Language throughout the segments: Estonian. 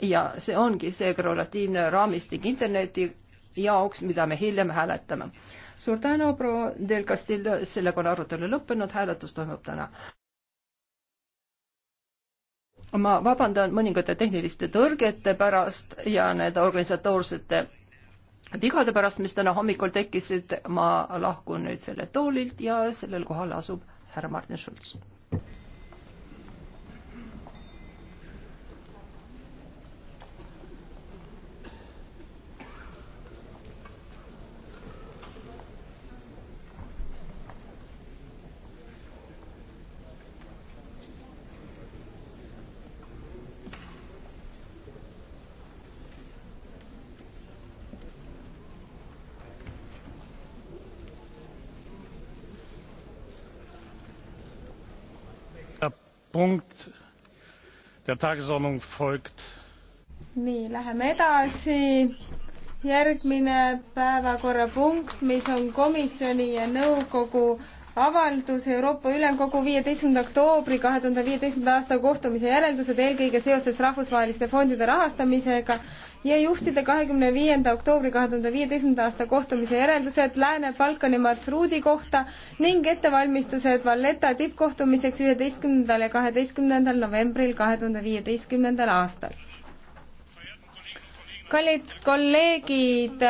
ja see ongi see korrelatiivne raamistik interneti jaoks, mida me hiljem hääletame. suur tänu, proua Del Castillo, sellega on arutelu lõppenud, hääletus toimub täna. ma vabandan mõningate tehniliste tõrgete pärast ja nende organisatoorsete vigade pärast, mis täna hommikul tekkisid, ma lahkun nüüd selle toolilt ja sellel kohal asub härra Martin Schulz. punkt der tagesordnung folgt nii läheme edasi järgmine päevakorrapunkt mis on komisjoni ja nõukogu avaldus Euroopa Ülemkogu viieteistkümnenda oktoobri kahe tuhande viieteistkümnenda aasta kohtumise järeldused eelkõige seoses rahvusvaheliste fondide rahastamisega ja juhtida kahekümne viienda oktoobri kahe tuhande viieteistkümnenda aasta kohtumise järeldused Lääne-Balkani marsruudi kohta ning ettevalmistused Valletta tippkohtumiseks üheteistkümnendal ja kaheteistkümnendal novembril kahe tuhande viieteistkümnendal aastal. kallid kolleegid,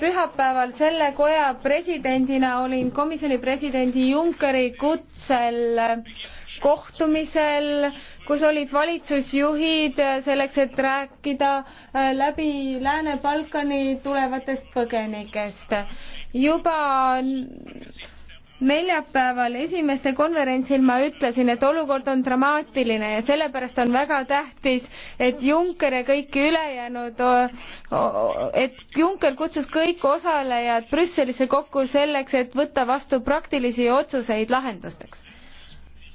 pühapäeval selle koja presidendina olin komisjoni presidendi Junckeri kutsel kohtumisel kus olid valitsusjuhid äh, selleks, et rääkida äh, läbi Lääne-Balkani tulevatest põgenikest. juba neljapäeval esimeste konverentsil ma ütlesin, et olukord on dramaatiline ja sellepärast on väga tähtis, et Juncker ja kõik ülejäänud, et Juncker kutsus kõik osalejad Brüsselisse kokku selleks, et võtta vastu praktilisi otsuseid lahendusteks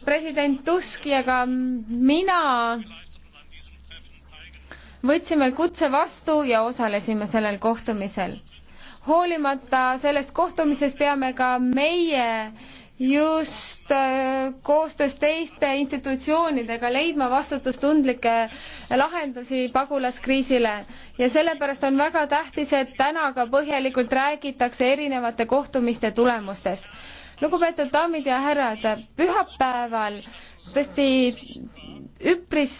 president Tusk ja ka mina võtsime kutse vastu ja osalesime sellel kohtumisel. hoolimata sellest kohtumisest peame ka meie just äh, koostöös teiste institutsioonidega leidma vastutustundlikke lahendusi pagulaskriisile ja sellepärast on väga tähtis, et täna ka põhjalikult räägitakse erinevate kohtumiste tulemustest lugupeetud daamid ja härrad, pühapäeval tõesti üpris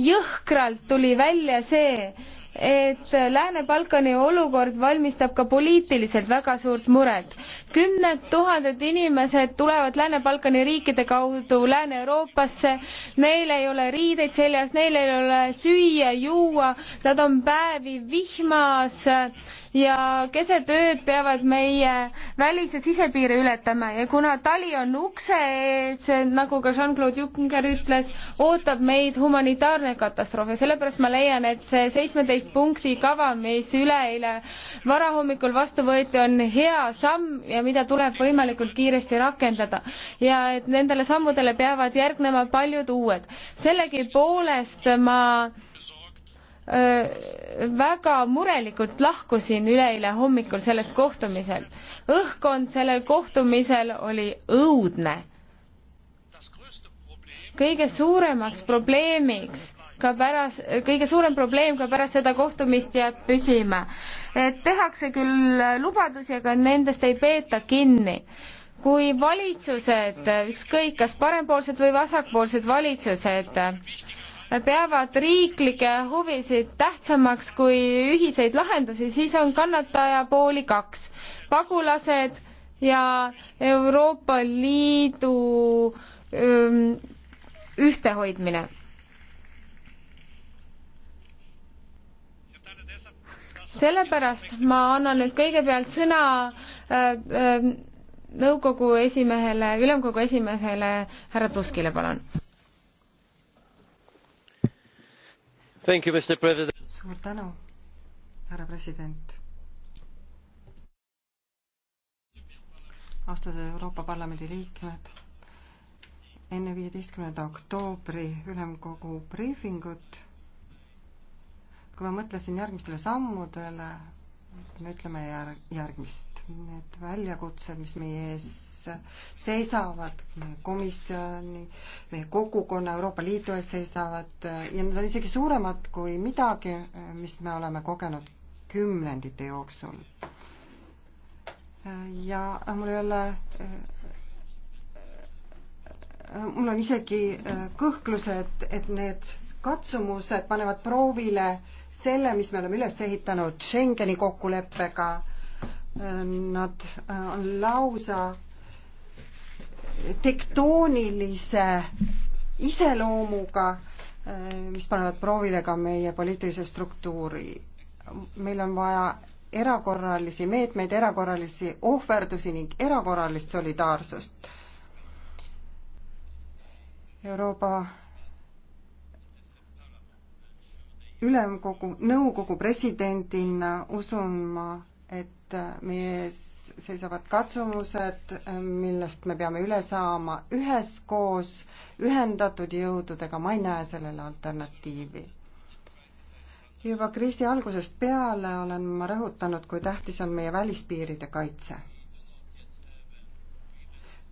jõhkralt tuli välja see, et Lääne-Balkani olukord valmistab ka poliitiliselt väga suurt muret. kümned tuhanded inimesed tulevad Lääne-Balkani riikide kaudu Lääne-Euroopasse, neil ei ole riideid seljas, neil ei ole süüa, juua, nad on päevi vihmas ja keset ööd peavad meie välis- ja sisepiire ületama ja kuna tali on ukse ees, nagu ka Jean-Claude Juncker ütles, ootab meid humanitaarne katastroof ja sellepärast ma leian, et see seitsmeteist punkti kava, mis üleeile varahommikul vastu võeti, on hea samm ja mida tuleb võimalikult kiiresti rakendada. ja et nendele sammudele peavad järgnema paljud uued. sellegipoolest ma väga murelikult lahkusin üleeile hommikul sellelt kohtumiselt. õhkkond sellel kohtumisel oli õudne. kõige suuremaks probleemiks ka pärast, kõige suurem probleem ka pärast seda kohtumist jääb püsima. et tehakse küll lubadusi, aga nendest ei peeta kinni. kui valitsused, ükskõik kas parempoolsed või vasakpoolsed valitsused, peavad riiklikke huvisid tähtsamaks kui ühiseid lahendusi, siis on kannatajapooli kaks, pagulased ja Euroopa Liidu öö, ühtehoidmine. sellepärast ma annan nüüd kõigepealt sõna öö, öö, nõukogu esimehele, ülemkogu esimehele härra Tuskile, palun suur tänu, härra president. austatud Euroopa Parlamendi liikmed, enne viieteistkümnenda oktoobri ülemkogu briifingut, kui ma mõtlesin järgmistele sammudele, ütleme järg-, järgmist need väljakutsed, mis meie ees seisavad, meie komisjoni, meie kogukonna Euroopa Liidu ees seisavad ja need on isegi suuremad kui midagi, mis me oleme kogenud kümnendite jooksul. ja mul ei ole mul on isegi kõhklused, et need katsumused panevad proovile selle, mis me oleme üles ehitanud Schengeni kokkuleppega nad äh, on lausa tektoonilise iseloomuga, äh, mis panevad proovile ka meie poliitilise struktuuri. meil on vaja erakorralisi meetmeid, erakorralisi ohverdusi ning erakorralist solidaarsust. Euroopa Ülemkogu, nõukogu presidendina usun ma, et meie ees seisavad katsumused, millest me peame üle saama üheskoos, ühendatud jõududega, ma ei näe sellele alternatiivi juba kriisi algusest peale olen ma rõhutanud, kui tähtis on meie välispiiride kaitse.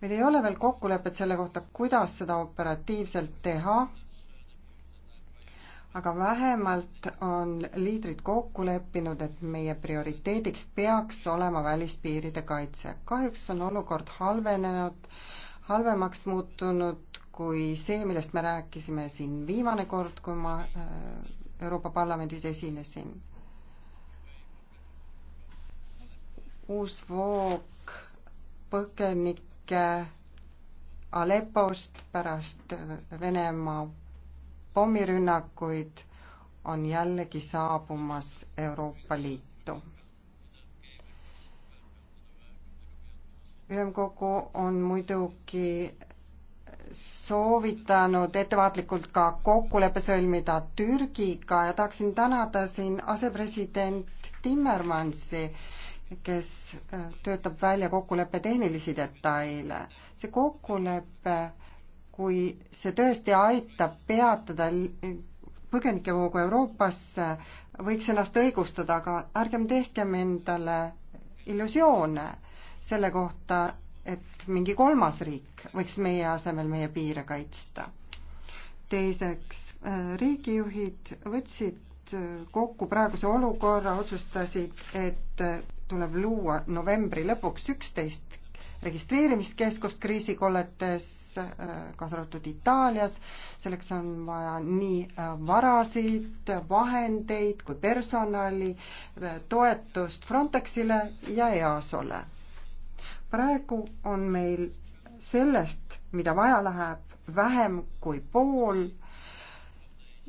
meil ei ole veel kokkulepet selle kohta, kuidas seda operatiivselt teha aga vähemalt on liidrid kokku leppinud, et meie prioriteediks peaks olema välispiiride kaitse. kahjuks on olukord halvenenud, halvemaks muutunud kui see, millest me rääkisime siin viimane kord, kui ma äh, Euroopa Parlamendis esinesin. uus voog põgenikke Alepost pärast Venemaa pommirünnakuid on jällegi saabumas Euroopa Liitu. ülemkogu on muidugi soovitanud ettevaatlikult ka kokkuleppe sõlmida Türgiga ja tahaksin tänada siin asepresident Timmermansi, kes äh, töötab välja kokkuleppe tehnilisi detaile. see kokkulepe kui see tõesti aitab peatada põgenikevoogu Euroopasse, võiks ennast õigustada, aga ärgem tehkem endale illusioone selle kohta, et mingi kolmas riik võiks meie asemel meie piire kaitsta. teiseks, äh, riigijuhid võtsid äh, kokku praeguse olukorra, otsustasid, et äh, tuleb luua novembri lõpuks üksteist registreerimiskeskust kriisikolletes, äh, kaasa arvatud Itaalias, selleks on vaja nii äh, varasid, vahendeid kui personali, äh, toetust Frontexile ja EASole. praegu on meil sellest, mida vaja läheb, vähem kui pool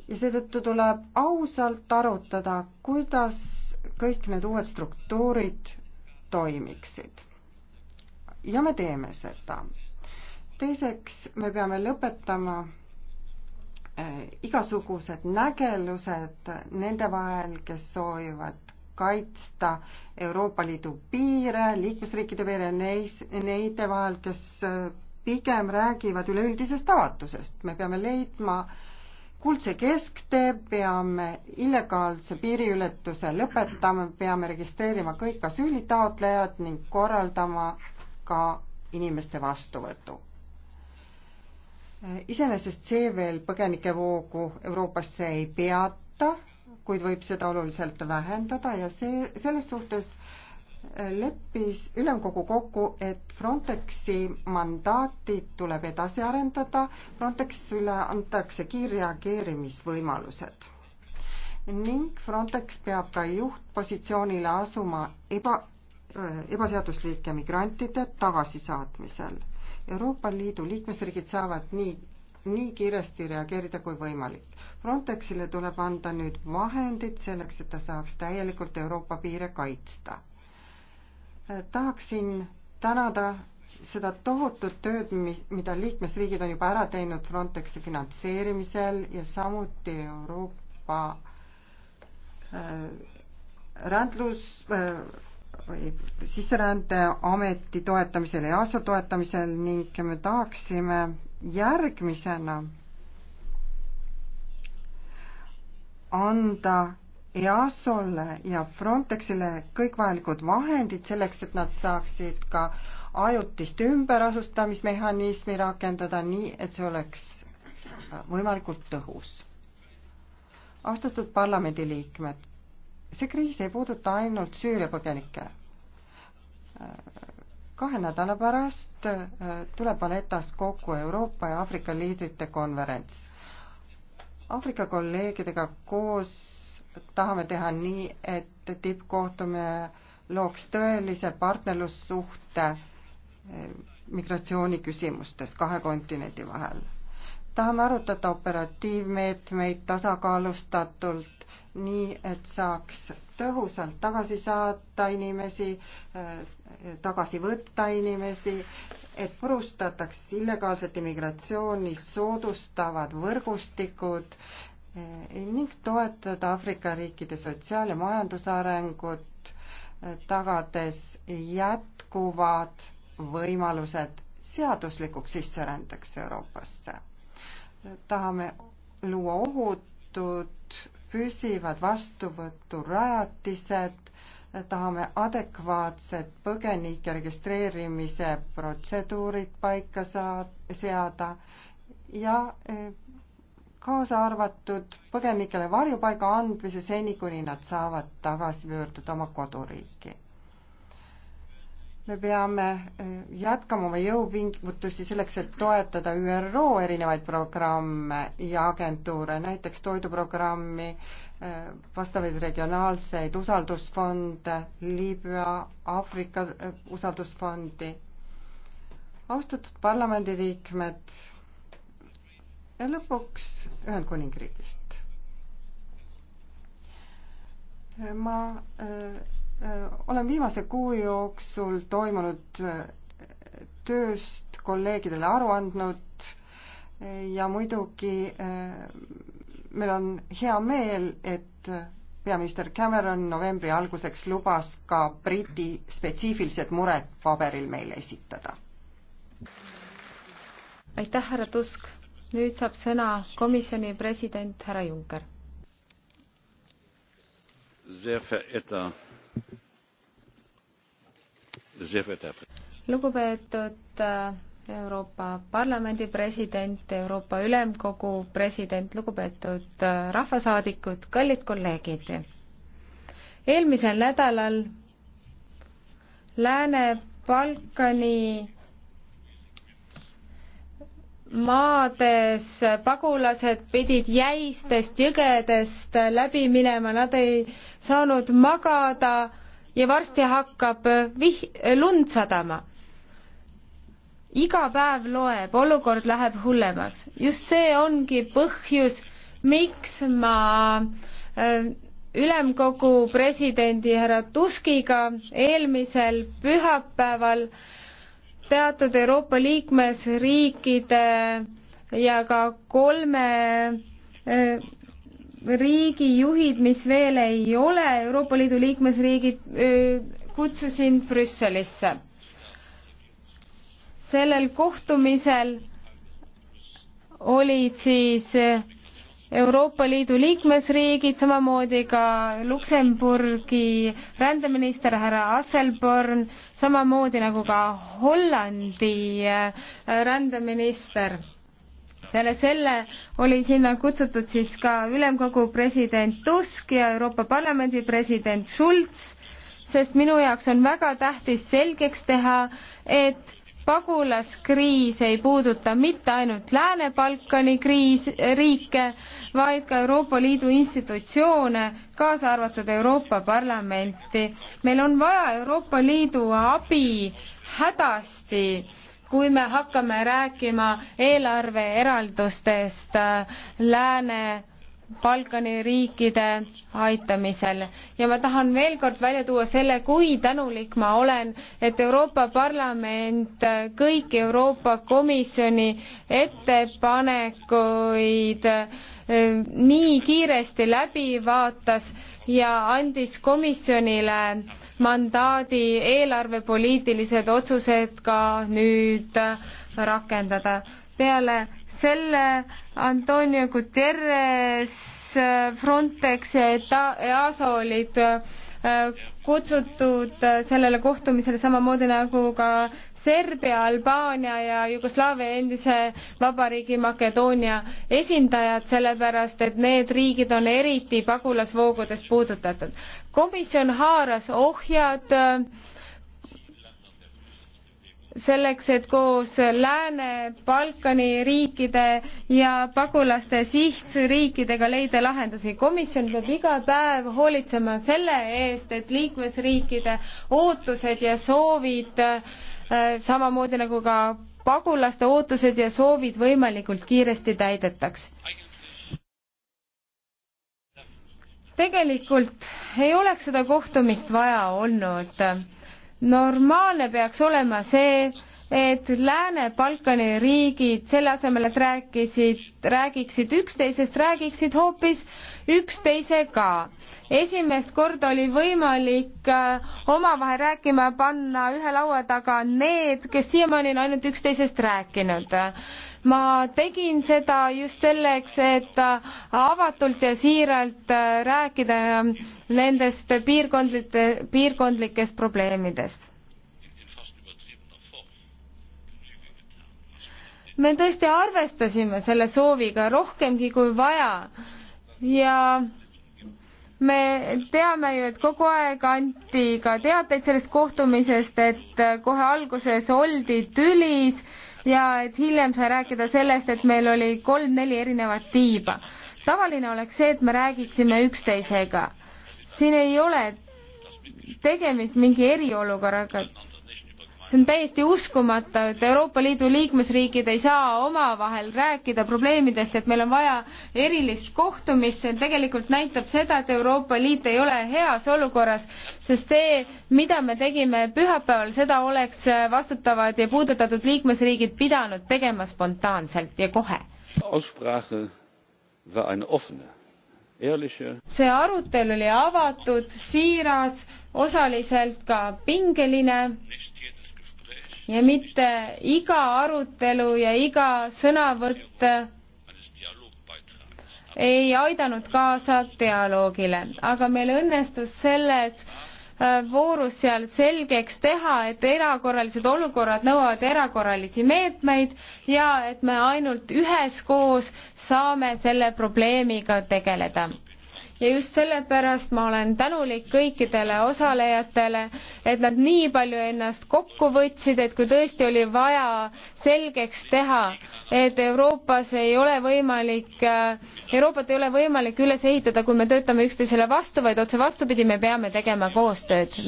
ja seetõttu tuleb ausalt arutada, kuidas kõik need uued struktuurid toimiksid ja me teeme seda. teiseks, me peame lõpetama äh, igasugused nägelused nende vahel, kes soovivad kaitsta Euroopa Liidu piire, liikmesriikide piire, neis, neide vahel, kes äh, pigem räägivad üleüldisest avatusest. me peame leidma kuldse kesktee, peame illegaalse piiriületuse lõpetama, peame registreerima kõik asüülitaotlejad ning korraldama ka inimeste vastuvõtu. iseenesest see veel põgenikevoogu Euroopasse ei peata, kuid võib seda oluliselt vähendada ja see, selles suhtes leppis ülemkogu kokku, et Frontexi mandaati tuleb edasi arendada, Frontexile antakse kiirreageerimisvõimalused ning Frontex peab ka juhtpositsioonile asuma eba, Äh, ebaseaduslike migrantide tagasisaatmisel. Euroopa Liidu liikmesriigid saavad nii, nii kiiresti reageerida kui võimalik. Frontexile tuleb anda nüüd vahendid selleks, et ta saaks täielikult Euroopa piire kaitsta. Äh, tahaksin tänada seda tohutut tööd, mis, mida liikmesriigid on juba ära teinud Frontexi finantseerimisel ja samuti Euroopa äh, rändlus äh, sisserändeameti toetamisel ja EASO toetamisel ning me tahaksime järgmisena anda EASO-le ja Frontexile kõikvajalikud vahendid selleks, et nad saaksid ka ajutist ümberasustamismehhanismi rakendada nii, et see oleks võimalikult tõhus. austatud parlamendiliikmed, see kriis ei puuduta ainult Süüria põgenikke. kahe nädala pärast äh, tuleb Valetas kokku Euroopa ja Aafrika liidrite konverents. Aafrika kolleegidega koos tahame teha nii, et tippkohtumine looks tõelise partnerlussuhte äh, migratsiooniküsimustes kahe kontinendi vahel tahame arutada operatiivmeetmeid tasakaalustatult, nii et saaks tõhusalt tagasi saata inimesi, eh, tagasi võtta inimesi, et purustataks illegaalset immigratsiooni soodustavad võrgustikud eh, ning toetada Aafrika riikide sotsiaal- ja majandusarengut, eh, tagades jätkuvad võimalused seaduslikuks sisserändeks Euroopasse. tahame luua ohutud püsivad vastuvõturajatised, tahame adekvaatsed põgenike registreerimise protseduurid paika saa-, seada ja eh, kaasa arvatud põgenikele varjupaiga andmise seni, kuni nad saavad tagasi pöörduda oma koduriiki me peame eh, jätkama oma jõupingutusi selleks, et toetada ÜRO erinevaid programme ja agentuure, näiteks toiduprogrammi, eh, vastavaid regionaalseid usaldusfonde, Liibüa, Aafrika eh, usaldusfondi. austatud parlamendiliikmed ja lõpuks Ühendkuningriigist. ma Äh, olen viimase kuu jooksul toimunud äh, tööst kolleegidele aru andnud äh, ja muidugi meil on hea meel, et peaminister Cameron novembri alguseks lubas ka Briti spetsiifilised mured paberil meile esitada. aitäh, härra Tusk. nüüd saab sõna komisjoni president härra Juncker. Sehr verehrter lugupeetud äh, Euroopa Parlamendi president, Euroopa Ülemkogu president, lugupeetud äh, rahvasaadikud, kallid kolleegid. eelmisel nädalal Lääne-Balkani maades pagulased pidid jäistest jõgedest läbi minema, nad ei saanud magada ja varsti hakkab vih-, lund sadama. iga päev loeb, olukord läheb hullemaks. just see ongi põhjus, miks ma äh, ülemkogu presidendi härra Tuskiga eelmisel pühapäeval äh, teatud Euroopa liikmesriikide ja ka kolme eh, riigi juhid, mis veel ei ole Euroopa Liidu liikmesriigid, eh, kutsusin Brüsselisse. sellel kohtumisel olid siis eh, Euroopa Liidu liikmesriigid, samamoodi ka Luksemburgi rändeminister härra Asselborn, samamoodi nagu ka Hollandi äh, rändeminister. peale selle oli sinna kutsutud siis ka ülemkogu president Tusk ja Euroopa Parlamendi president Schulz, sest minu jaoks on väga tähtis selgeks teha, et pagulaskriis ei puuduta mitte ainult Lääne-Balkani kriis, riike, vaid ka Euroopa Liidu institutsioone, kaasa arvatud Euroopa Parlamenti. meil on vaja Euroopa Liidu abi hädasti, kui me hakkame rääkima eelarveeraldustest äh, Lääne Balkani riikide aitamisel ja ma tahan veel kord välja tuua selle, kui tänulik ma olen, et Euroopa Parlament kõik Euroopa Komisjoni ettepanekuid eh, nii kiiresti läbi vaatas ja andis komisjonile mandaadi eelarvepoliitilised otsused ka nüüd rakendada. peale selle Antonio Guterres, äh, Frontex ja EASO olid äh, kutsutud äh, sellele kohtumisele samamoodi nagu ka Serbia, Albaania ja Jugoslaavia endise vabariigi Makedoonia esindajad, sellepärast et need riigid on eriti pagulasvoogudest puudutatud. komisjon haaras ohjad äh, selleks, et koos Lääne-Balkani riikide ja pagulaste sihtriikidega leida lahendusi. komisjon peab iga päev hoolitsema selle eest, et liikmesriikide ootused ja soovid, äh, samamoodi nagu ka pagulaste ootused ja soovid võimalikult kiiresti täidetaks. tegelikult ei oleks seda kohtumist vaja olnud normaalne peaks olema see, et Lääne-Balkani riigid selle asemel, et rääkisid, räägiksid üksteisest, räägiksid hoopis üksteisega. esimest korda oli võimalik äh, omavahel rääkima panna ühe laua taga need, kes siiamaani on ainult üksteisest rääkinud ma tegin seda just selleks, et äh, avatult ja siiralt äh, rääkida ähm, nendest piirkondlike, piirkondlikest probleemidest. me tõesti arvestasime selle sooviga rohkemgi kui vaja ja me teame ju, et kogu aeg anti ka teateid sellest kohtumisest, et äh, kohe alguses oldi tülis ja et hiljem sai rääkida sellest, et meil oli kolm-neli erinevat tiiba. tavaline oleks see, et me räägiksime üksteisega. siin ei ole tegemist mingi eriolukorraga, see on täiesti uskumatu, et Euroopa Liidu liikmesriigid ei saa omavahel rääkida probleemidest, et meil on vaja erilist kohtumist, see tegelikult näitab seda, et Euroopa Liit ei ole heas olukorras, sest see, mida me tegime pühapäeval, seda oleks vastutavad ja puudutatud liikmesriigid pidanud tegema spontaanselt ja kohe. see arutelu oli avatud, siiras, osaliselt ka pingeline ja mitte iga arutelu ja iga sõnavõtt ei aidanud kaasa dialoogile, aga meil õnnestus selles äh, voorus seal selgeks teha, et erakorralised olukorrad nõuavad erakorralisi meetmeid ja et me ainult üheskoos saame selle probleemiga tegeleda ja just sellepärast ma olen tänulik kõikidele osalejatele, et nad nii palju ennast kokku võtsid, et kui tõesti oli vaja selgeks teha, et Euroopas ei ole võimalik, Euroopat ei ole võimalik üles ehitada, kui me töötame üksteisele vastu, vaid otse vastupidi, me peame tegema koostööd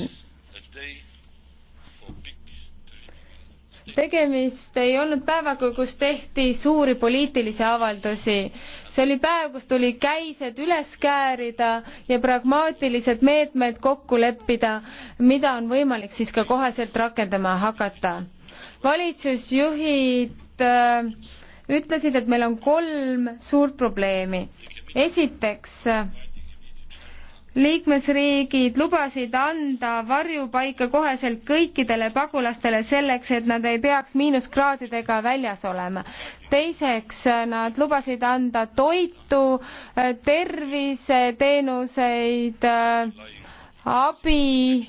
tegemist ei olnud päevaga, kus tehti suuri poliitilisi avaldusi. see oli päev, kus tuli käised üles käärida ja pragmaatilised meetmed kokku leppida, mida on võimalik siis ka koheselt rakendama hakata. valitsusjuhid äh, ütlesid, et meil on kolm suurt probleemi. esiteks liikmesriigid lubasid anda varjupaika koheselt kõikidele pagulastele selleks, et nad ei peaks miinuskraadidega väljas olema. teiseks, nad lubasid anda toitu, terviseteenuseid, abi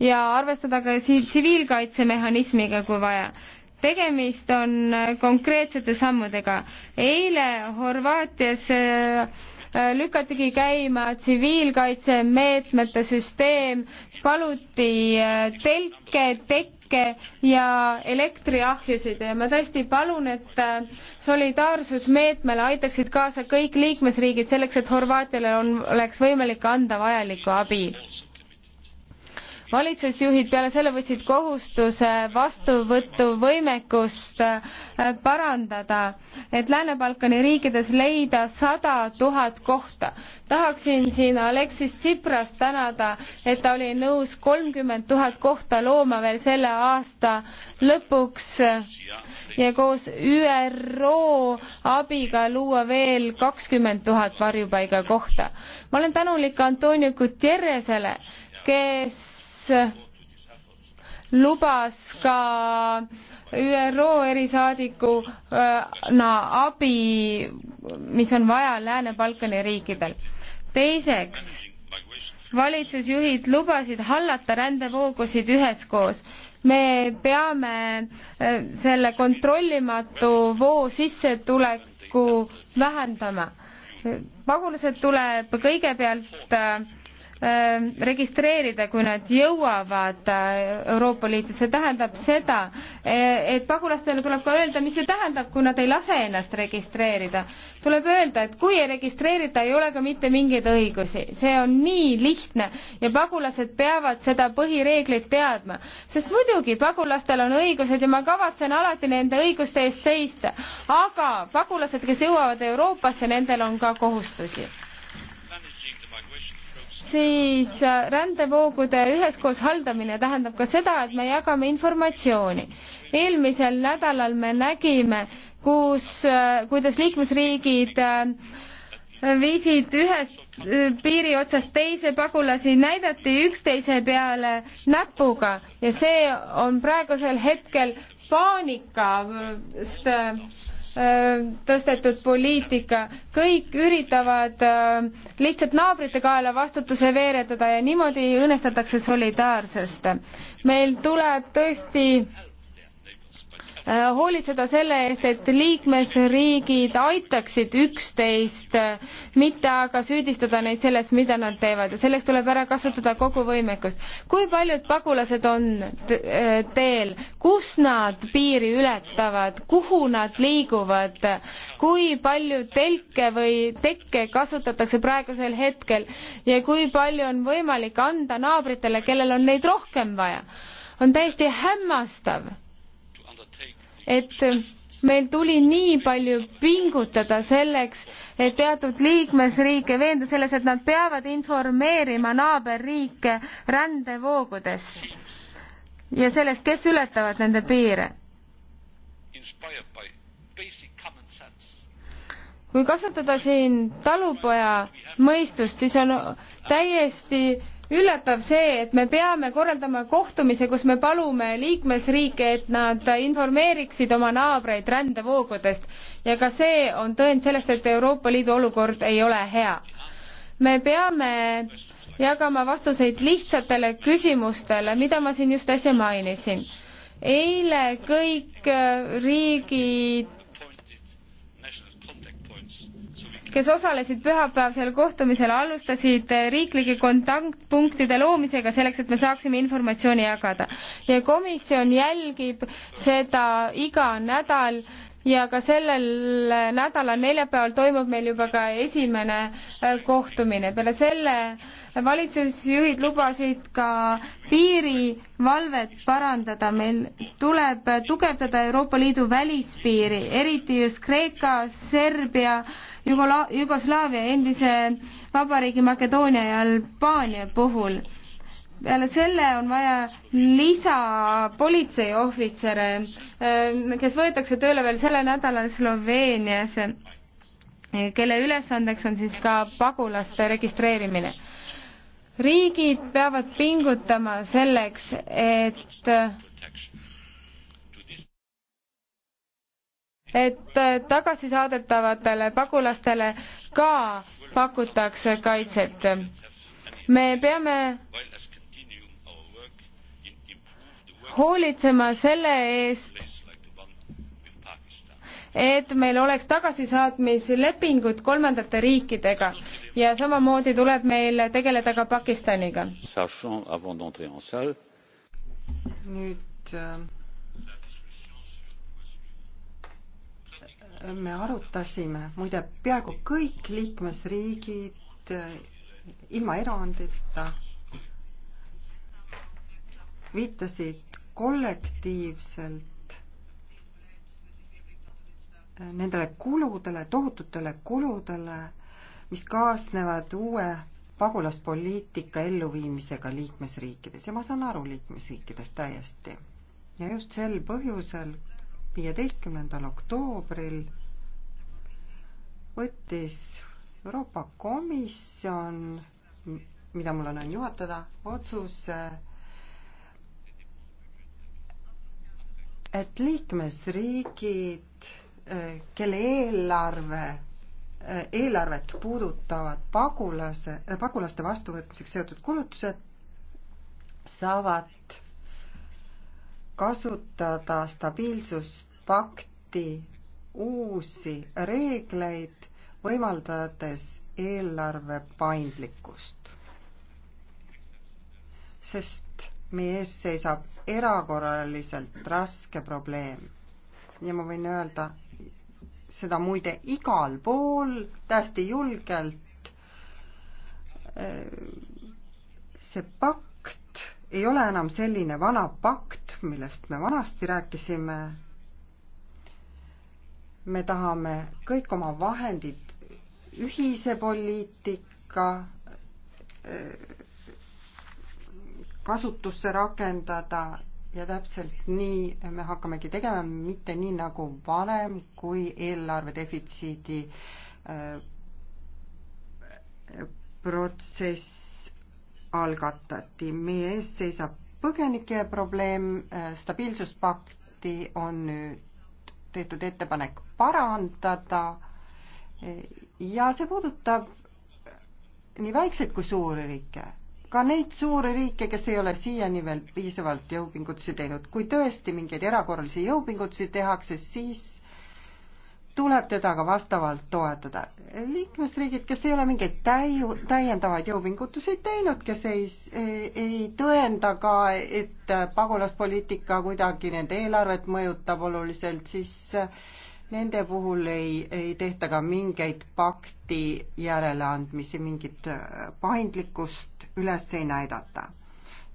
ja arvestada ka tsiviilkaitsemehhanismiga, kui vaja tegemist on konkreetsete sammudega. eile Horvaatias äh, Äh, lükatigi käima tsiviilkaitsemeetmete süsteem, paluti äh, telke, tekke ja elektriahjusid ja ma tõesti palun, et äh, solidaarsusmeetmele aitaksid kaasa kõik liikmesriigid selleks, et Horvaatiale on, oleks võimalik anda vajalikku abi valitsusjuhid peale selle võtsid kohustuse vastuvõtuvõimekust äh, parandada, et Lääne-Balkani riikides leida sada tuhat kohta. tahaksin siin Aleksis Tsiprast tänada, et ta oli nõus kolmkümmend tuhat kohta looma veel selle aasta lõpuks ja koos ÜRO abiga luua veel kakskümmend tuhat varjupaiga kohta. ma olen tänulik Antonio Guterresele, kes lubas ka ÜRO erisaadikuna äh, abi, mis on vaja Lääne-Balkani riikidel. teiseks, valitsusjuhid lubasid hallata rändevoogusid üheskoos. me peame äh, selle kontrollimatu voo sissetuleku vähendama. pagulased tuleb kõigepealt äh, Äh, registreerida, kui nad jõuavad äh, Euroopa Liitu. see tähendab seda, e, et pagulastele tuleb ka öelda, mis see tähendab, kui nad ei lase ennast registreerida. tuleb öelda, et kui ei registreerita, ei ole ka mitte mingeid õigusi. see on nii lihtne ja pagulased peavad seda põhireeglit teadma. sest muidugi, pagulastel on õigused ja ma kavatsen alati nende õiguste eest seista. aga pagulased, kes jõuavad Euroopasse, nendel on ka kohustusi siis äh, rändevoogude üheskoos haldamine tähendab ka seda, et me jagame informatsiooni. eelmisel nädalal me nägime, kus, äh, kuidas liikmesriigid äh, viisid ühest piiri otsast teise pagulasi, näidati üksteise peale näpuga ja see on praegusel hetkel paanikast Äh, tõstetud poliitika, kõik üritavad äh, lihtsalt naabrite kaela vastutuse veeretada ja niimoodi õõnestatakse solidaarsust. meil tuleb tõesti Äh, hoolitseda selle eest, et liikmesriigid aitaksid üksteist, mitte aga süüdistada neid selles, mida nad teevad ja selleks tuleb ära kasutada kogu võimekust. kui paljud pagulased on äh, teel, kus nad piiri ületavad, kuhu nad liiguvad, kui palju telke või tekke kasutatakse praegusel hetkel ja kui palju on võimalik anda naabritele, kellel on neid rohkem vaja? on täiesti hämmastav et meil tuli nii palju pingutada selleks, et teatud liikmesriike veenda selles, et nad peavad informeerima naaberriike rändevoogudest ja sellest, kes ületavad nende piire. kui kasutada siin talupoja mõistust, siis on täiesti üllatav see, et me peame korraldama kohtumise, kus me palume liikmesriike, et nad informeeriksid oma naabreid rändevoogudest ja ka see on tõend sellest, et Euroopa Liidu olukord ei ole hea. me peame jagama vastuseid lihtsatele küsimustele, mida ma siin just äsja mainisin. eile kõik riigid kes osalesid pühapäevasel kohtumisel, alustasid riiklike kontaktpunktide loomisega selleks, et me saaksime informatsiooni jagada. ja komisjon jälgib seda iga nädal ja ka sellel nädalal neljapäeval toimub meil juba ka esimene äh, kohtumine. peale selle valitsusjuhid lubasid ka piirivalvet parandada. meil tuleb tugevdada Euroopa Liidu välispiiri, eriti just Kreeka, Serbia äh, Jugola-, Jugoslaavia endise vabariigi Makedoonia ja Albaania puhul. peale selle on vaja lisapolitseiohvitsere, äh, kes võetakse tööle veel sellel nädalal Sloveenias, kelle ülesandeks on siis ka pagulaste registreerimine. riigid peavad pingutama selleks, et et äh, tagasi saadetavatele pagulastele ka pakutakse kaitset. me peame hoolitsema selle eest, et meil oleks tagasisaatmislepingud kolmandate riikidega ja samamoodi tuleb meil tegeleda ka Pakistaniga. nüüd äh, me arutasime, muide, peaaegu kõik liikmesriigid eh, ilma erandita viitasid kollektiivselt eh, nendele kuludele, tohututele kuludele, mis kaasnevad uue pagulaspoliitika elluviimisega liikmesriikides ja ma saan aru liikmesriikidest täiesti. ja just sel põhjusel viieteistkümnendal oktoobril võttis Euroopa Komisjon, mida mul on õnn juhatada, otsuse, et liikmesriigid, eh, kelle eelarve, eh, eelarvet puudutavad pagulase, eh, pagulaste vastuvõtmiseks seotud kulutused, saavad kasutada stabiilsuspakti uusi reegleid, võimaldades eelarve paindlikkust. sest meie ees seisab erakorraliselt raske probleem. ja ma võin öelda seda muide igal pool täiesti julgelt. Äh, see pakk ei ole enam selline vana pakt, millest me vanasti rääkisime. me tahame kõik oma vahendid ühise poliitika äh, kasutusse rakendada ja täpselt nii me hakkamegi tegema, mitte nii nagu varem, kui eelarve defitsiidi äh, protsess algatati. meie ees seisab põgenike probleem, äh, stabiilsuspakti on nüüd tehtud ettepanek parandada äh, ja see puudutab äh, nii väikseid kui suuri riike, ka neid suuri riike, kes ei ole siiani veel piisavalt jõupingutusi teinud. kui tõesti mingeid erakorralisi jõupingutusi tehakse, siis tuleb teda ka vastavalt toetada. liikmesriigid, kes ei ole mingeid täiu-, täiendavaid jõupingutusi teinud, kes ei, ei tõenda ka, et pagulaspoliitika kuidagi nende eelarvet mõjutab oluliselt, siis nende puhul ei, ei tehta ka mingeid pakti järeleandmisi, mingit paindlikkust üles ei näidata.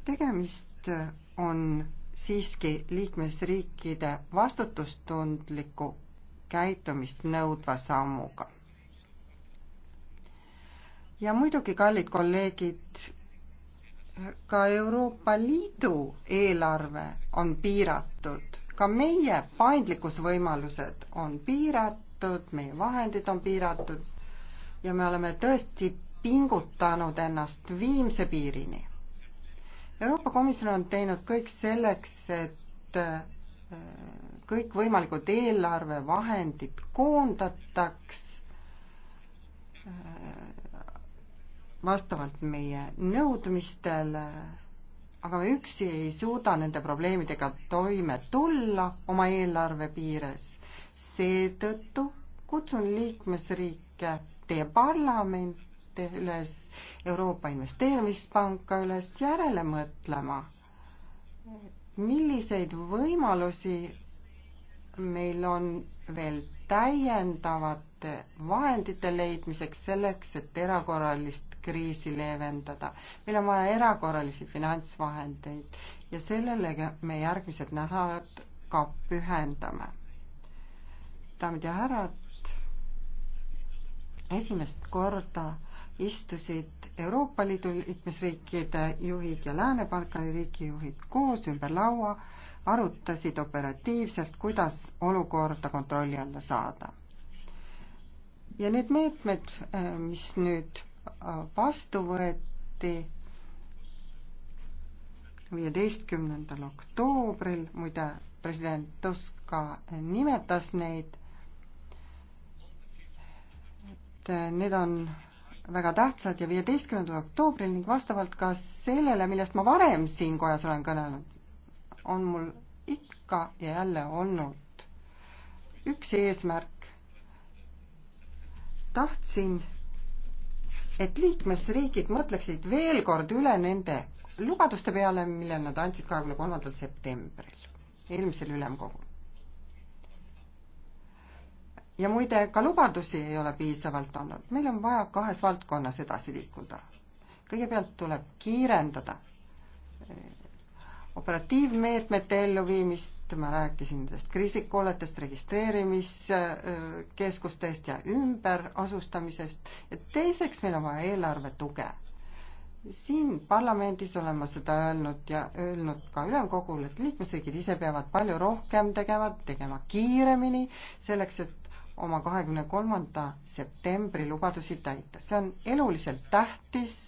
tegemist on siiski liikmesriikide vastutustundliku käitumist nõudva sammuga. ja muidugi, kallid kolleegid, ka Euroopa Liidu eelarve on piiratud, ka meie paindlikkusvõimalused on piiratud, meie vahendid on piiratud ja me oleme tõesti pingutanud ennast viimse piirini. Euroopa Komisjon on teinud kõik selleks, et äh, kõikvõimalikud eelarvevahendid koondataks äh, vastavalt meie nõudmistele, aga me üksi ei suuda nende probleemidega toime tulla oma eelarve piires. seetõttu kutsun liikmesriike, teie parlamente üles, Euroopa Investeerimispanka üles järele mõtlema, milliseid võimalusi meil on veel täiendavate vahendite leidmiseks selleks, et erakorralist kriisi leevendada. meil on vaja erakorralisi finantsvahendeid ja sellele me järgmised nädalad ka pühendame. daamid ja härrad, esimest korda istusid Euroopa Liidu liikmesriikide juhid ja Lääne-Balkani riigi juhid koos ümber laua arutasid operatiivselt, kuidas olukorda kontrolli alla saada. ja need meetmed, eh, mis nüüd eh, vastu võeti viieteistkümnendal oktoobril, muide president Tusk ka nimetas neid, et eh, need on väga tähtsad ja viieteistkümnendal oktoobril ning vastavalt ka sellele, millest ma varem siin kojas olen kõnelenud, on mul ikka ja jälle olnud üks eesmärk. tahtsin, et liikmesriigid mõtleksid veel kord üle nende lubaduste peale, mille nad andsid kahekümne kolmandal septembril, eelmisel ülemkogul. ja muide, ka lubadusi ei ole piisavalt olnud, meil on vaja kahes valdkonnas edasi liikuda. kõigepealt tuleb kiirendada operatiivmeetmete elluviimist, ma rääkisin nendest kriisikolletest, registreerimiskeskustest ja ümberasustamisest ja teiseks meil on vaja eelarve tuge. siin parlamendis olen ma seda öelnud ja öelnud ka ülemkogul, et liikmesriigid ise peavad palju rohkem tegema, tegema kiiremini, selleks et oma kahekümne kolmanda septembri lubadusi täita. see on eluliselt tähtis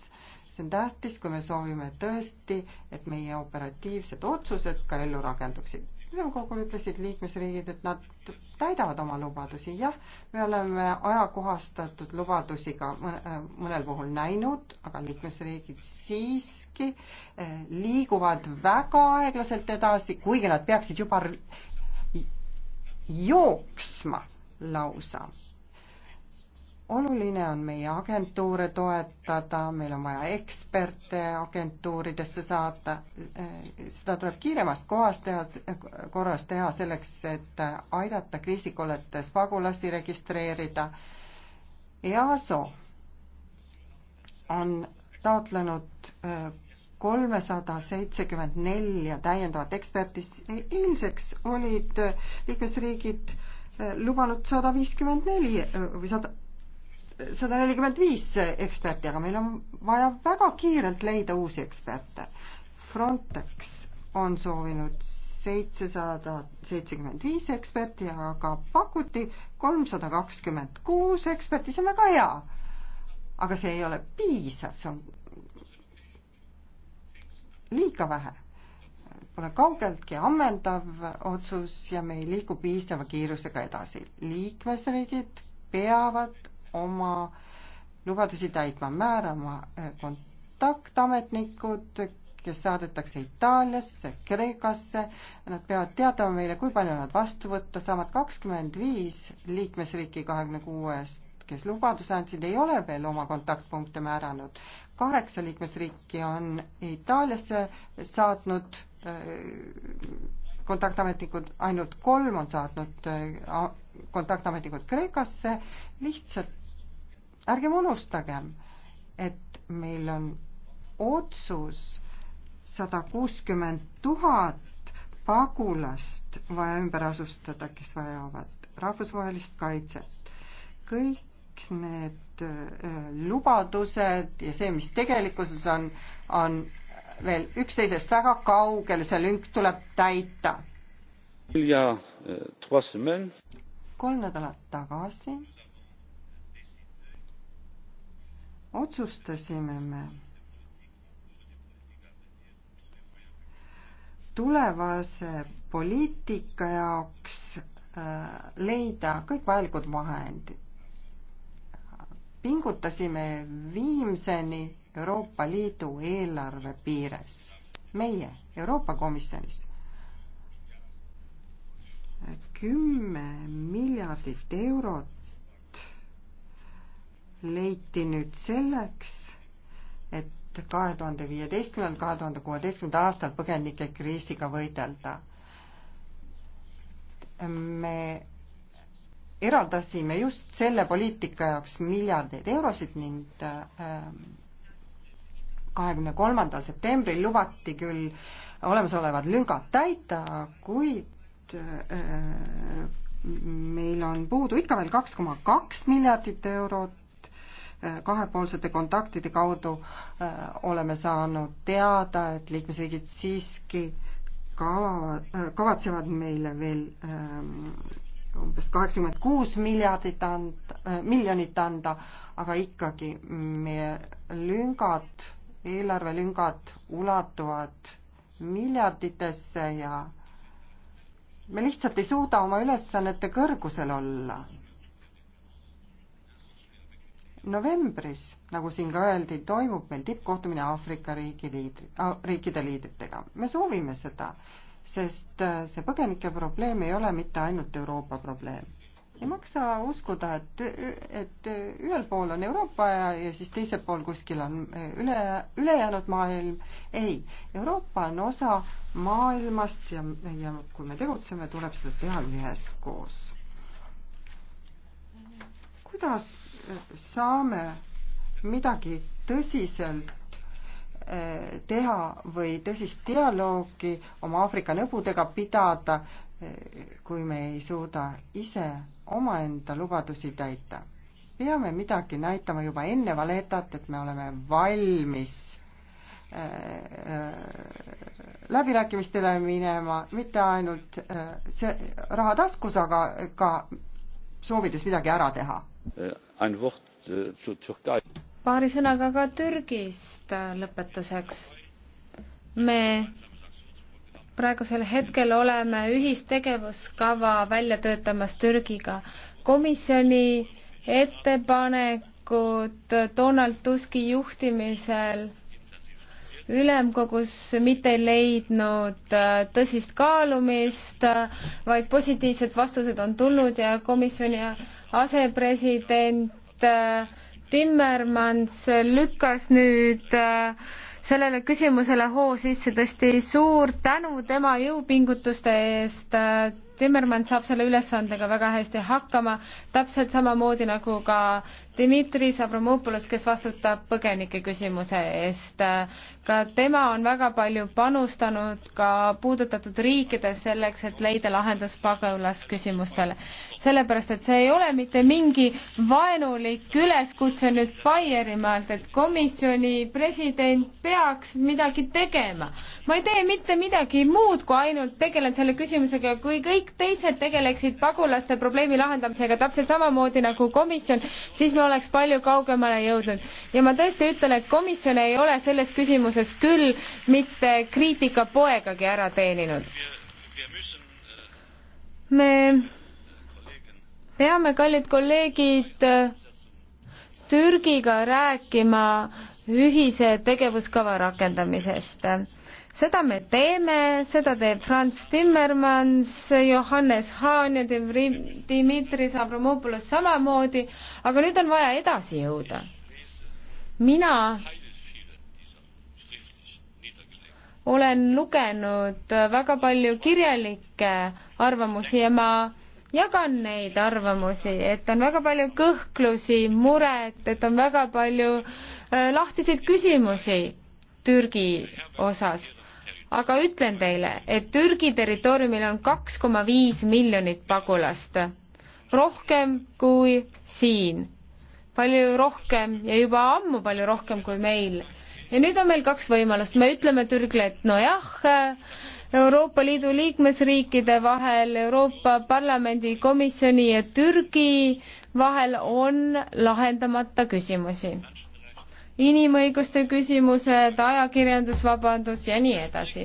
see on tähtis, kui me soovime tõesti, et meie operatiivsed otsused ka ellu rakenduksid. ülemkogul nagu ütlesid liikmesriigid, et nad täidavad oma lubadusi, jah, me oleme ajakohastatud lubadusi ka äh, mõnel puhul näinud, aga liikmesriigid siiski äh, liiguvad väga aeglaselt edasi, kuigi nad peaksid juba jooksma lausa oluline on meie agentuure toetada, meil on vaja eksperte agentuuridesse saata, seda tuleb kiiremas kohas teha, korras teha selleks, et aidata kriisikolletes pagulasi registreerida. EASO on taotlenud äh, kolmesada seitsekümmend nelja täiendavat eksperti, eilseks olid liikmesriigid äh, lubanud sada viiskümmend neli äh, või sada 100 sada nelikümmend viis eksperti, aga meil on vaja väga kiirelt leida uusi eksperte. Frontex on soovinud seitsesada seitsekümmend viis eksperti, aga pakuti kolmsada kakskümmend kuus eksperti, see on väga hea. aga see ei ole piisav, see on liiga vähe. Pole kaugeltki ammendav otsus ja me ei liigu piisava kiirusega edasi. liikmesriigid peavad oma lubadusi täitma, määrama eh, kontaktametnikud, kes saadetakse Itaaliasse, Kreekasse, nad peavad teatama meile, kui palju nad vastu võtta saavad, kakskümmend viis liikmesriiki kahekümne kuuest, kes lubaduse andsid, ei ole veel oma kontaktpunkte määranud. kaheksa liikmesriiki on Itaaliasse saatnud eh, kontaktametnikud, ainult kolm on saatnud eh, kontaktametnikud Kreekasse, lihtsalt ärgem unustagem, et meil on otsus sada kuuskümmend tuhat pagulast vaja ümber asustada, kes vajavad rahvusvahelist kaitset. kõik need äh, lubadused ja see, mis tegelikkuses on, on veel üksteisest väga kaugel, see lünk tuleb täita. Äh, kolm nädalat tagasi otsustasime me tulevase poliitika jaoks äh, leida kõik vajalikud vahendid. pingutasime viimseni Euroopa Liidu eelarve piires, meie Euroopa Komisjonis. kümme miljardit eurot leiti nüüd selleks, et kahe tuhande viieteistkümnendal, kahe tuhande kuueteistkümnendal aastal põgenikekriisiga võidelda. me eraldasime just selle poliitika jaoks miljardeid eurosid ning äh, kahekümne kolmandal septembril lubati küll olemasolevad lüngad täita, kuid äh, meil on puudu ikka veel kaks koma kaks miljardit eurot kahepoolsete kontaktide kaudu äh, oleme saanud teada, et liikmesriigid siiski kava, äh, kavatsevad meile veel ähm, umbes kaheksakümmend kuus miljardit and-, äh, miljonit anda, aga ikkagi meie lüngad, eelarvelüngad ulatuvad miljarditesse ja me lihtsalt ei suuda oma ülesannete kõrgusel olla novembris, nagu siin ka öeldi, toimub meil tippkohtumine Aafrika riigi liidri, riikide liidritega. me soovime seda, sest äh, see põgenike probleem ei ole mitte ainult Euroopa probleem. ei maksa uskuda, et, et ühel pool on Euroopa ja, ja siis teisel pool kuskil on äh, üle, ülejäänud maailm. ei, Euroopa on osa maailmast ja, ja kui me tegutseme, tuleb seda teha üheskoos. kuidas saame midagi tõsiselt eh, teha või tõsist dialoogi oma Aafrika nõbudega pidada, eh, kui me ei suuda ise omaenda lubadusi täita. peame midagi näitama juba enne Valetat, et me oleme valmis eh, läbirääkimistele minema, mitte ainult see raha taskus, aga ka soovides midagi ära teha. Äh, paari sõnaga ka Türgist äh, lõpetuseks. me praegusel hetkel oleme ühistegevuskava välja töötamas Türgiga. komisjoni ettepanekud Donald Tuski juhtimisel ülemkogus mitte ei leidnud äh, tõsist kaalumist, vaid positiivsed vastused on tulnud ja komisjoni asepresident äh, Timmermans lükkas nüüd äh, sellele küsimusele hoo sisse, tõesti suur tänu tema jõupingutuste eest äh, Timmermann saab selle ülesandega väga hästi hakkama, täpselt samamoodi nagu ka Dimitris Avramopoulos, kes vastutab põgenike küsimuse eest. ka tema on väga palju panustanud ka puudutatud riikides selleks, et leida lahendus pagulasküsimustele. sellepärast, et see ei ole mitte mingi vaenulik üleskutse nüüd Baierimaalt, et komisjoni president peaks midagi tegema. ma ei tee mitte midagi muud, kui ainult tegelen selle küsimusega, kui kõik kõik teised tegeleksid pagulaste probleemi lahendamisega täpselt samamoodi nagu komisjon, siis me oleks palju kaugemale jõudnud. ja ma tõesti ütlen, et komisjon ei ole selles küsimuses küll mitte kriitikapoegagi ära teeninud. me peame, kallid kolleegid, Türgiga rääkima ühise tegevuskava rakendamisest seda me teeme, seda teeb Franz Timmermans, Johannes Hahn ja Dmitri Savramopoulos samamoodi, aga nüüd on vaja edasi jõuda. mina olen lugenud väga palju kirjalikke arvamusi ja ma jagan neid arvamusi, et on väga palju kõhklusi, muret, et on väga palju äh, lahtiseid küsimusi Türgi osas aga ütlen teile, et Türgi territooriumil on kaks koma viis miljonit pagulast, rohkem kui siin, palju rohkem ja juba ammu palju rohkem kui meil. ja nüüd on meil kaks võimalust, me ütleme Türgile, et nojah, Euroopa Liidu liikmesriikide vahel, Euroopa Parlamendi komisjoni ja Türgi vahel on lahendamata küsimusi inimõiguste küsimused, ajakirjandusvabandus ja nii edasi.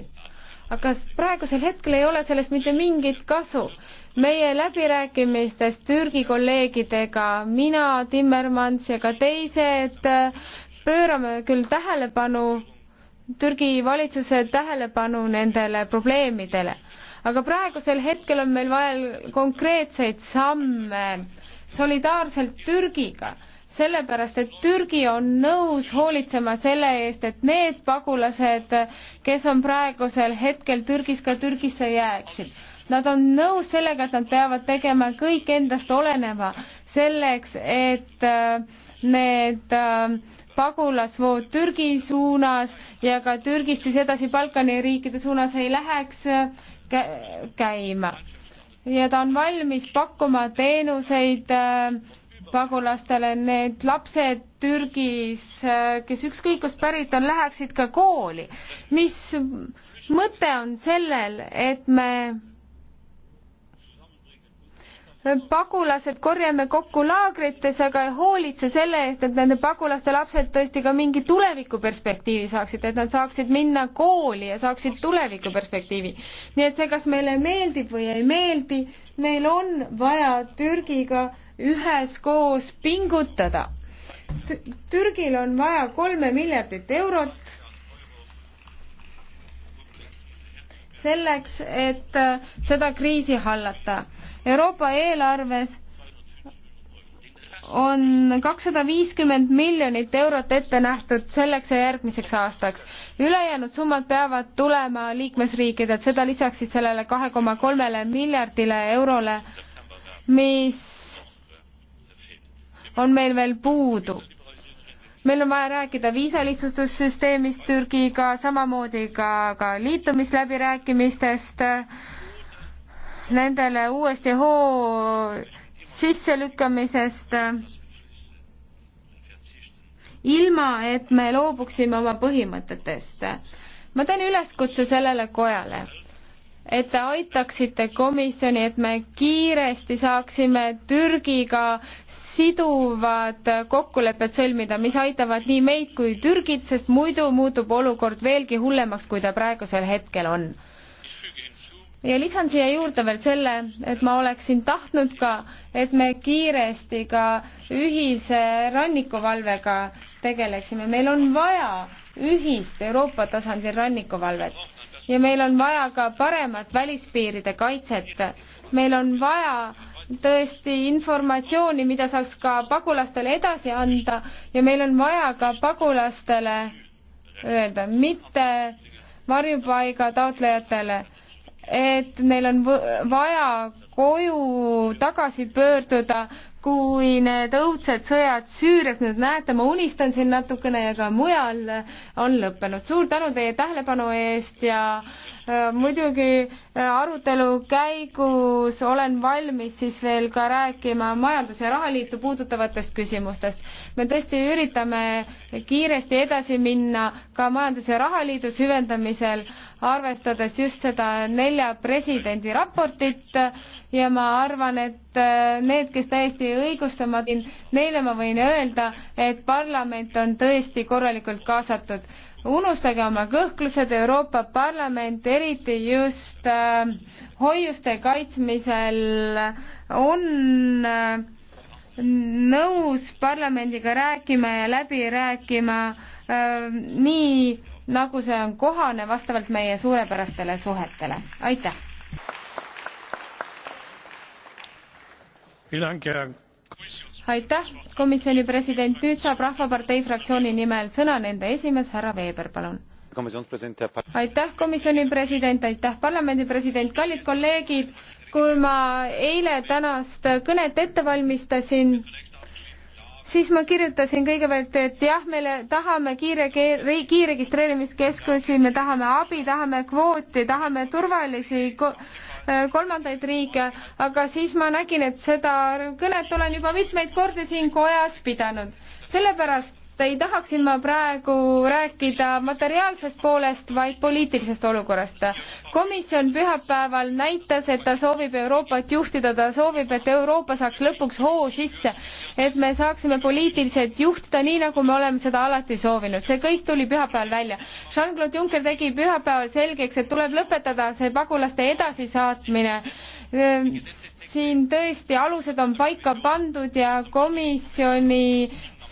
aga praegusel hetkel ei ole sellest mitte mingit kasu. meie läbirääkimistest Türgi kolleegidega, mina, Timmermans ja ka teised, pöörame küll tähelepanu, Türgi valitsuse tähelepanu nendele probleemidele, aga praegusel hetkel on meil vaja konkreetseid samme solidaarselt Türgiga sellepärast, et Türgi on nõus hoolitsema selle eest, et need pagulased, kes on praegusel hetkel Türgis, ka Türgisse jääksid. Nad on nõus sellega, et nad peavad tegema kõik endast oleneva selleks, et äh, need äh, pagulasvood Türgi suunas ja ka Türgist siis edasi Balkani riikide suunas ei läheks äh, käima. ja ta on valmis pakkuma teenuseid äh, pagulastele, need lapsed Türgis, kes ükskõik kust pärit on, läheksid ka kooli. mis mõte on sellel, et me pagulased korjame kokku laagrites, aga ei hoolitse selle eest, et nende pagulaste lapsed tõesti ka mingi tulevikuperspektiivi saaksid, et nad saaksid minna kooli ja saaksid tulevikuperspektiivi. nii et see, kas meile meeldib või ei meeldi, meil on vaja Türgiga üheskoos pingutada. Türgil on vaja kolme miljardit eurot selleks, et äh, seda kriisi hallata. Euroopa eelarves on kakssada viiskümmend miljonit eurot ette nähtud selleks ja järgmiseks aastaks. ülejäänud summad peavad tulema liikmesriikidelt, seda lisaks siis sellele kahe koma kolmele miljardile eurole, mis on meil veel puudu meil on vaja rääkida viisalihtsustussüsteemist Türgiga, samamoodi ka, ka liitumisläbirääkimistest, nendele uuesti hoo sisselükkamisest, ilma et me loobuksime oma põhimõtetest. ma teen üleskutse sellele kojale, et te aitaksite komisjoni, et me kiiresti saaksime Türgiga siduvad kokkulepped sõlmida, mis aitavad nii meid kui Türgit, sest muidu muutub olukord veelgi hullemaks, kui ta praegusel hetkel on. ja lisan siia juurde veel selle, et ma oleksin tahtnud ka, et me kiiresti ka ühise rannikuvalvega tegeleksime, meil on vaja ühist Euroopa tasandil rannikuvalvet ja meil on vaja ka paremat välispiiride kaitset, meil on vaja tõesti informatsiooni, mida saaks ka pagulastele edasi anda ja meil on vaja ka pagulastele öelda, mitte varjupaiga taotlejatele, et neil on vaja koju tagasi pöörduda, kui need õudsed sõjad Süürias, nüüd näete, ma unistan siin natukene ja ka mujal on lõppenud. suur tänu teie tähelepanu eest ja Äh, muidugi äh, arutelu käigus olen valmis siis veel ka rääkima majandus- ja rahaliitu puudutavatest küsimustest. me tõesti üritame kiiresti edasi minna ka majandus- ja rahaliidu süvendamisel, arvestades just seda nelja presidendi raportit ja ma arvan, et äh, need, kes täiesti õigustamad, neile ma võin öelda, et parlament on tõesti korralikult kaasatud unustage oma kõhklused, Euroopa Parlament, eriti just äh, hoiuste kaitsmisel on äh, nõus parlamendiga rääkima ja läbi rääkima äh, nii, nagu see on kohane vastavalt meie suurepärastele suhetele. aitäh! aitäh, komisjoni president, nüüd saab Rahvapartei fraktsiooni nimel sõna nende esimees härra Veeber, palun. aitäh, komisjoni president, aitäh, parlamendi president, kallid kolleegid, kui ma eile tänast kõnet ette valmistasin, siis ma kirjutasin kõigepealt, et jah, me tahame kiire, kiirregistreerimiskeskusi, me tahame abi, tahame kvooti, tahame turvalisi ko-, Äh, kolmandaid riike, aga siis ma nägin, et seda kõnet olen juba mitmeid kordi siin kojas pidanud. sellepärast ei tahaks siin ma praegu rääkida materiaalsest poolest, vaid poliitilisest olukorrast. komisjon pühapäeval näitas, et ta soovib Euroopat juhtida, ta soovib, et Euroopa saaks lõpuks hoo sisse, et me saaksime poliitiliselt juhtida nii, nagu me oleme seda alati soovinud. see kõik tuli pühapäeval välja. Jean-Claude Juncker tegi pühapäeval selgeks, et tuleb lõpetada see pagulaste edasisaatmine ehm, siin tõesti alused on paika pandud ja komisjoni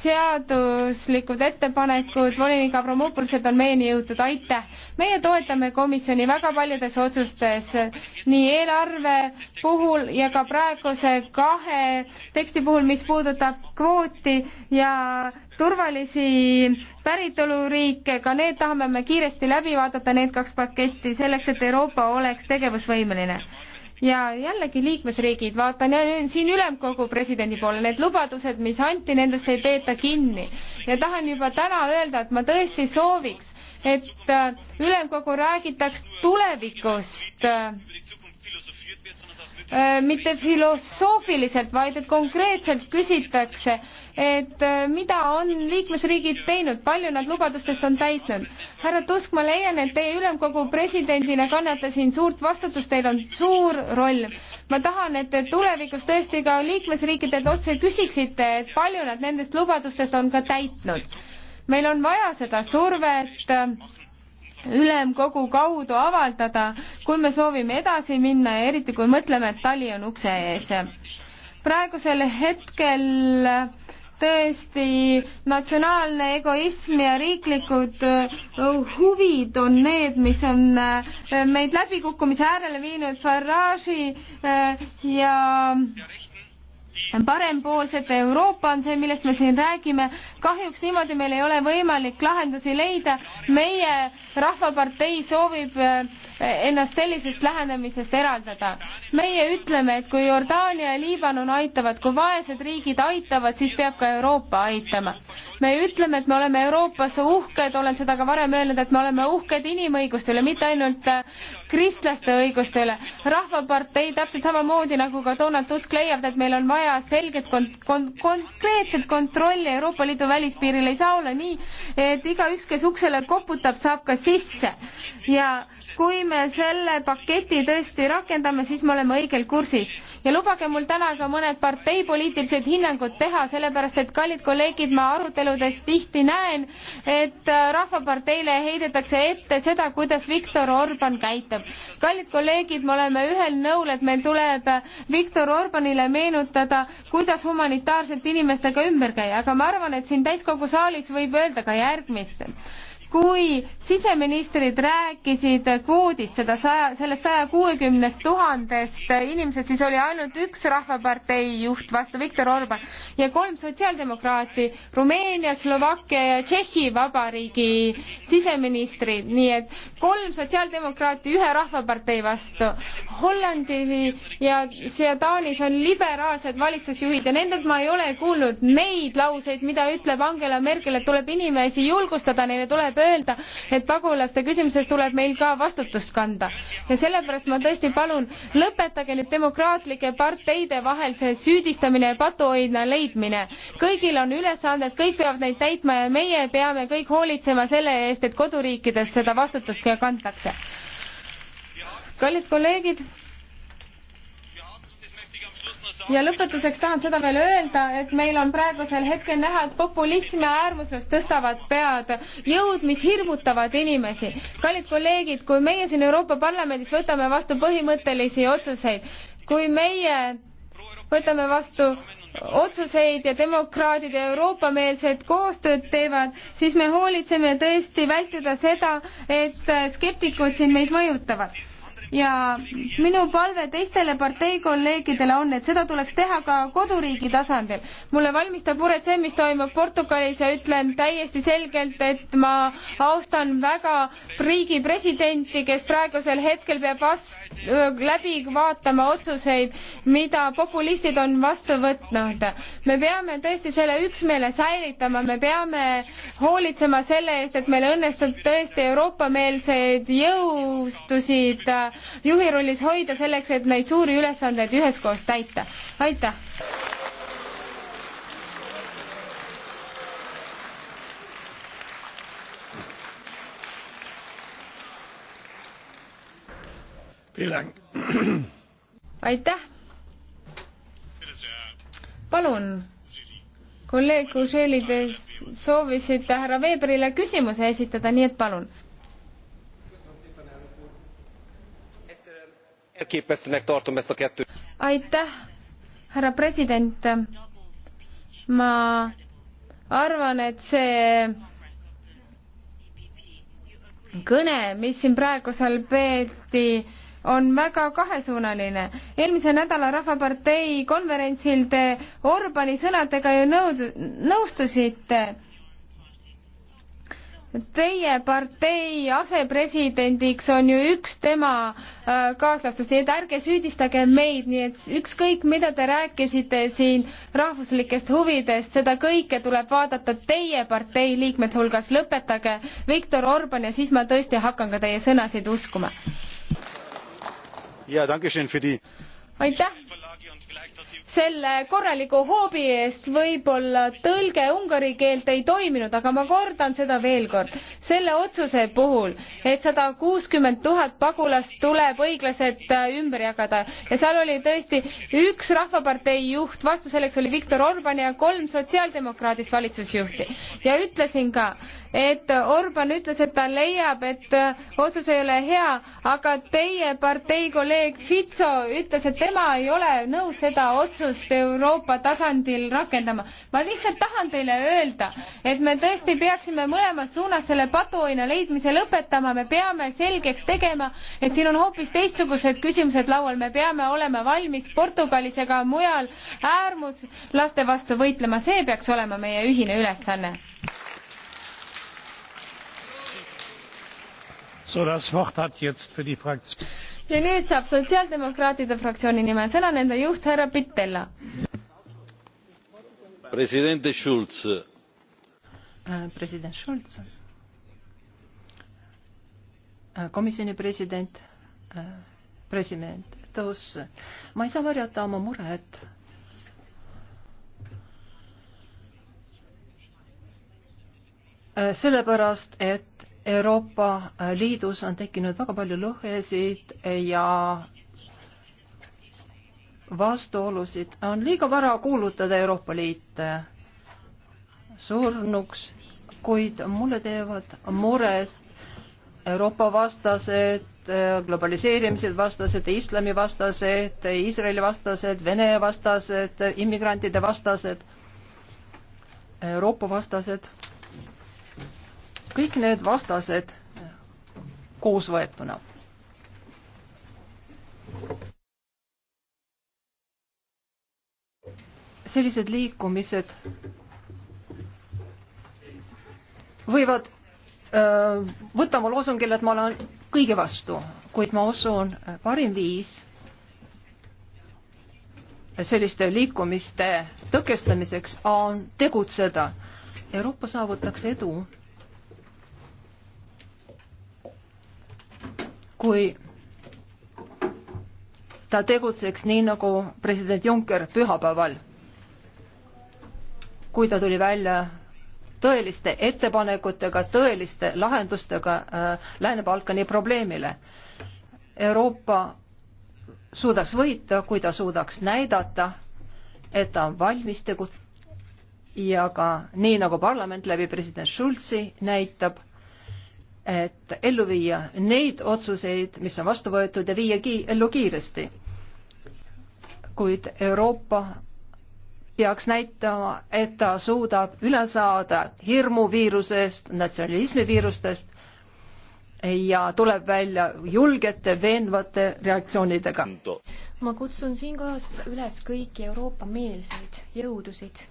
seaduslikud ettepanekud volinik Avramopolselt on meieni jõutud, aitäh! meie toetame komisjoni väga paljudes otsustes, nii eelarve puhul ja ka praeguse kahe teksti puhul, mis puudutab kvooti ja turvalisi päritoluriike, ka need tahame me kiiresti läbi vaadata, need kaks paketti, selleks et Euroopa oleks tegevusvõimeline ja jällegi liikmesriigid, vaatan siin ülemkogu presidendi poole, need lubadused, mis anti, nendest ei peeta kinni. ja tahan juba täna öelda, et ma tõesti sooviks, et äh, ülemkogu räägitaks tulevikust Äh, mitte filosoofiliselt, vaid et konkreetselt küsitakse, et äh, mida on liikmesriigid teinud, palju nad lubadustest on täitnud. härra Tusk, ma leian, et teie ülemkogu presidendina kannate siin suurt vastutust, teil on suur roll. ma tahan, et te tulevikus tõesti ka liikmesriikidelt otse küsiksite, et palju nad nendest lubadustest on ka täitnud. meil on vaja seda survet äh, ülemkogu kaudu avaldada, kui me soovime edasi minna ja eriti kui mõtleme, et tali on ukse ees. praegusel hetkel tõesti natsionaalne egoism ja riiklikud huvid on need, mis on meid läbikukkumise äärele viinud, Farage'i ja parempoolsete Euroopa on see, millest me siin räägime. kahjuks niimoodi meil ei ole võimalik lahendusi leida. meie Rahvapartei soovib eh, ennast sellisest lähenemisest eraldada. meie ütleme, et kui Jordaania ja Liibanon aitavad, kui vaesed riigid aitavad, siis peab ka Euroopa aitama me ütleme, et me oleme Euroopas uhked, olen seda ka varem öelnud, et me oleme uhked inimõiguste üle, mitte ainult äh, kristlaste õiguste üle. rahvapartei täpselt samamoodi nagu ka Donald Tusk leiab, et meil on vaja selget kon-, kon-, konkreetset kontrolli Euroopa Liidu välispiiril, ei saa olla nii, et igaüks, kes uksele koputab, saab ka sisse. ja kui me selle paketi tõesti rakendame, siis me oleme õigel kursis ja lubage mul täna ka mõned parteipoliitilised hinnangud teha, sellepärast et kallid kolleegid, ma aruteludes tihti näen, et äh, Rahvaparteile heidetakse ette seda, kuidas Viktor Orban käitub. kallid kolleegid, me oleme ühel nõul, et meil tuleb äh, Viktor Orbanile meenutada, kuidas humanitaarselt inimestega ümber käia, aga ma arvan, et siin täiskogu saalis võib öelda ka järgmist kui siseministrid rääkisid kvoodist, seda saja, sellest saja kuuekümnest tuhandest inimesest, siis oli ainult üks Rahvapartei juht vastu, Viktor Orban, ja kolm sotsiaaldemokraati, Rumeenia, Slovakkia ja Tšehhi Vabariigi siseministrid, nii et kolm sotsiaaldemokraati ühe Rahvapartei vastu. Hollandi ja, ja Taanis on liberaalsed valitsusjuhid ja nendelt ma ei ole kuulnud neid lauseid, mida ütleb Angela Merkel, et tuleb inimesi julgustada, neile tuleb öelda, et pagulaste küsimuses tuleb meil ka vastutust kanda. ja sellepärast ma tõesti palun, lõpetage nüüd demokraatlike parteide vahel see süüdistamine ja patuhoidla leidmine. kõigil on ülesanded, kõik peavad neid täitma ja meie peame kõik hoolitsema selle eest, et koduriikides seda vastutust ka kantakse. kallid kolleegid ja lõpetuseks tahan seda veel öelda, et meil on praegusel hetkel näha, et populism ja äärmuslus tõstavad pead, jõud, mis hirmutavad inimesi. kallid kolleegid, kui meie siin Euroopa Parlamendis võtame vastu põhimõttelisi otsuseid, kui meie võtame vastu otsuseid ja demokraadid ja Euroopa-meelsed koostööd teevad, siis me hoolitseme tõesti vältida seda, et skeptikud siin meid mõjutavad ja minu palve teistele partei kolleegidele on, et seda tuleks teha ka koduriigi tasandil. mulle valmistab muret see, mis toimub Portugalis ja ütlen täiesti selgelt, et ma austan väga riigi presidenti, kes praegusel hetkel peab vast-, läbi vaatama otsuseid, mida populistid on vastu võtnud. me peame tõesti selle üksmeele säilitama, me peame hoolitsema selle eest, et meil õnnestub tõesti Euroopa-meelseid jõustusid äh, juhi rollis hoida selleks, et neid suuri ülesandeid üheskoos täita. aitäh! aitäh! palun, kolleeg Kušelides soovisite härra Veebrile küsimuse esitada, nii et palun aitäh, härra president. ma arvan, et see kõne, mis siin praegusel peeti, on väga kahesuunaline. eelmise nädala Rahvapartei konverentsil te Orbani sõnadega ju nõud-, nõustusite Teie partei asepresidendiks on ju üks tema äh, kaaslastest, nii et ärge süüdistage meid, nii et ükskõik, mida te rääkisite siin rahvuslikest huvidest, seda kõike tuleb vaadata teie partei liikmete hulgas. lõpetage Viktor Orban ja siis ma tõesti hakkan ka teie sõnasid uskuma. jaa, tänan teid aitäh selle korraliku hoobi eest võib-olla tõlge ungari keelt ei toiminud, aga ma kordan seda veel kord. selle otsuse puhul, et sada kuuskümmend tuhat pagulast tuleb õiglaselt äh, ümber jagada ja seal oli tõesti üks Rahvapartei juht, vastu selleks oli Viktor Orban ja kolm sotsiaaldemokraadist valitsusjuhti. ja ütlesin ka, et Orban ütles, et ta leiab, et äh, otsus ei ole hea, aga teie partei kolleeg Fitso ütles, et tema ei ole nõus seda otsust Euroopa tasandil rakendama. ma lihtsalt tahan teile öelda, et me tõesti peaksime mõlemas suunas selle patuoina leidmise lõpetama, me peame selgeks tegema, et siin on hoopis teistsugused küsimused laual, me peame olema valmis Portugalis ega mujal äärmuslaste vastu võitlema, see peaks olema meie ühine ülesanne. So, das Wort hat jetzt für die Fraktion ja nüüd saab sotsiaaldemokraatide fraktsiooni nimel sõna nende juht härra Pitella. Äh, president Schulz. president äh, Schulz. komisjoni president, äh, president Tõus, ma ei saa varjata oma muret sellepärast, et Euroopa Liidus on tekkinud väga palju lõhesid ja vastuolusid. On liiga vara kuulutada Euroopa Liit surnuks, kuid mulle teevad mured Euroopa vastased, globaliseerimised vastased, islami vastased, Iisraeli vastased, Vene vastased, immigrantide vastased, Euroopa vastased kõik need vastased koos võetuna. sellised liikumised võivad öö, äh, võtta mu loosungile, et ma olen kõige vastu, kuid ma usun, äh, parim viis selliste liikumiste tõkestamiseks on tegutseda. Euroopa saavutaks edu kui ta tegutseks nii, nagu president Juncker pühapäeval, kui ta tuli välja tõeliste ettepanekutega, tõeliste lahendustega äh, Lääne-Balkani probleemile. Euroopa suudaks võita, kui ta suudaks näidata, et ta on valmis tegutsema ja ka nii, nagu parlament läbi president Schulzi näitab et ellu viia neid otsuseid, mis on vastu võetud ja viiagi ellu kiiresti. kuid Euroopa peaks näitama, et ta suudab üle saada hirmuviirusest, natsionalismi viirustest ja tuleb välja julgete, veenvate reaktsioonidega. ma kutsun siinkohas üles kõiki Euroopa-meelseid jõudusid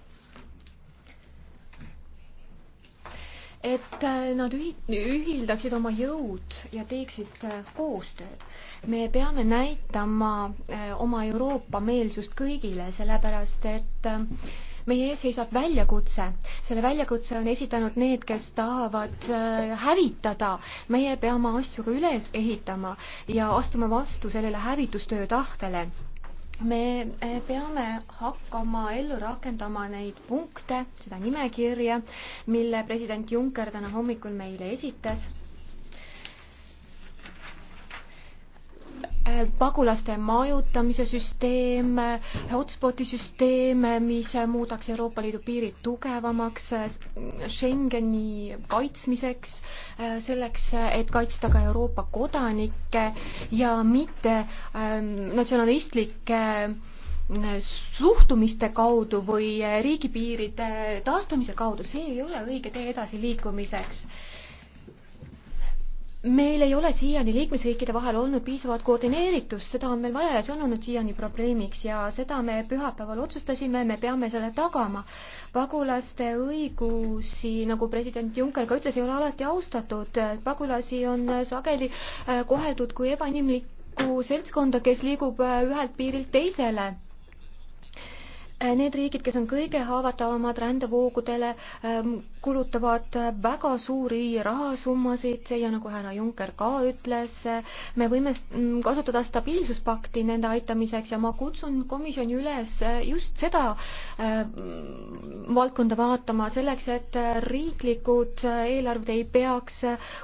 et äh, nad ühildaksid oma jõud ja teeksid äh, koostööd. me peame näitama äh, oma Euroopa meelsust kõigile, sellepärast et meie ees seisab väljakutse. selle väljakutse on esitanud need, kes tahavad hävitada. meie peame asju ka üles ehitama ja astuma vastu sellele hävitustöö tahtele me eh, peame hakkama ellu rakendama neid punkte, seda nimekirja, mille president Juncker täna hommikul meile esitas Äh, pagulaste majutamise süsteem, äh, hotspoti süsteem, äh, mis muudaks Euroopa Liidu piirid tugevamaks, Schengeni kaitsmiseks, selleks, et kaitsta ka Euroopa kodanikke ja mitte ähm, natsionalistlike suhtumiste kaudu või riigipiiride taastamise kaudu, see ei ole õige tee edasiliikumiseks meil ei ole siiani liikmesriikide vahel olnud piisavat koordineeritust, seda on meil vaja ja see on olnud siiani probleemiks ja seda me pühapäeval otsustasime, me peame selle tagama. pagulaste õigusi, nagu president Juncker ka ütles, ei ole alati austatud, pagulasi on sageli äh, koheldud kui ebainimlikku seltskonda, kes liigub äh, ühelt piirilt teisele Need riigid, kes on kõige haavatavamad rändevoogudele, ähm, kulutavad väga suuri rahasummasid ja nagu härra Juncker ka ütles, me võime mm, kasutada stabiilsuspakti nende aitamiseks ja ma kutsun komisjoni üles just seda ähm, valdkonda vaatama, selleks et riiklikud eelarved ei peaks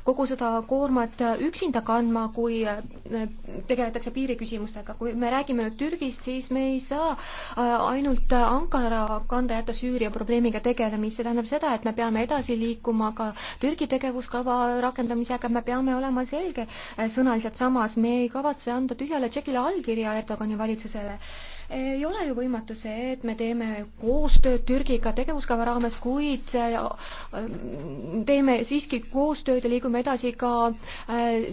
kogu seda koormat üksinda kandma, kui äh, tegeletakse piiriküsimustega. kui me räägime nüüd Türgist, siis me ei saa äh, ainult nüüd Ankara kanda jätta Süüria probleemiga tegelemist, see tähendab seda, et me peame edasi liikuma ka Türgi tegevuskava rakendamisega, me peame olema selgesõnaliselt eh, samas, me ei kavatse anda tühjale tšekile allkirja Erdogani valitsusele ei ole ju võimatu see, et me teeme koostööd Türgiga tegevuskava raames, kuid äh, teeme siiski koostööd ja liigume edasi ka äh,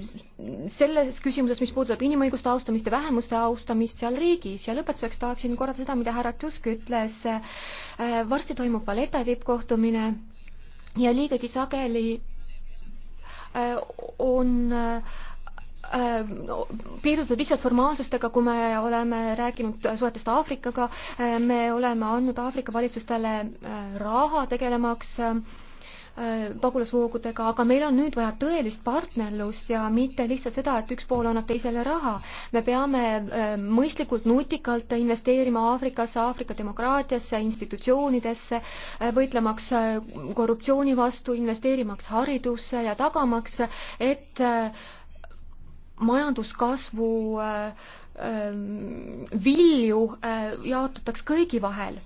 selles küsimuses, mis puudutab inimõiguste austamist ja vähemuste austamist seal riigis ja lõpetuseks tahaksin korrata seda, mida härra Tusk ütles. Äh, varsti toimub Valeta tippkohtumine ja liigegi sageli on äh, Äh, piirdutud lihtsalt formaalsustega, kui me oleme rääkinud suhetest Aafrikaga, äh, me oleme andnud Aafrika valitsustele äh, raha tegelemaks pagulasvoogudega, aga meil on nüüd vaja tõelist partnerlust ja mitte lihtsalt seda, et üks pool annab teisele raha. me peame mõistlikult, nutikalt investeerima Aafrikasse, Aafrika demokraatiasse, institutsioonidesse, võitlemaks korruptsiooni vastu, investeerimaks haridusse ja tagamaks, et majanduskasvu äh, äh, vilju äh, jaotataks kõigi vahel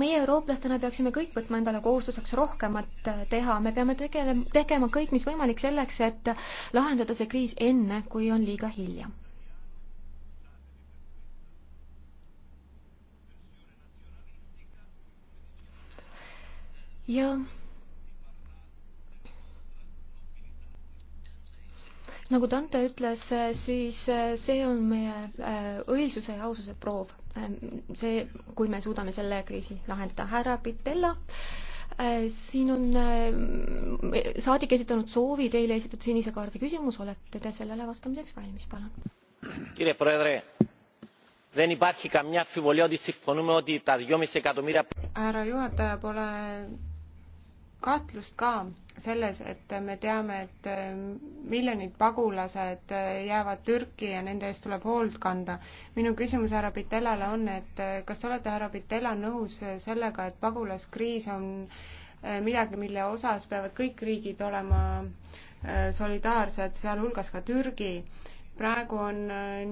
meie eurooplastena peaksime kõik võtma endale kohustuseks rohkemat teha, me peame tegelema, tegema kõik, mis võimalik selleks, et lahendada see kriis enne, kui on liiga hilja. ja nagu Dante ütles, eh, siis eh, see on meie eh, õilsuse ja aususe proov. Ehm, see, kui me suudame selle kriisi lahendada. härra Pitella, siin on saadik esitanud soovi teile esitada sinise kaardi küsimus, olete te sellele vastamiseks valmis, palun? härra juhataja, pole kahtlust ka selles, et me teame, et äh, miljonid pagulased äh, jäävad Türki ja nende eest tuleb hoolt kanda. minu küsimus härra Pitellale on, et äh, kas te olete, härra Pitella, nõus sellega, et pagulaskriis on midagi, mille osas peavad kõik riigid olema solidaarsed, sealhulgas ka Türgi. praegu on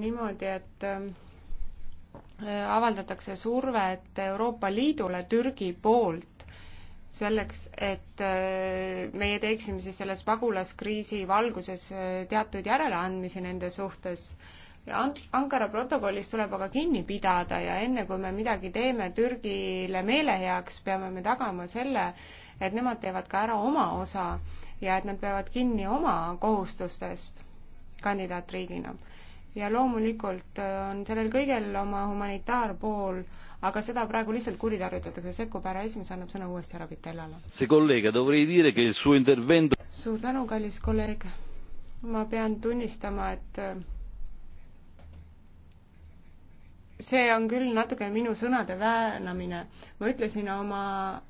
niimoodi, et avaldatakse survet Euroopa Liidule Türgi poolt selleks, et äh, meie teeksime siis selles pagulaskriisi valguses äh, teatud järeleandmisi nende suhtes. Ankara protokollist tuleb aga kinni pidada ja enne, kui me midagi teeme Türgile meele heaks, peame me tagama selle, et nemad teevad ka ära oma osa ja et nad peavad kinni oma kohustustest kandidaatriigina. ja loomulikult äh, on sellel kõigel oma humanitaarpool äh, aga seda praegu lihtsalt kuritarvitatakse, sekkub härra esimees, annab sõna uuesti härra Pitellale. suur tänu, kallis kolleeg. ma pean tunnistama, et see on küll natuke minu sõnade väänamine. ma ütlesin oma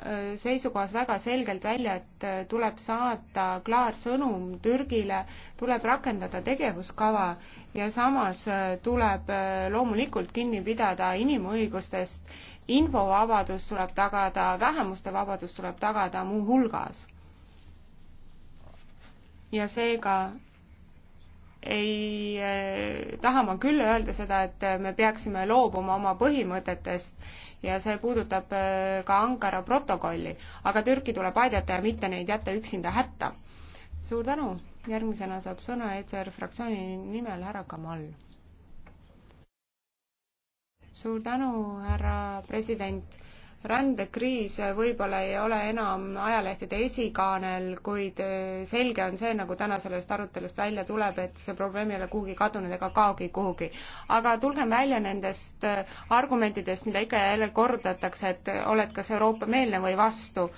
äh, seisukohas väga selgelt välja, et äh, tuleb saata klaar sõnum Türgile, tuleb rakendada tegevuskava ja samas äh, tuleb loomulikult kinni pidada inimõigustest, infovabadus tuleb tagada, vähemuste vabadus tuleb tagada muuhulgas. ja seega ei äh, taha ma küll öelda seda, et eh, me peaksime loobuma oma põhimõtetest ja see puudutab äh, ka Ankara protokolli, aga Türki tuleb aidata ja mitte neid jätta üksinda hätta. suur tänu, järgmisena saab sõna ECR fraktsiooni nimel härra Kamal. suur tänu, härra president rändekriis võib-olla ei ole enam ajalehtede esikaanel, kuid äh, selge on see, nagu täna sellest arutelust välja tuleb, et see probleem ei ole kuhugi kadunud ega kaogi kuhugi. aga tulgem välja nendest äh, argumentidest, mida ikka ja jälle kordatakse, et oled kas Euroopa-meelne või vastu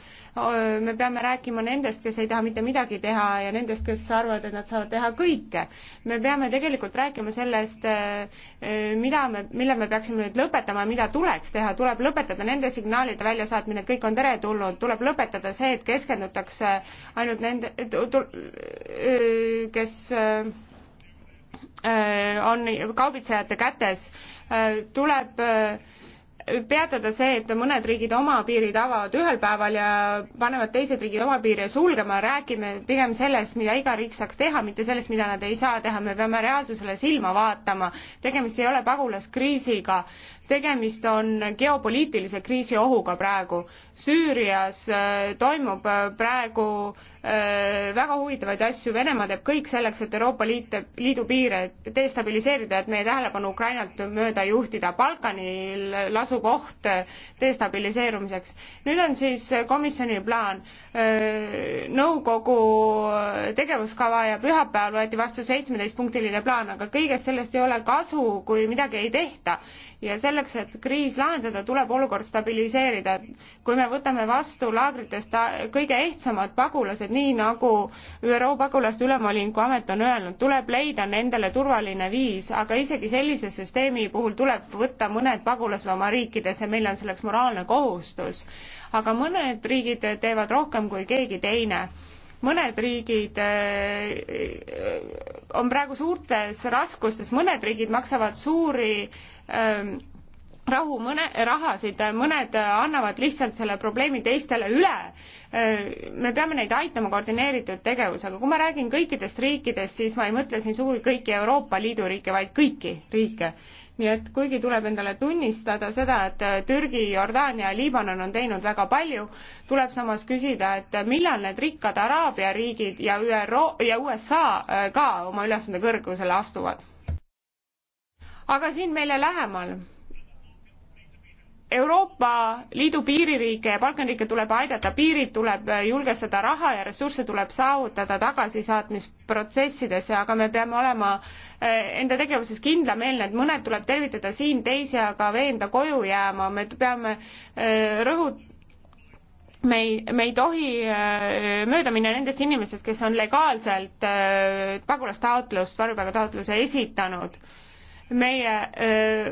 me peame rääkima nendest, kes ei taha mitte midagi teha ja nendest, kes arvavad, et nad saavad teha kõike. me peame tegelikult rääkima sellest, eh, mida me, mille me peaksime nüüd lõpetama ja mida tuleks teha, tuleb lõpetada nende signaalide väljasaatmine, et kõik on teretulnud, tuleb lõpetada see, et keskendutakse ainult nende, eh, kes eh, on kaubitsejate kätes, tuleb peatada see, et mõned riigid oma piirid avavad ühel päeval ja panevad teised riigid oma piire sulgema, räägime pigem sellest, mida iga riik saaks teha, mitte sellest, mida nad ei saa teha, me peame reaalsusele silma vaatama. tegemist ei ole pagulaskriisiga, tegemist on geopoliitilise kriisi ohuga praegu. Süürias äh, toimub äh, praegu äh, väga huvitavaid asju, Venemaa teeb kõik selleks, et Euroopa Liit, Liidu piire destabiliseerida, et meie tähelepanu Ukrainalt mööda juhtida. Balkanil lasub oht destabiliseerumiseks. nüüd on siis komisjoni plaan, nõukogu tegevuskava ja pühapäeval võeti vastu seitsmeteistpunktiline plaan, aga kõigest sellest ei ole kasu, kui midagi ei tehta ja selleks, et kriis lahendada, tuleb olukord stabiliseerida. kui me võtame vastu laagritest kõige ehtsamad pagulased, nii nagu ÜRO pagulaste ülemvoliniku amet on öelnud, tuleb leida nendele turvaline viis, aga isegi sellise süsteemi puhul tuleb võtta mõned pagulased oma riikidesse, meil on selleks moraalne kohustus. aga mõned riigid teevad rohkem kui keegi teine mõned riigid eh, on praegu suurtes raskustes, mõned riigid maksavad suuri ähm, rahu mõne, rahasid, mõned annavad lihtsalt selle probleemi teistele üle. Äh, me peame neid aitama koordineeritud tegevusega, kui ma räägin kõikidest riikidest, siis ma ei mõtle siin sugugi kõiki Euroopa Liidu riike, vaid kõiki riike nii et kuigi tuleb endale tunnistada seda, et äh, Türgi, Jordaania ja Liibanon on teinud väga palju, tuleb samas küsida, et äh, millal need rikkad Araabia riigid ja ÜRO ja USA äh, ka oma ülesande kõrgusele astuvad. aga siin meile lähemal Euroopa Liidu piiririike ja Balkanriike tuleb aidata, piirid tuleb julgestada, raha ja ressursse tuleb saavutada tagasisaatmisprotsessides, aga me peame olema eh, enda tegevuses kindlameelne, et mõned tuleb tervitada siin, teisi aga veenda koju jääma, me peame eh, rõhut-, me ei, me ei tohi eh, mööda minna nendest inimestest, kes on legaalselt pagulastaotlust, varjupaigataotluse esitanud. meie öö,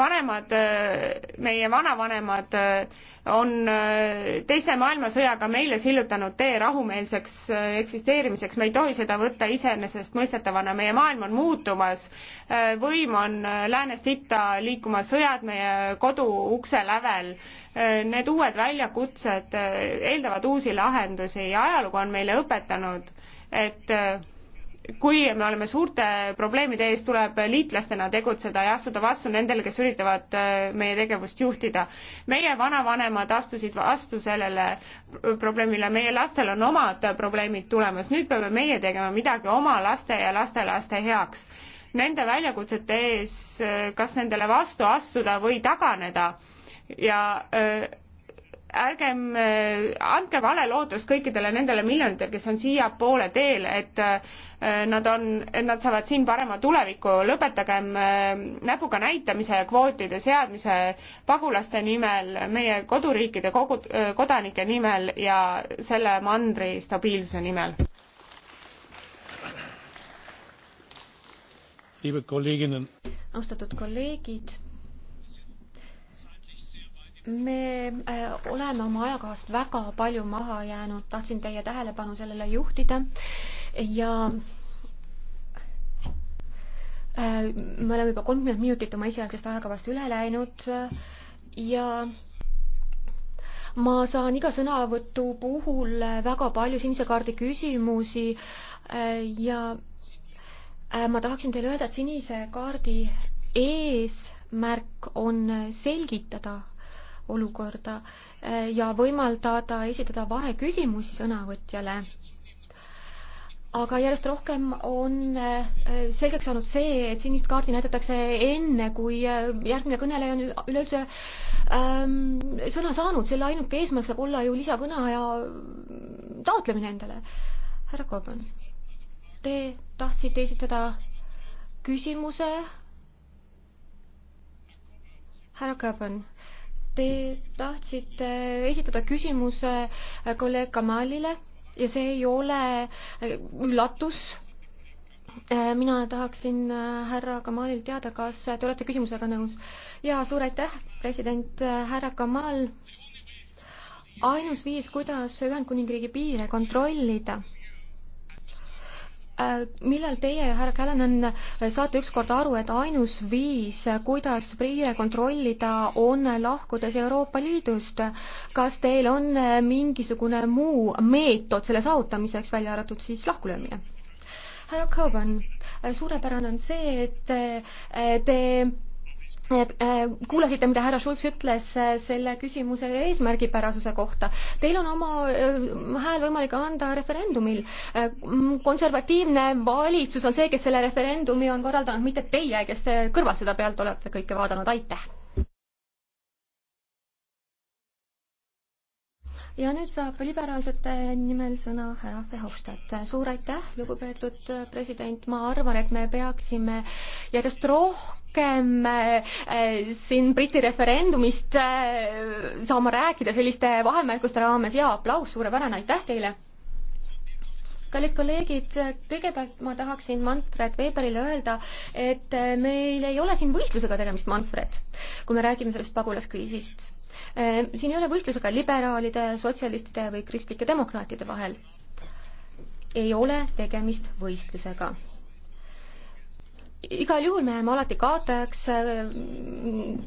vanemad, äh, meie vanavanemad äh, on äh, teise maailmasõjaga meile sillutanud tee rahumeelseks eksisteerimiseks, me ei tohi seda võtta iseenesestmõistetavana, meie maailm on muutumas, võim on läänest itta liikumas, sõjad meie kodu ukse lävel, need uued väljakutsed eeldavad uusi lahendusi ja ajalugu on meile õpetanud, et kui me oleme suurte probleemide ees, tuleb liitlastena tegutseda ja astuda vastu nendele, kes üritavad äh, meie tegevust juhtida. meie vanavanemad astusid vastu sellele probleemile, meie lastel on omad probleemid tulemas, nüüd peame meie tegema midagi oma laste ja lastelaste heaks. Nende väljakutsete ees, äh, kas nendele vastu astuda või taganeda ja öö, äh, ärgem äh, andke vale lootust kõikidele nendele miljonitele, kes on siiapoole teel, et äh, nad on, et nad saavad siin parema tuleviku, lõpetagem äh, näpuga näitamise, kvootide seadmise pagulaste nimel, meie koduriikide kogu, kodanike nimel ja selle mandri stabiilsuse nimel. austatud kolleegid me äh, oleme oma ajakavast väga palju maha jäänud, tahtsin teie tähelepanu sellele juhtida ja äh, me oleme juba kolmkümmend minutit oma esialgsest ajakavast üle läinud ja ma saan iga sõnavõtu puhul väga palju sinise kaardi küsimusi äh, ja ma tahaksin teile öelda, et sinise kaardi eesmärk on selgitada olukorda eh, ja võimaldada esitada vaheküsimusi sõnavõtjale. aga järjest rohkem on eh, selgeks saanud see, et sinist kaarti näidatakse enne, kui eh, järgmine kõneleja on üleüldse ähm, sõna saanud, selle ainuke eesmärk saab olla ju lisakõneaja mm, taotlemine endale. härra Koban, te tahtsite esitada küsimuse härra Köben, Te tahtsite esitada küsimuse äh, kolleeg Kamalile ja see ei ole äh, üllatus. Äh, mina tahaksin härra Kamalilt teada, kas te olete küsimusega nõus? ja suur aitäh, president härra Kamal. ainus viis, kuidas Ühendkuningriigi piire kontrollida Äh, millal teie, härra Callanan, äh, saate ükskord aru, et ainus viis, äh, kuidas PRIA kontrollida, on lahkudes Euroopa Liidust? kas teil on mingisugune muu meetod selle saavutamiseks, välja arvatud siis lahkulöömine? härra Coban, suurepärane on see, et te Äh, kuulasite, mida härra Schulz ütles äh, selle küsimuse eesmärgipärasuse kohta. Teil on oma äh, hääl võimalik anda referendumil. konservatiivne valitsus on see, kes selle referendumi on korraldanud, mitte teie, kes te kõrvalt seda pealt olete kõike vaadanud, aitäh! ja nüüd saab liberaalsete nimel sõna härra Verhofstadt. suur aitäh, lugupeetud president, ma arvan, et me peaksime järjest rohkem äh, siin Briti referendumist äh, saama rääkida selliste vahemärkuste raames ja aplaus, suurepärane, aitäh teile! kallid kolleegid, kõigepealt ma tahaksin Manfred Weberile öelda, et meil ei ole siin võistlusega tegemist, Manfred, kui me räägime sellest pagulaskriisist Ehm, siin ei ole võistlusega liberaalide, sotsialistide või kristlike demokraatide vahel. ei ole tegemist võistlusega igal juhul me jääme alati kaotajaks ehm,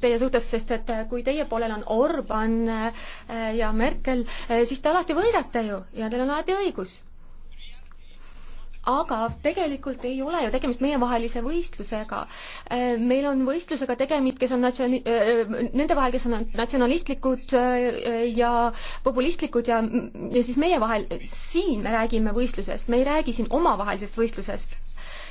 teie suhtes, sest et eh, kui teie poolel on Orban eh, ja Merkel, eh, siis te alati võidate ju ja teil on alati õigus aga tegelikult ei ole ju tegemist meievahelise võistlusega. Äh, meil on võistlusega tegemist, kes on natsioni-, äh, nende vahel, kes on natsionalistlikud äh, ja populistlikud ja, ja siis meie vahel, siin me räägime võistlusest, me ei räägi siin omavahelisest võistlusest,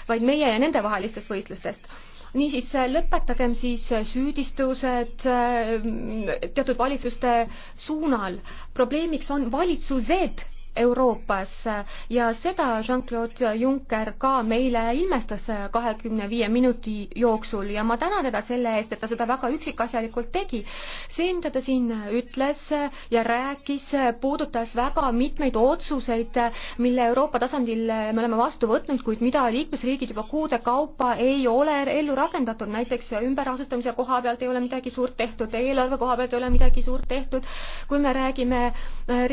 vaid meie ja nende vahelistest võistlustest niisiis lõpetagem siis süüdistused teatud valitsuste suunal. probleemiks on valitsused Euroopas ja seda Jean-Claude Juncker ka meile ilmestas kahekümne viie minuti jooksul ja ma tänan teda selle eest, et ta seda väga üksikasjalikult tegi. see, mida ta siin ütles ja rääkis, puudutas väga mitmeid otsuseid, mille Euroopa tasandil me oleme vastu võtnud, kuid mida liikmesriigid juba kuude kaupa ei ole ellu rakendatud, näiteks ümberasustamise koha pealt ei ole midagi suurt tehtud, eelarve koha pealt ei ole midagi suurt tehtud, kui me räägime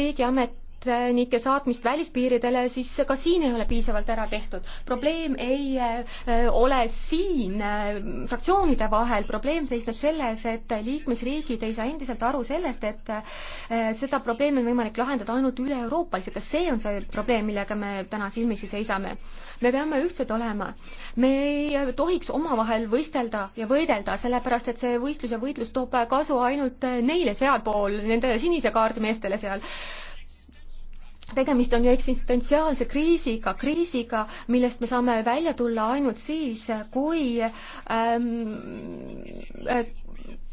riigiamet põgenike saatmist välispiiridele, siis ka siin ei ole piisavalt ära tehtud. probleem ei äh, ole siin äh, fraktsioonide vahel, probleem seisneb selles, et liikmesriigid ei saa endiselt aru sellest, et äh, seda probleemi on võimalik lahendada ainult üle-euroopaliselt, kas see on see probleem, millega me täna silmitsi seisame? me peame ühtsed olema. me ei tohiks omavahel võistelda ja võidelda, sellepärast et see võistlus ja võitlus toob kasu ainult neile sealpool, nendele sinise kaardi meestele seal tegemist on ju eksistentsiaalse kriisiga, kriisiga, millest me saame välja tulla ainult siis, kui ähm,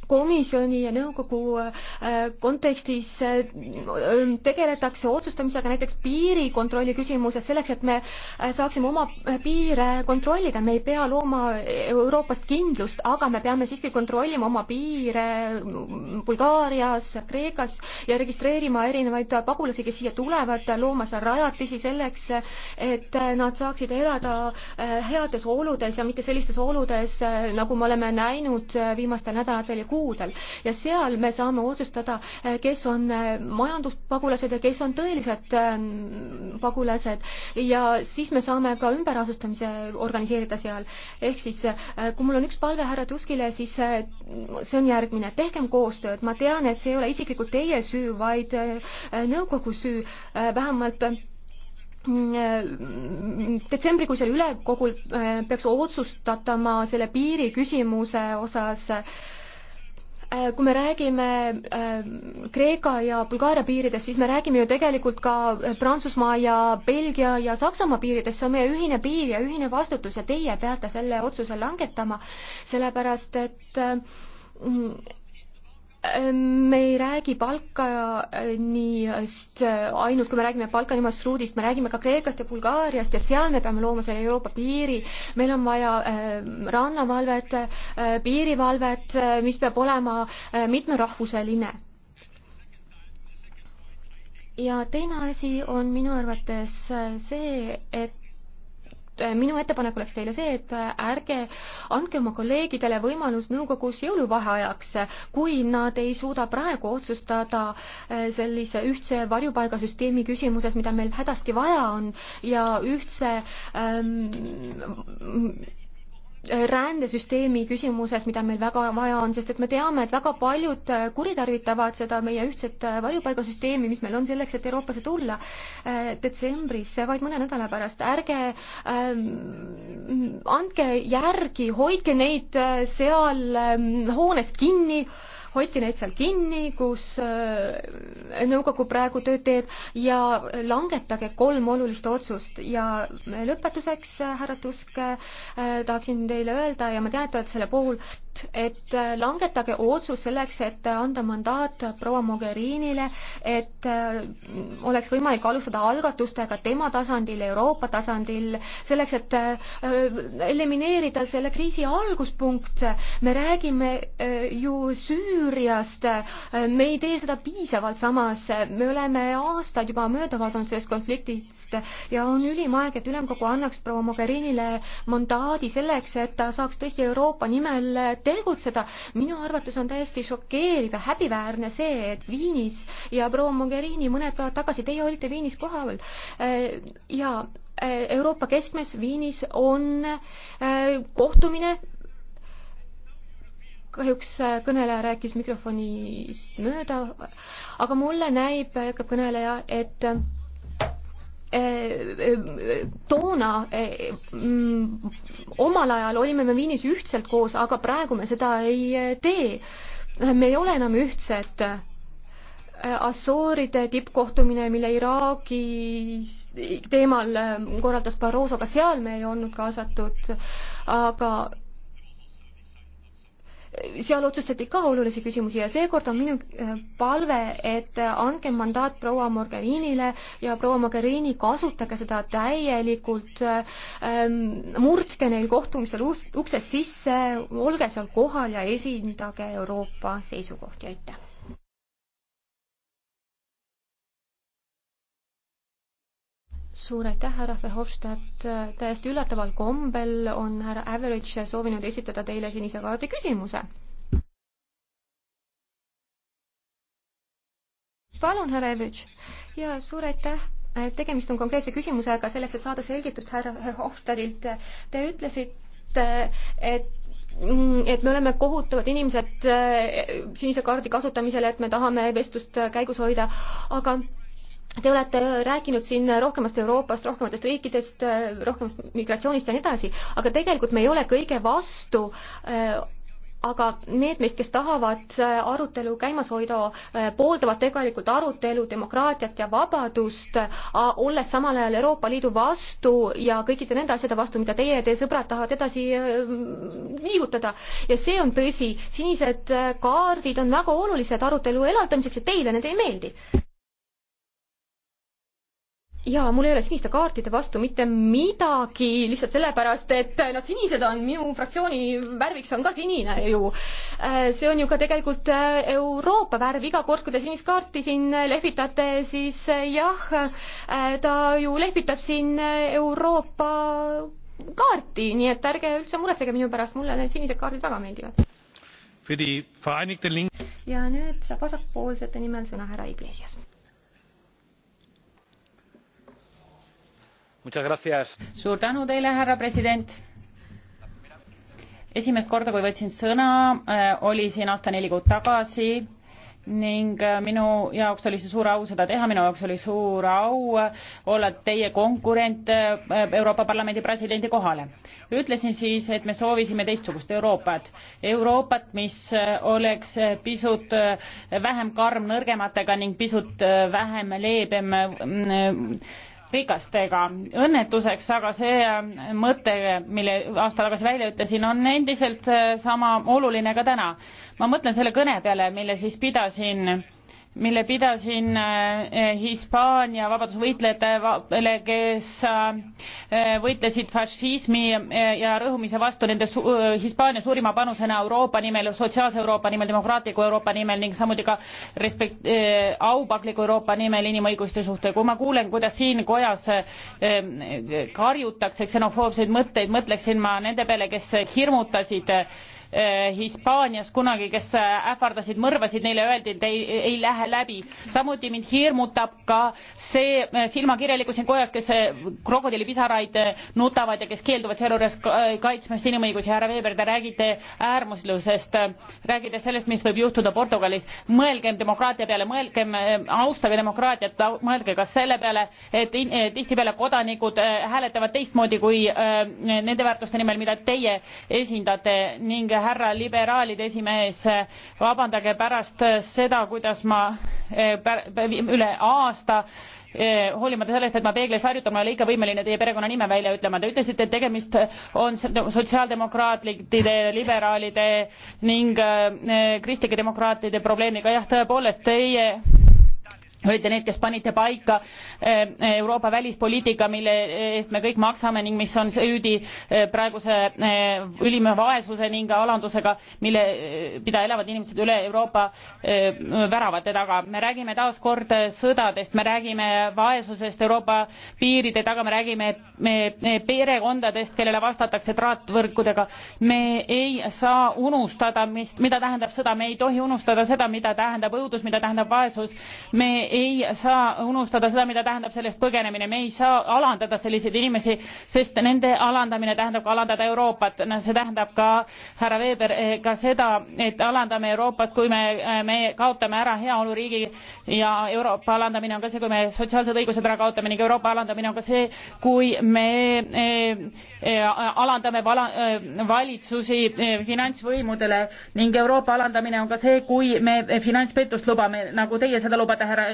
komisjoni ja nõukogu äh, kontekstis äh, tegeletakse otsustamisega näiteks piirikontrolli küsimuses selleks, et me äh, saaksime oma piire kontrollida, me ei pea looma Euroopast kindlust, aga me peame siiski kontrollima oma piire Bulgaarias, Kreekas ja registreerima erinevaid pagulasi, kes siia tulevad, looma seal rajatisi selleks, et nad saaksid elada heades oludes ja mitte sellistes oludes, nagu me oleme näinud viimastel nädalatel ja kuudel kuudel ja seal me saame otsustada, eh, kes on eh, majanduspagulased ja kes on tõelised eh, pagulased ja siis me saame ka ümberasustamise organiseerida seal. ehk siis, kui mul on üks palve härra Tuskile, siis see on järgmine, tehkem koostööd, ma tean, et see ei ole isiklikult teie süü, vaid nõukogu süü, vähemalt detsembrikuisel ülemkogul peaks otsustatama selle piiri küsimuse osas äh, Äh, kui me räägime äh, Kreeka ja Bulgaaria piiridest, siis me räägime ju tegelikult ka äh, Prantsusmaa ja Belgia ja Saksamaa piiridest, see on meie ühine piir ja ühine vastutus ja teie peate selle otsuse langetama, sellepärast et me ei räägi Balkanist ainult, kui me räägime Balkani marsruudist, me räägime ka Kreekast ja Bulgaariast ja seal me peame looma selle Euroopa piiri. meil on vaja äh, rannavalvet, äh, piirivalvet, äh, mis peab olema mitmerahvuseline. ja teine asi on minu arvates see, et Äh, minu ettepanek oleks teile see, et äh, ärge andke oma kolleegidele võimalus nõukogus jõuluvaheajaks, kui nad ei suuda praegu otsustada äh, sellise ühtse varjupaigasüsteemi küsimuses, mida meil hädasti vaja on ja ühtse ähm, rändesüsteemi küsimuses, mida meil väga vaja on, sest et me teame, et väga paljud äh, kuritarvitavad seda meie ühtset äh, varjupaigasüsteemi, mis meil on selleks, et Euroopasse tulla äh, detsembris, vaid mõne nädala pärast. ärge ähm, andke järgi, hoidke neid seal ähm, hoones kinni äh, hoiti neid seal kinni, kus äh, nõukogu praegu tööd teeb ja langetage kolm olulist otsust ja lõpetuseks, äh, härra Tusk, äh, tahaksin teile öelda ja ma tean, et te olete selle puhul, et langetage otsus selleks, et anda mandaat proua Mogherinile, et oleks võimalik alustada algatustega tema tasandil, Euroopa tasandil, selleks, et elimineerida selle kriisi alguspunkt. me räägime ju süü Süüriast. me ei tee seda piisavalt, samas me oleme aastaid juba mööda vaadanud sellest konfliktist ja on ülim aeg, et ülemkogu annaks proua Mogherinile mandaadi selleks, et ta saaks tõesti Euroopa nimel tegutseda. minu arvates on täiesti šokeeriv ja häbiväärne see, et Viinis ja proua Mogherini mõned päevad tagasi, teie olite Viinis kohal ja Euroopa keskmes Viinis on äh, kohtumine kahjuks äh, kõneleja rääkis mikrofonist mööda, aga mulle näib, jätkab kõneleja, et äh, äh, toona omal ajal olime me Viinis ühtselt koos, aga praegu me seda ei tee. me ei ole enam ühtsed. Assooride tippkohtumine, mille Iraagi teemal korraldas Barroso, ka seal me ei olnud kaasatud, aga seal otsustati ka olulisi küsimusi ja seekord on minu äh, palve, et äh, andke mandaat proua Morgheninile ja proua Mogherini, kasutage seda täielikult äh, ähm,, murdke neil kohtumistel uksest sisse, olge seal kohal ja esindage Euroopa seisukohti, aitäh! suur aitäh, härra Verhofstadt. täiesti üllataval kombel on härra Average soovinud esitada teile sinise kaardi küsimuse. palun, härra Average. ja suur aitäh. tegemist on konkreetse küsimusega selleks, et saada selgitust härra Verhofstadtilt. Te ütlesite, et et me oleme kohutavad inimesed äh, sinise kaardi kasutamisele, et me tahame vestlust käigus hoida, aga Te olete rääkinud siin rohkemast Euroopast, rohkematest riikidest, rohkemast migratsioonist ja nii edasi, aga tegelikult me ei ole kõige vastu äh, aga need meist, kes tahavad äh, arutelu käimas hoida, äh, pooldavad tegelikult arutelu, demokraatiat ja vabadust, olles samal ajal Euroopa Liidu vastu ja kõikide nende asjade vastu, mida teie ja teie sõbrad tahavad edasi liigutada. ja see on tõsi, sinised kaardid on väga olulised arutelu elavdamiseks ja teile need ei meeldi jaa, mul ei ole siniste kaartide vastu mitte midagi, lihtsalt sellepärast, et äh, nad sinised on, minu fraktsiooni värviks on ka sinine ju. Äh, see on ju ka tegelikult äh, Euroopa värv, iga kord, kui te sinist kaarti siin lehvitate, siis jah, ta ju lehvitab siin Euroopa kaarti, nii et ärge üldse muretsege minu pärast, mulle need sinised kaardid väga meeldivad. ja nüüd saab vasakpoolsete nimel sõna härra Iglesias suur tänu teile, härra president. esimest korda, kui võtsin sõna, äh, oli siin aasta neli kuud tagasi ning äh, minu jaoks oli see suur au seda teha, minu jaoks oli suur au äh, olla teie konkurent Euroopa Parlamendi presidendi kohale. ütlesin siis, et me soovisime teistsugust Euroopat, Euroopat, mis oleks pisut vähem karm nõrgematega ning pisut vähem leebem mm, rikastega. õnnetuseks aga see äh, mõte, mille aasta tagasi välja ütlesin, on endiselt äh, sama oluline ka täna. ma mõtlen selle kõne peale, mille siis pidasin mille pidasin eh, Hispaania vabadusvõitlejatele, kes eh, võitlesid fašismi eh, ja rõhumise vastu nende su Hispaania suurima panusena Euroopa nimel, sotsiaalse Euroopa nimel, demokraatliku Euroopa nimel ning samuti ka respekt-, aupakliku Euroopa nimel inimõiguste suhte. kui ma kuulen, kuidas siin kojas karjutakse ksenofoobseid mõtteid, mõtleksin ma nende peale, kes hirmutasid Eh, hispaanias kunagi kes eh, ähvardasid mõrvasid neile öeldi et ei, ei lähe läbi samuti mind hirmutab ka see eh, silmakirjalikkus siin kojas kes krokodillipisaraid nutavad ja kes keelduvad sealjuures kaitsmast inimõigusi härra weber te räägite äärmuslusest räägite sellest mis võib juhtuda portugalis mõelgem demokraatia peale mõelgem austage demokraatiat mõelge ka selle peale et tihtipeale kodanikud hääletavad teistmoodi kui nende väärtuste nimel mida teie esindate ning härra liberaalide esimees vabandage pärast seda kuidas ma eh, üle aasta eh, hoolimata sellest et ma peeglis harjutan ma ei ole ikka võimeline teie perekonnanime välja ütlema te ütlesite et tegemist on sotsiaaldemokraatide liberaalide ning eh, kristlike demokraatide probleemiga jah tõepoolest teie olite need, kes panite paika eh, Euroopa välispoliitika, mille eest me kõik maksame ning mis on süüdi eh, praeguse eh, ülima vaesuse ning alandusega, mille, mida elavad inimesed üle Euroopa väravate taga. me räägime taas kord sõdadest, me räägime vaesusest Euroopa piiride taga, me räägime perekondadest, kellele vastatakse traatvõrkudega. me ei saa unustada, mis, mida tähendab sõda, me ei tohi unustada seda, mida tähendab õudus, mida tähendab vaesus. me ei saa unustada seda mida tähendab sellest põgenemine me ei saa alandada selliseid inimesi sest nende alandamine tähendab ka alandada euroopat see tähendab ka härra weber eh, ka seda et alandame euroopat kui me eh, me kaotame ära heaoluriigi ja euroopa alandamine on ka see kui me sotsiaalsed õigused ära kaotame ning euroopa alandamine on ka see kui me eh, alandame vala, valitsusi finantsvõimudele ning euroopa alandamine on ka see kui me finantspettust lubame nagu teie seda lubate härra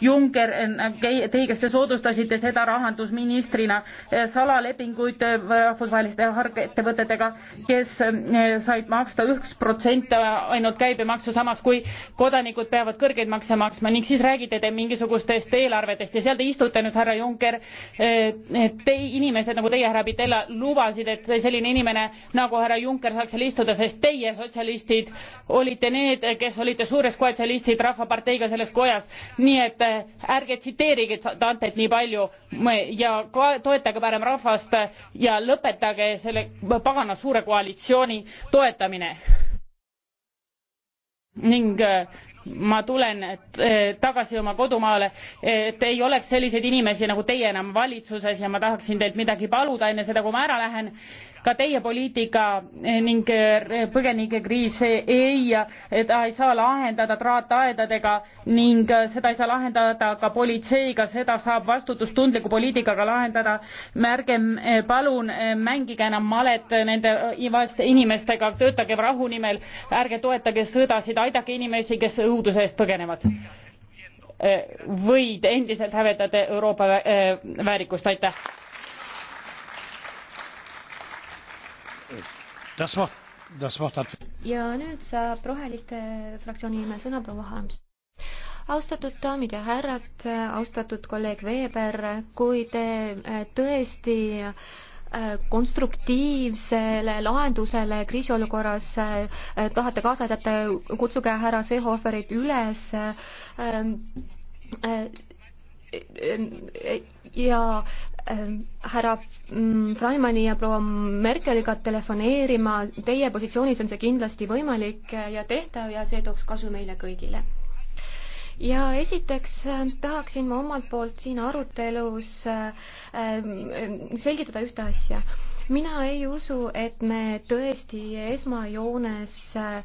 Juncker, äh, teie, kes te soodustasite seda rahandusministrina, äh, salalepinguid äh, rahvusvaheliste ettevõtetega, kes said maksta üks protsent ainult käibemaksu, samas kui kodanikud peavad kõrgeid makse maksma ning siis räägite te mingisugustest eelarvetest ja seal te istute nüüd, härra Juncker, te inimesed nagu teie, härra Pitella, lubasid, et selline inimene nagu härra Juncker saaks seal istuda, sest teie, sotsialistid, olite need, kes olite suured koalitsionistid Rahvaparteiga selles kojas, nii nii et äh, ärge tsiteerige dantet nii palju ja toetage parem rahvast ja lõpetage selle pagana suure koalitsiooni toetamine. ning äh, ma tulen äh, tagasi oma kodumaale et ei oleks selliseid inimesi nagu teie enam valitsuses ja ma tahaksin teilt midagi paluda enne seda kui ma ära lähen ka teie poliitika eh, ning eh, põgenikekriis ei, eh, ta ei saa lahendada traataedadega ning seda ei saa lahendada ka politseiga, seda saab vastutustundliku poliitikaga lahendada. ärgem palun mängige enam malet nende vaeste inimestega, töötage rahu nimel, ärge toetage sõdasid, aidake inimesi, kes õuduse eest põgenevad või te endiselt hävetate euroopa väärikust aitäh! ja nüüd saab Roheliste fraktsiooni nimel sõna proua Harms austatud daamid ja härrad, austatud kolleeg Veeber, kui te äh, tõesti äh, konstruktiivsele lahendusele kriisiolukorras äh, tahate kaasa aidata, kutsuge härra Seehoferit üles ja Ähm, härra mm, Freimani ja proua Merkeliga telefoneerima, teie positsioonis on see kindlasti võimalik ja tehtav ja see tooks kasu meile kõigile. ja esiteks äh, tahaksin ma omalt poolt siin arutelus äh, ähm, selgitada ühte asja mina ei usu, et me tõesti esmajoones äh,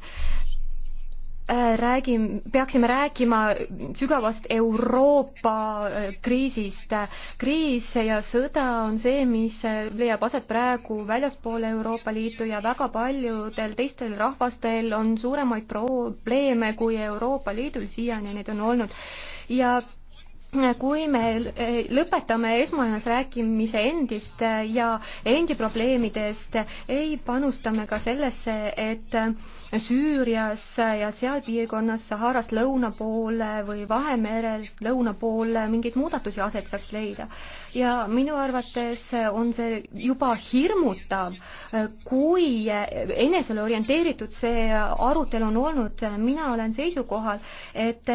Äh, räägime, peaksime rääkima sügavast Euroopa äh, kriisist. kriis ja sõda on see, mis äh, leiab aset praegu väljaspool Euroopa Liitu ja väga paljudel teistel rahvastel on suuremaid probleeme kui Euroopa Liidul siiani neid on olnud ja kui me eh, lõpetame esmajones rääkimise endist eh, ja endi probleemidest, eh, ei panusta me ka sellesse, et Süürias ja seal piirkonnas Saharast lõuna poole või Vahemerest lõuna poole mingeid muudatusi aset saaks leida. ja minu arvates on see juba hirmutav, kui enesele orienteeritud see arutelu on olnud, mina olen seisukohal, et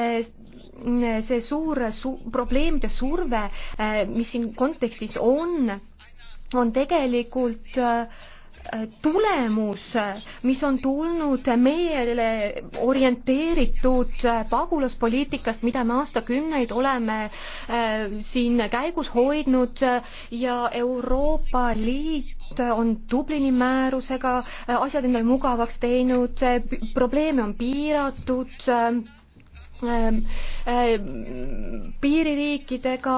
see suur su probleemide surve, äh, mis siin kontekstis on, on tegelikult äh, tulemus, mis on tulnud meile orienteeritud äh, pagulaspoliitikast, mida me aastakümneid oleme siin käigus hoidnud ja Euroopa Liit on Dublini määrusega asjad endale mugavaks teinud, probleeme on piiratud Ähm, äh, piiririikidega,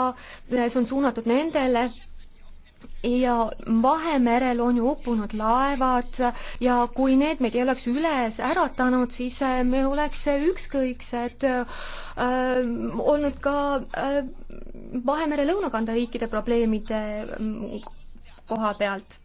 äh, see on suunatud nendele ja Vahemerel on ju uppunud laevad ja kui need meid ei oleks üles äratanud, siis äh, me oleks ükskõiksed äh, olnud ka äh, Vahemere lõunakanda riikide probleemide mm, koha pealt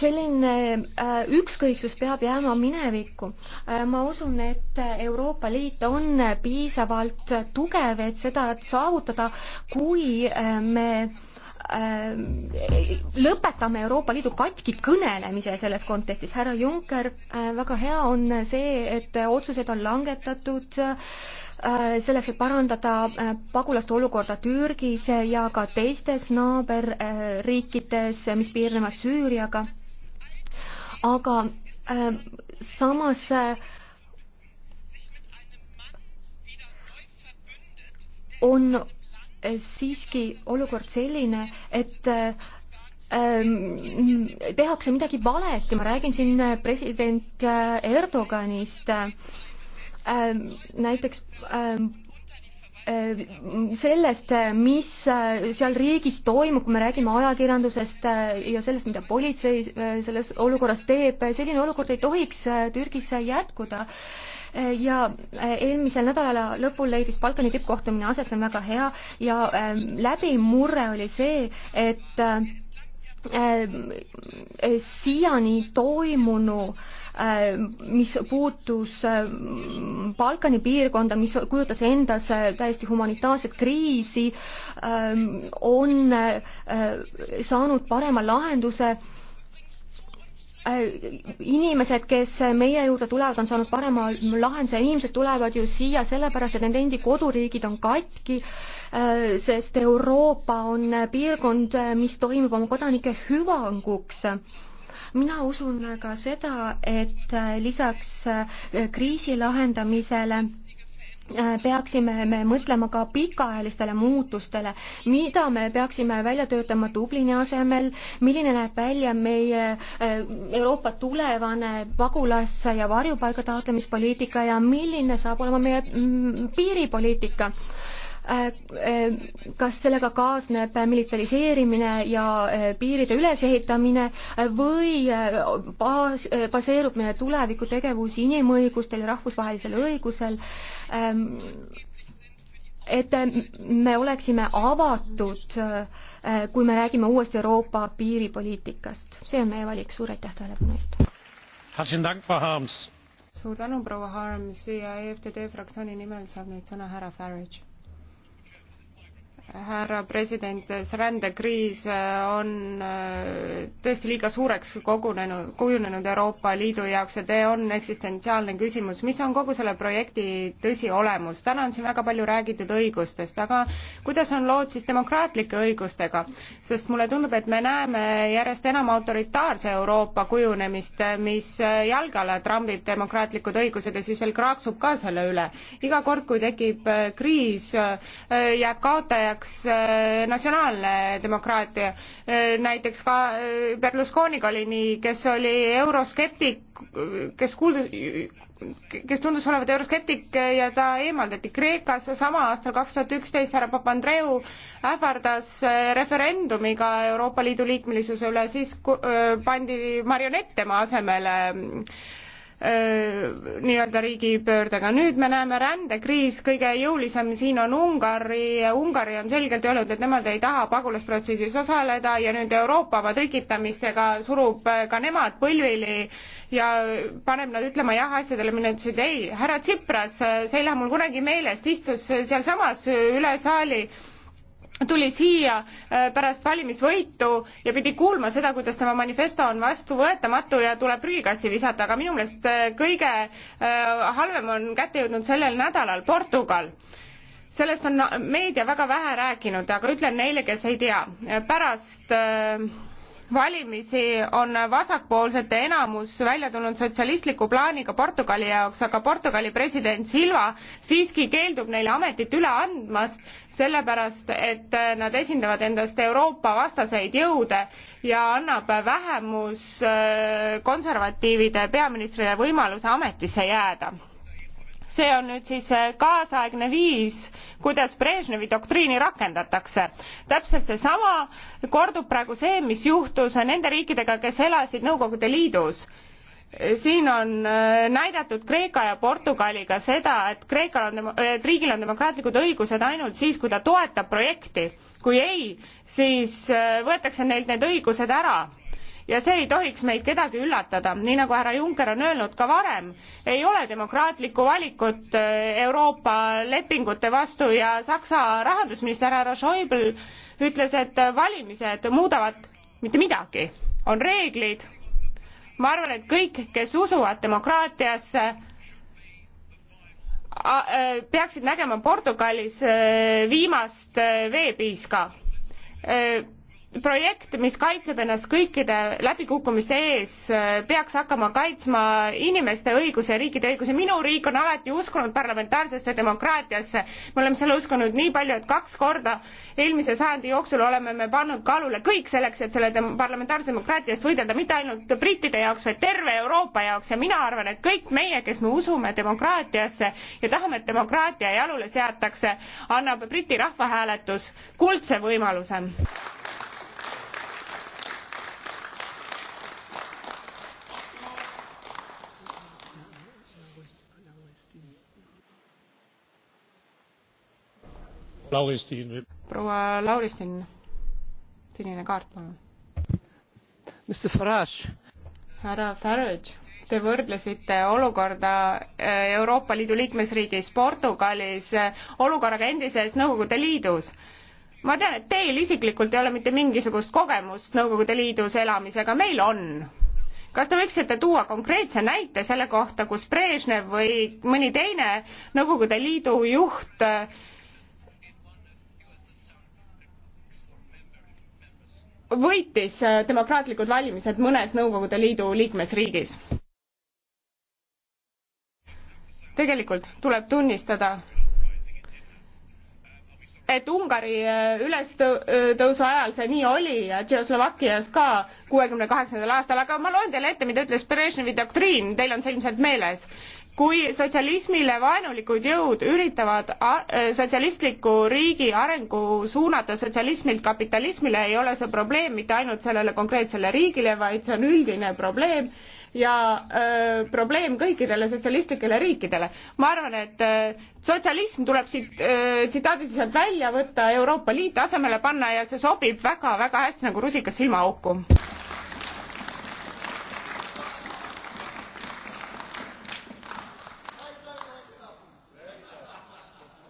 selline äh, ükskõiksus peab jääma minevikku. Äh, ma usun, et Euroopa Liit on piisavalt tugev, et seda saavutada, kui äh, me lõpetame Euroopa Liidu katki kõnelemise selles kontekstis. härra Juncker, väga hea on see, et otsused on langetatud selleks, et parandada pagulaste olukorda Türgis ja ka teistes naaberriikides, mis piirnevad Süüriaga aga äh, samas äh, on äh, siiski olukord selline, et äh, ähm, tehakse midagi valesti, ma räägin siin äh, president Erdoganist ähm,, näiteks ähm, sellest, mis seal riigis toimub, kui me räägime ajakirjandusest ja sellest, mida politsei selles olukorras teeb, selline olukord ei tohiks Türgis jätkuda. ja eelmisel nädala lõpul leidis Balkani tippkohtumine aset, see on väga hea ja ähm, läbimurre oli see, et äh, äh, siiani toimunu äh, Äh, mis puutus äh, Balkani piirkonda, mis kujutas endas äh, täiesti humanitaarset kriisi, ähm, on saanud parema lahenduse inimesed, kes meie juurde tulevad, on saanud parema lahenduse, inimesed tulevad ju siia sellepärast, et nende endi koduriigid on katki, sest Euroopa on piirkond, mis toimib oma kodanike hüvanguks mina usun ka seda, et äh, lisaks äh, kriisi lahendamisele äh, peaksime me mõtlema ka pikaajalistele muutustele, mida me peaksime välja töötama Dublini asemel, milline näeb välja meie Euroopa tulevane pagulas- ja varjupaiga taotlemispoliitika ja milline saab olema meie mm, piiripoliitika. Äh, äh, kas sellega kaasneb militariseerimine ja äh, piiride ülesehitamine või baas, baseerub meie tuleviku tegevus inimõigustel ja rahvusvahelisel õigusel, ähm, et me oleksime avatud, kui me räägime uuest Euroopa piiripoliitikast. see on meie valik, suur aitäh tähelepanu eest! suur tänu, proua Harms ja EFTD fraktsiooni nimel saab nüüd sõna härra Farage härra president, see rändekriis äh, on äh, tõesti liiga suureks kogunenud, kujunenud Euroopa Liidu jaoks ja see on eksistentsiaalne küsimus, mis on kogu selle projekti tõsiolemus. täna on siin väga palju räägitud õigustest, aga kuidas on lood siis demokraatlike õigustega? sest mulle tundub, et me näeme järjest enam autoritaarse Euroopa kujunemist, mis äh, jalge alla trambib demokraatlikud õigused ja siis veel kraaksub ka selle üle. iga kord, kui tekib kriis, jääb kaotaja oleks äh, natsionaalne demokraatia. Äh, näiteks ka äh, Berlusconiga oli nii, kes oli euroskeptik, kes kuuldus, kes tundus olevat euroskeptik ja ta eemaldati Kreekas sama aastal kaks tuhat üksteist härra Papandreou ähvardas referendumiga Euroopa Liidu liikmelisuse üle, siis pandi marionett tema asemele Äh, nii-öelda riigipöördega. nüüd me näeme rändekriis, kõige jõulisem siin on Ungari, Ungari on selgelt öelnud, et nemad ei taha pagulasprotsessis osaleda ja nüüd Euroopa oma trikitamistega surub äh, ka nemad põlvili ja paneb nad ütlema jah asjadele, mina ütlesin ei, härra Tsipras, äh, see ei lähe mul kunagi meelest, istus sealsamas üle saali tuli siia äh, pärast valimisvõitu ja pidi kuulma seda, kuidas tema manifesto on vastuvõetamatu ja tuleb prügikasti visata, aga minu meelest äh, kõige äh, halvem on kätte jõudnud sellel nädalal Portugal sellest on meedia väga vähe rääkinud, aga ütlen neile, kes ei tea, pärast valimisi on vasakpoolsete enamus välja tulnud sotsialistliku plaaniga Portugali jaoks, aga Portugali president Silva siiski keeldub neile ametit üle andmast sellepärast, et nad esindavad endast Euroopa vastaseid jõude ja annab vähemus äh, konservatiivide peaministrile võimaluse ametisse jääda. see on nüüd siis äh, kaasaegne viis, kuidas Brežnevi doktriini rakendatakse. täpselt seesama kordub praegu see, mis juhtus nende riikidega, kes elasid Nõukogude Liidus siin on äh, näidatud Kreeka ja Portugaliga seda, et Kreekal on, et riigil on demokraatlikud õigused ainult siis, kui ta toetab projekti. kui ei, siis äh, võetakse neilt need õigused ära ja see ei tohiks meid kedagi üllatada, nii nagu härra Juncker on öelnud ka varem, ei ole demokraatlikku valikut äh, Euroopa lepingute vastu ja Saksa rahandusminister härra Schäuble ütles, et valimised muudavad mitte midagi, on reeglid ma arvan, et kõik, kes usuvad demokraatiasse, e, peaksid nägema Portugalis e, viimast e, veepiiska projekt, mis kaitseb ennast kõikide läbikukkumiste ees, peaks hakkama kaitsma inimeste õigusi ja riikide õigusi. minu riik on alati uskunud parlamentaarsesse demokraatiasse. me oleme selle uskunud nii palju, et kaks korda eelmise sajandi jooksul oleme me pannud kaalule kõik selleks, et selle dem parlamentaarse demokraatia eest võidelda, mitte ainult brittide jaoks, vaid terve Euroopa jaoks ja mina arvan, et kõik meie, kes me usume demokraatiasse ja tahame, et demokraatia jalule seatakse, annab Briti rahvahääletus kuldse võimaluse. Lauristin. proua Lauristin, sinine kaart, palun. Mr Farage. härra Farage, te võrdlesite olukorda eh, Euroopa Liidu liikmesriigis Portugalis eh, olukorraga endises Nõukogude Liidus ma tean, et teil isiklikult ei ole mitte mingisugust kogemust Nõukogude Liidus elamisega, meil on kas te võiksite tuua konkreetse näite selle kohta kus brežnev või mõni teine nõukogude liidu juht eh, võitis äh, demokraatlikud valimised mõnes Nõukogude Liidu liikmesriigis. tegelikult tuleb tunnistada, et Ungari äh, ülestõusu ajal see nii oli ja Tšehhoslovakkias ka kuuekümne kaheksandal aastal, aga ma loen teile ette, mida ütles Brežnevi doktriin, teil on see ilmselt meeles kui sotsialismile vaenulikud jõud üritavad äh, sotsialistliku riigi arengu suunata sotsialismilt kapitalismile, ei ole see probleem mitte ainult sellele konkreetsele riigile, vaid see on üldine probleem ja öö, äh, probleem kõikidele sotsialistlikele riikidele. ma arvan, et öö, äh, sotsialism tuleb siit tsitaadid sealt välja võtta, Euroopa Liit asemele panna ja see sobib väga-väga hästi nagu rusikas silmaauku.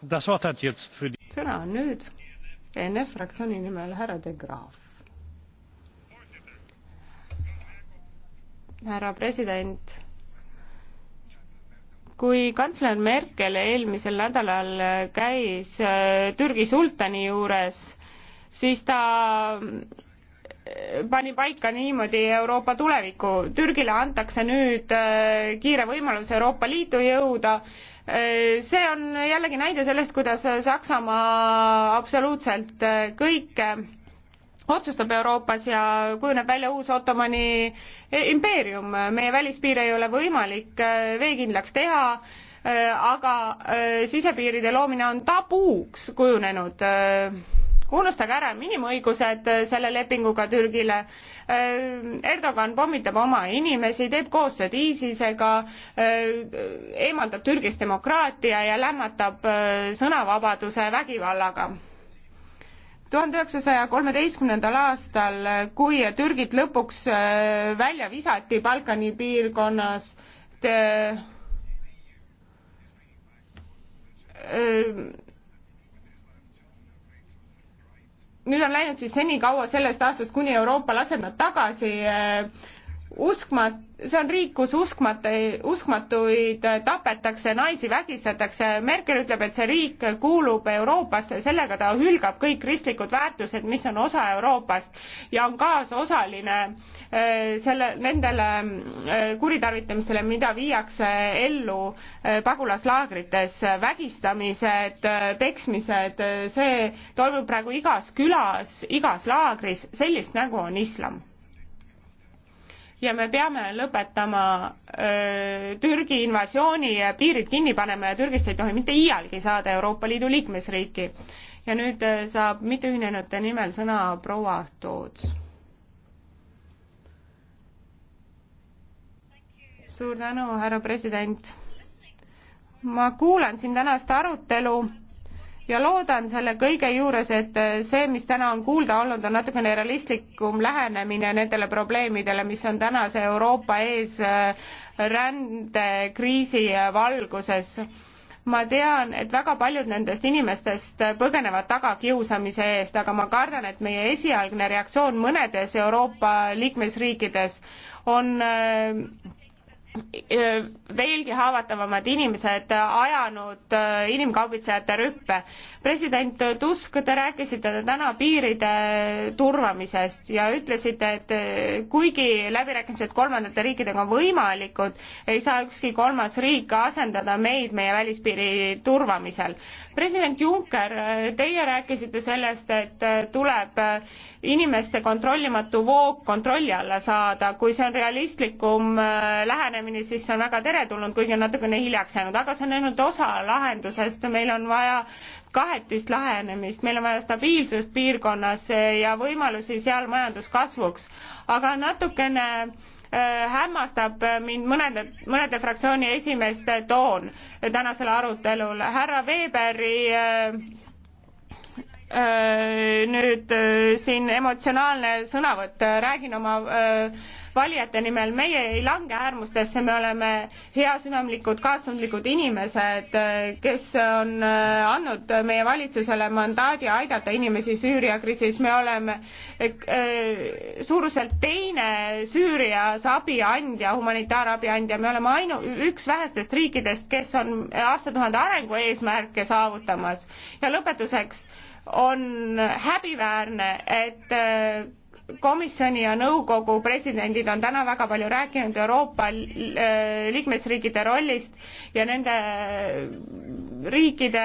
sõna on nüüd ENF fraktsiooni nimel härra De Graaf. härra president, kui kantsler Merkel eelmisel nädalal käis äh, Türgi sultani juures, siis ta äh, pani paika niimoodi Euroopa tulevikku. Türgile antakse nüüd äh, kiire võimalus Euroopa Liitu jõuda Äh, see on jällegi näide sellest, kuidas Saksamaa absoluutselt äh, kõike äh, otsustab Euroopas ja kujuneb välja uus Ottomani impeerium. meie välispiire ei ole võimalik veekindlaks teha, aga sisepiiride loomine on tabuks kujunenud. unustage ära inimõigused selle lepinguga Türgile Äh, Erdogan pommitab oma inimesi, teeb koostööd ISISega, äh, eemaldab Türgis demokraatia ja lämmatab äh, sõnavabaduse vägivallaga tuhande üheksasaja kolmeteistkümnendal aastal, kui Türgid lõpuks välja visati Balkani piirkonnast, nüüd on läinud siis senikaua sellest aastast, kuni Euroopa laseb nad tagasi äh, uskmat-, see on riik, kus uskmatu, uskmatuid tapetakse, naisi vägistatakse, Merkel ütleb, et see riik kuulub Euroopasse, sellega ta hülgab kõik kristlikud väärtused, mis on osa Euroopast ja on kaasosaline äh, selle, nendele äh, kuritarvitamistele, mida viiakse ellu äh, pagulaslaagrites, vägistamised, peksmised, see toimub praegu igas külas, igas laagris, sellist nägu on islam ja me peame lõpetama öö, Türgi invasiooni ja piirid kinni panema ja Türgist ei tohi mitte iialgi saada Euroopa Liidu liikmesriiki. ja nüüd saab mitteühinenute nimel sõna proua Toots. suur tänu, härra president. ma kuulan siin tänast arutelu ja loodan selle kõige juures, et see, mis täna on kuulda olnud, on natukene realistlikum lähenemine nendele probleemidele, mis on tänase Euroopa ees äh, rändekriisi äh, valguses. ma tean, et väga paljud nendest inimestest põgenevad tagakiusamise eest, aga ma kardan, et meie esialgne reaktsioon mõnedes Euroopa liikmesriikides on äh, Äh, veelgi haavatavamad inimesed ajanud äh, inimkaubitsejate rüppe. president Tusk, te rääkisite täna piiride turvamisest ja ütlesite, et äh, kuigi läbirääkimised kolmandate riikidega on võimalikud, ei saa ükski kolmas riik asendada meid meie välispiiri turvamisel president Juncker, teie rääkisite sellest, et tuleb inimeste kontrollimatu voog kontrolli alla saada, kui see on realistlikum äh, lähenemine, siis see on väga teretulnud, kuigi on natukene hiljaks jäänud, aga see on ainult osa lahendusest, meil on vaja kahetist lähenemist, meil on vaja stabiilsust piirkonnas ja võimalusi seal majanduskasvuks, aga natukene Äh, hämmastab mind mõnede, mõnede fraktsiooni esimeeste toon tänasel arutelul. härra Weberi äh, äh, nüüd äh, siin emotsionaalne sõnavõtt, räägin oma äh, valijate nimel, meie ei lange äärmustesse, me oleme heasüdamlikud, kaasundlikud inimesed, kes on äh, andnud meie valitsusele mandaadi aidata inimesi Süüria kriisis, me oleme äh, suuruselt teine Süürias abiandja, humanitaarabi andja, me oleme ainu-, üks vähestest riikidest, kes on aastatuhande arengu eesmärke saavutamas. ja lõpetuseks on häbiväärne, et äh, komisjoni ja nõukogu presidendid on täna väga palju rääkinud Euroopa äh, liikmesriikide rollist ja nende riikide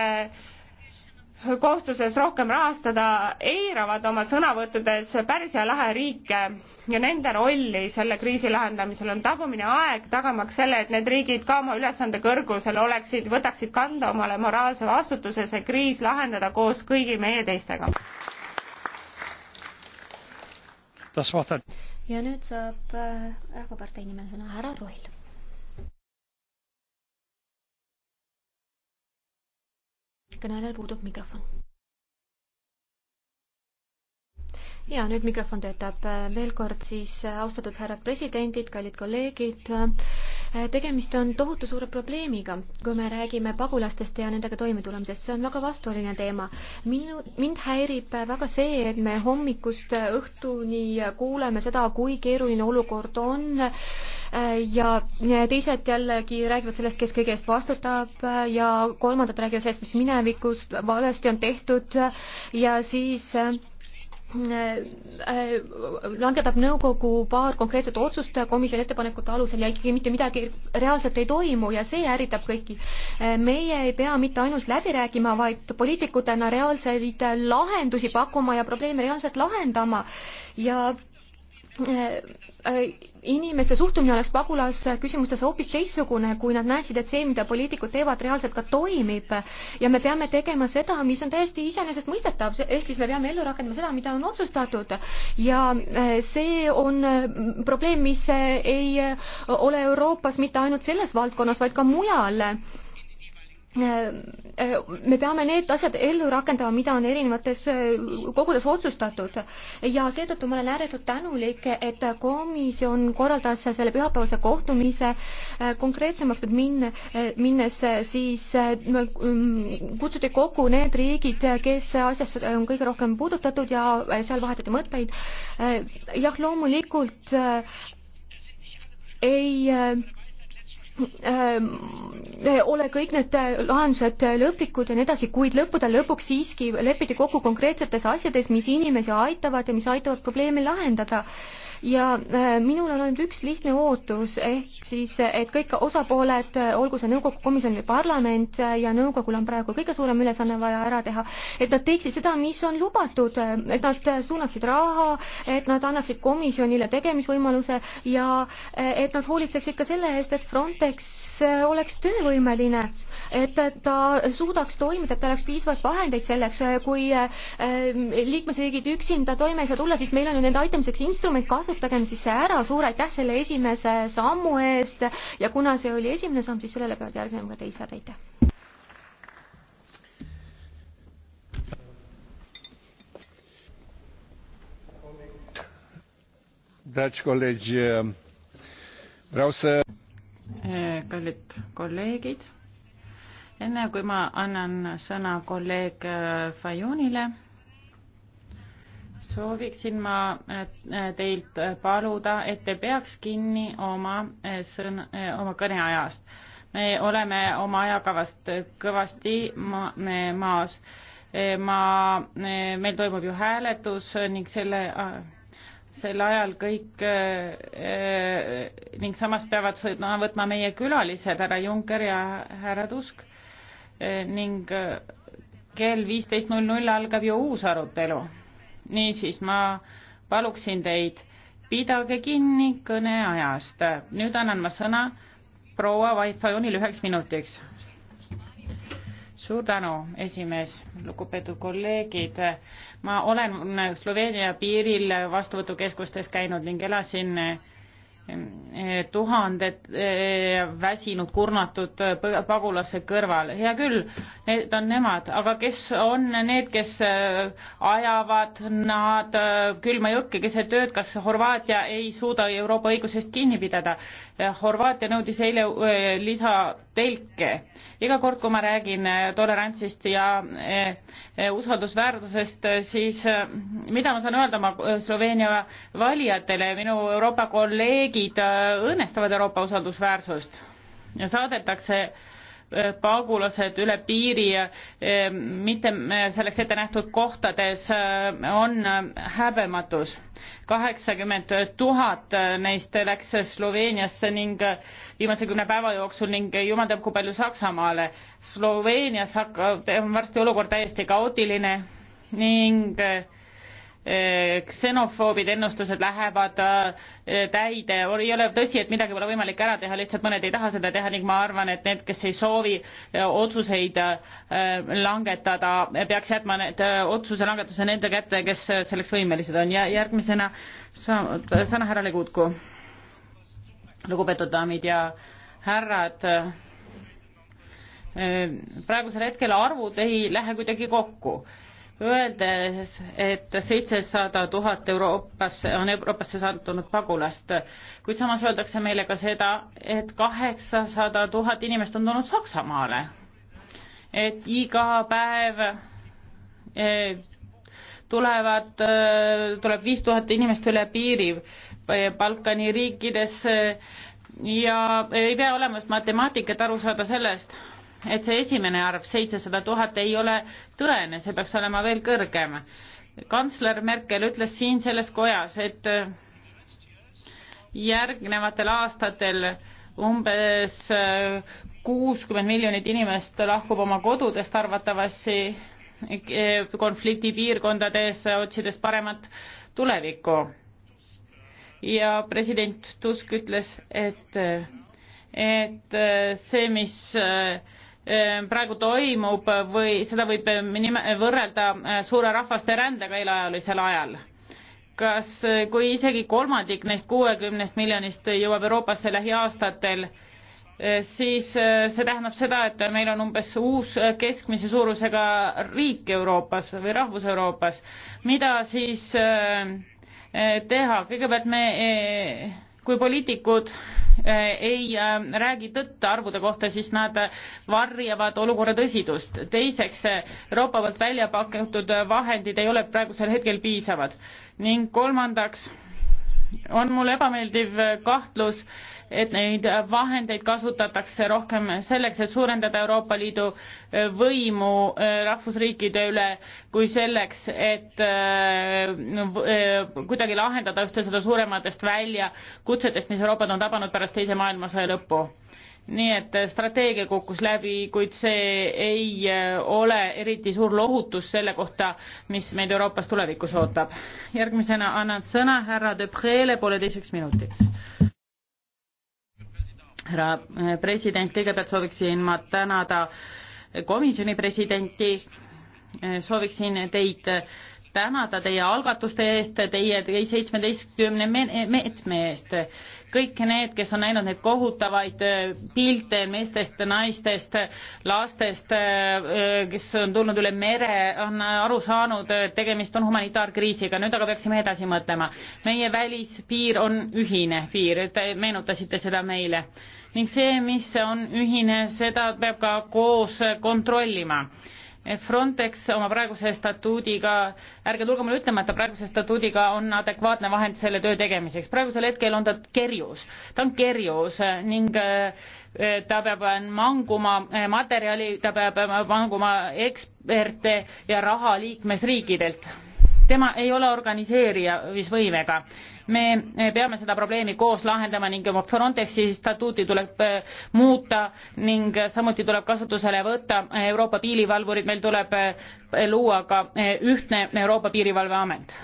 koostuses rohkem rahastada, eiravad oma sõnavõttudes Pärsia lahe riike ja nende rolli selle kriisi lahendamisel on tagumine aeg, tagamaks selle, et need riigid ka oma ülesande kõrgusel oleksid, võtaksid kanda omale moraalse vastutuse see kriis lahendada koos kõigi meie teistega ja nüüd saab äh, Rahvapartei nimel sõna härra Roil. kõnelejal puudub mikrofon ja nüüd mikrofon töötab veel kord siis äh, austatud härrad presidendid, kallid kolleegid. Äh, tegemist on tohutu suure probleemiga, kui me räägime pagulastest ja nendega toimetulemisest, see on väga vastuoluline teema. minu, mind häirib äh, väga see, et me hommikust õhtuni kuuleme seda, kui keeruline olukord on ja teised jällegi räägivad sellest, kes kõige eest vastutab ja kolmandad räägivad sellest, mis minevikus valesti on tehtud ja siis Äh, äh, langetab nõukogu paar konkreetset otsust komisjoni ettepanekute alusel ja ikkagi mitte midagi reaalselt ei toimu ja see ärritab kõiki. Äh, meie ei pea mitte ainult läbi rääkima, vaid poliitikutena reaalseid lahendusi pakkuma ja probleeme reaalselt lahendama ja Äh, äh, inimeste suhtumine oleks pagulasküsimustes hoopis teistsugune, kui nad näeksid, et see, mida poliitikud teevad, reaalselt ka toimib. ja me peame tegema seda, mis on täiesti iseenesestmõistetav, ehk siis me peame ellu rakendama seda, mida on otsustatud. ja äh, see on probleem, mis ei ole Euroopas mitte ainult selles valdkonnas, vaid ka mujal me peame need asjad ellu rakendama, mida on erinevates äh, kogudes otsustatud ja seetõttu ma olen ääretult tänulik, et komisjon korraldas selle pühapäevase kohtumise äh, konkreetsemaks, et minna, äh, minnes siis mm, kutsuti kokku need riigid, kes asjast on kõige rohkem puudutatud ja seal vahetati mõtteid. jah, loomulikult ei Äh, äh, ole kõik need äh, lahendused lõplikud ja nii edasi, kuid lõppude lõpuks siiski lepiti kokku konkreetsetes asjades, mis inimesi aitavad ja mis aitavad probleeme lahendada ja äh, minul on ainult üks lihtne ootus, ehk siis, et kõik osapooled, äh, olgu see nõukogu komisjon või parlament äh, ja nõukogul on praegu kõige suurem ülesanne vaja ära teha, et nad teeksid seda, mis on lubatud, et nad suunaksid raha, et nad annaksid komisjonile tegemisvõimaluse ja et nad hoolitseksid ka selle eest, et Frontex oleks töövõimeline et ta suudaks toimida, et tal oleks piisavalt vahendeid selleks, kui äh, liikmesriigid üksinda toime ei saa tulla, siis meil on ju nende aitamiseks instrument, kasutagem siis see ära, suur aitäh selle esimese sammu eest ja kuna see oli esimene samm, siis sellele peavad järgnema ka teised, aitäh! dragi colegi, vreau să... Kallid eh, kolleegid, enne kui ma annan sõna kolleeg äh, Fajunile, sooviksin ma äh, teilt äh, paluda, et te peaks kinni oma sõn-, oma kõneajast. me oleme oma ajakavast kõvasti ma-, maas. ma, meil toimub ju hääletus ning selle sel ajal kõik ning samas peavad sõna võtma meie külalised, härra Juncker ja härra Tusk Eh, ning eh, kell viisteist null null algab ju uus arutelu. niisiis, ma paluksin teid, pidage kinni kõneajast. nüüd annan ma sõna proua Vait-Fajunile üheks minutiks. suur tänu, esimees, lugupeetud kolleegid. ma olen Sloveenia piiril vastuvõtukeskustes käinud ning elasin eh, tuhanded e, väsinud, kurnatud pagulase kõrval, hea küll, need on nemad, aga kes on need, kes e, ajavad nad e, külma jõkke keset ööd, kas Horvaatia ei suuda Euroopa õigusest kinni pidada? Eh, Horvaatia nõudis eile eh, lisatelke. iga kord, kui ma räägin eh, tolerantsist ja usaldusväärsusest, siis mida ma saan öelda oma Sloveenia valijatele, minu Euroopa kolleegid õõnestavad Euroopa usaldusväärsust ja saadetakse Eh, pagulased üle piiri eh, mitte eh, selleks ette nähtud kohtades on häbematus. kaheksakümmend tuhat neist läks Sloveeniasse ning viimase kümne päeva jooksul ning jumal teab, kui palju Saksamaale. Sloveenias hakkab, on varsti olukord täiesti kaootiline ning Eh, ksenofoobid ennustused lähevad eh, täide, ei ole tõsi, et midagi pole võimalik ära teha, lihtsalt mõned ei taha seda teha ning ma arvan, et need, kes ei soovi eh, otsuseid langetada, peaks jätma need otsuse langetuse nende kätte, kes selleks võimelised on ja järgmisena sõna härra Legutko. lugupeetud daamid ja härrad, praegusel hetkel arvud ei lähe kuidagi kokku öeldes, et seitsesada tuhat Euroopasse, on Euroopasse sattunud pagulast. kuid samas öeldakse meile ka seda, et kaheksasada tuhat inimest on tulnud Saksamaale. et iga päev e, tulevad, e, tuleb viis tuhat inimest üle piiri Balkani riikidesse ja ei pea olema just matemaatik, et aru saada sellest, et see esimene arv, seitsesada tuhat, ei ole tõene, see peaks olema veel kõrgem. kantsler Merkel ütles siin selles kojas, et järgnevatel aastatel umbes kuuskümmend miljonit inimest lahkub oma kodudest arvatavasti konfliktipiirkondades, otsides paremat tulevikku. ja president Tusk ütles, et, et see, mis Ehm, praegu toimub või seda võib ehm, võrrelda ehm, suure rahvaste rändega eelajalisel ajal. kas, kui isegi kolmandik neist kuuekümnest miljonist jõuab Euroopasse lähiaastatel, siis see tähendab seda, et meil on umbes uus keskmise suurusega riik Euroopas või rahvus Euroopas, mida siis teha, kõigepealt me kui poliitikud eh, ei eh, räägi tõtt arvude kohta, siis nad varjavad olukorra tõsidust. teiseks, Euroopa poolt välja pakutud vahendid ei ole praegusel hetkel piisavad ning kolmandaks on mul ebameeldiv kahtlus, et neid vahendeid kasutatakse rohkem selleks, et suurendada Euroopa Liidu äh, võimu äh, rahvusriikide üle, kui selleks, et äh, kuidagi lahendada ühte seda suurematest väljakutsetest, mis Euroopat on tabanud pärast teise maailmasõja lõppu nii et strateegia kukkus läbi, kuid see ei ole eriti suur lohutus selle kohta, mis meid Euroopas tulevikus ootab. järgmisena annan sõna härra Debrele pooleteiseks minutiks härra äh, president, kõigepealt sooviksin ma tänada komisjoni presidenti, äh, sooviksin teid äh, tänada teie algatuste eest, teie seitsmeteistkümne meetme eest. kõik need, kes on näinud neid kohutavaid äh, pilte meestest, naistest, lastest, äh, kes on tulnud üle mere, on aru saanud, et äh, tegemist on humanitaarkriisiga, nüüd aga peaksime edasi mõtlema. meie välispiir on ühine piir, te meenutasite seda meile. ning see, mis on ühine, seda peab ka koos kontrollima Frontex oma praeguse statuudiga, ärge tulge mulle ütlema, et ta praeguse statuudiga on adekvaatne vahend selle töö tegemiseks, praegusel hetkel on ta kerjus, ta on kerjus ning äh, ta peab manguma äh, materjali, ta peab manguma eksperte ja raha liikmesriikidelt. tema ei ole organiseerimisvõimega me peame seda probleemi koos lahendama ning Frontexi statuuti tuleb äh, muuta ning samuti tuleb kasutusele võtta Euroopa piirivalvurid, meil tuleb äh, luua ka äh, ühtne Euroopa piirivalveamet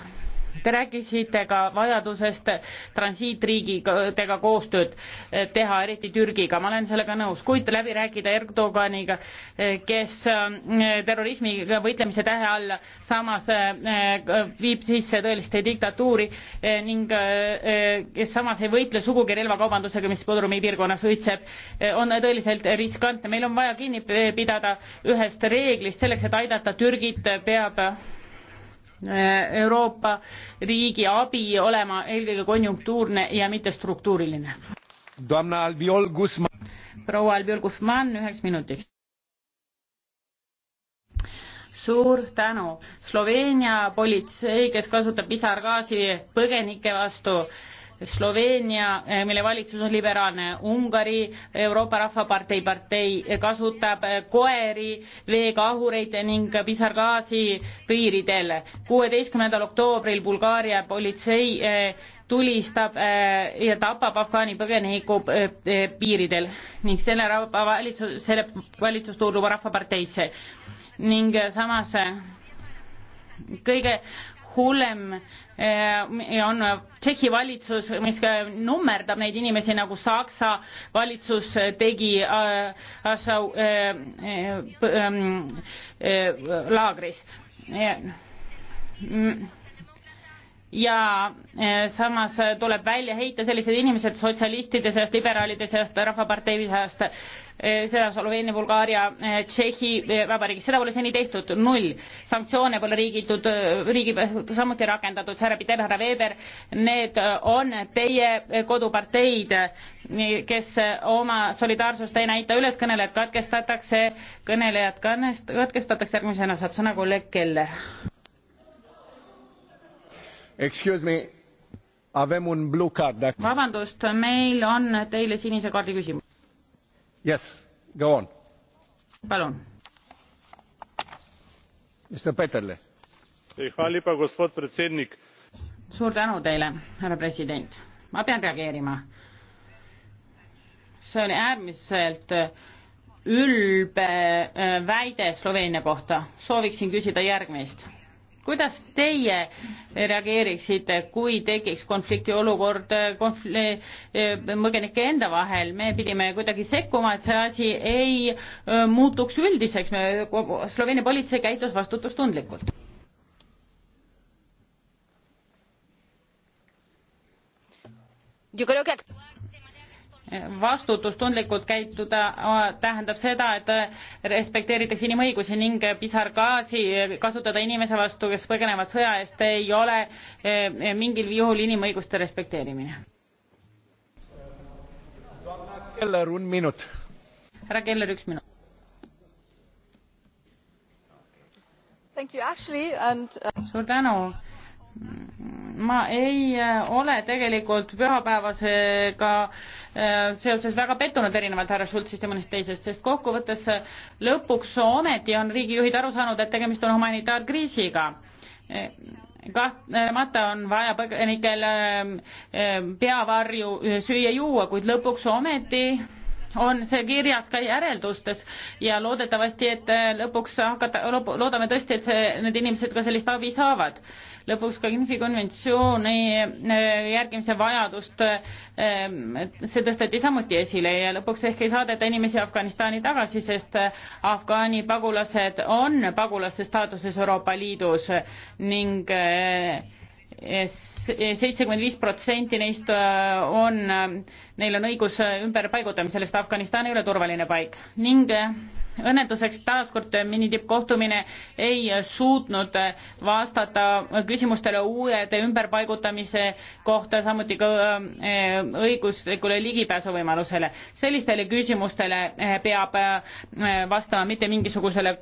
Te rääkisite ka vajadusest transiitriigidega koostööd teha, eriti Türgiga, ma olen sellega nõus, kuid läbi rääkida Erdoganiga, kes äh, terrorismiga võitlemise tähe all samas äh, viib sisse tõelist diktatuuri äh, ning kes samas ei võitle sugugi relvakaubandusega, mis Bodrumi piirkonnas õitseb, on tõeliselt riskantne. meil on vaja kinni pidada ühest reeglist selleks, et aidata Türgit, peab Äh, Euroopa riigi abi olema eelkõige konjunktuurne ja mitte struktuuriline. proua Albiol Guzman üheks minutiks. suur tänu. Sloveenia politsei, kes kasutab pisargaasi põgenike vastu, Sloveenia, eh, mille valitsus on liberaalne, Ungari Euroopa Rahvapartei partei eh, kasutab eh, koeri, veekahureid ning pisargaasi piiridel. kuueteistkümnendal oktoobril Bulgaaria politsei tulistab ja tapab afgaani põgeniku piiridel ning selle rahva valitsus, selle valitsus kuulub Rahvaparteisse ning samas kõige hullem eh, on Tšehhi valitsus, mis eh, nummerdab neid inimesi, nagu Saksa valitsus tegi äh, Assau eh, ähm, laagris. Mm ja eh, samas eh, tuleb välja heita sellised inimesed sotsialistide seast, liberaalide seast, Rahvapartei seast, eh, seda Sloveenia, Bulgaaria, Tšehhi Vabariigis, seda pole seni tehtud, null. sanktsioone pole riigitud, riigi samuti rakendatud, härra Peter, härra Weber, need on teie koduparteid, kes oma solidaarsust ei näita üles, kõnelejad katkestatakse, kõnelejad kannest-, katkestatakse, järgmisena saab sõna kolleeg Keller Excuse me, avem un blue card. Dacă... Vabandust, meil on teile sinise kaardi küsimus. Yes, go on. Palun. Mr Peterle. Hvala lepa, gospod predsednik. Suur tänu teile, härra president. ma pean reageerima. see oli äärmiselt äh, ülbe äh, väide Sloveenia kohta. sooviksin küsida järgmist kuidas teie reageeriksite, kui tekiks konfliktiolukord konfl-, eh, eh, põgenike enda vahel, me pidime kuidagi sekkuma, et see asi ei eh, muutuks üldiseks, me, Sloveenia politsei käitus vastutustundlikult. Yo creo que actuar vastutustundlikult käituda äh, tähendab seda, et äh, respekteeritakse inimõigusi ning pisargaasi äh, kasutada inimese vastu, kes põgenevad sõja eest, ei ole mingil juhul inimõiguste respekteerimine. Keller, un minut. härra Keller, üks minut. Uh suur tänu ma ei äh, ole tegelikult pühapäevasega äh, seoses väga pettunud erinevalt härra Schultzist ja mõnest teisest, sest kokkuvõttes äh, lõpuks ometi on riigijuhid aru saanud, et tegemist on humanitaarkriisiga. kahtlemata on vaja põgenikel peavarju süüa-juua, kuid lõpuks ometi on see kirjas ka järeldustes ja loodetavasti, et lõpuks hakata, loodame tõesti, et see, need inimesed ka sellist abi saavad lõpuks ka Genfi konventsiooni äh, järgimise vajadust, äh, see tõsteti samuti esile ja lõpuks ehk ei saadeta inimesi Afganistani tagasi, sest äh, Afgaani pagulased on pagulaste staatuses Euroopa Liidus ning seitsekümmend viis protsenti neist on, neil on õigus ümberpaigutamisele, sest Afganistan ei ole turvaline paik ning õnnetuseks taaskord minitippkohtumine ei suutnud vastata küsimustele uuede ümberpaigutamise kohta, samuti ka äh, õiguslikule ligipääsuvõimalusele. sellistele küsimustele äh, peab äh, vastama mitte mingisugusele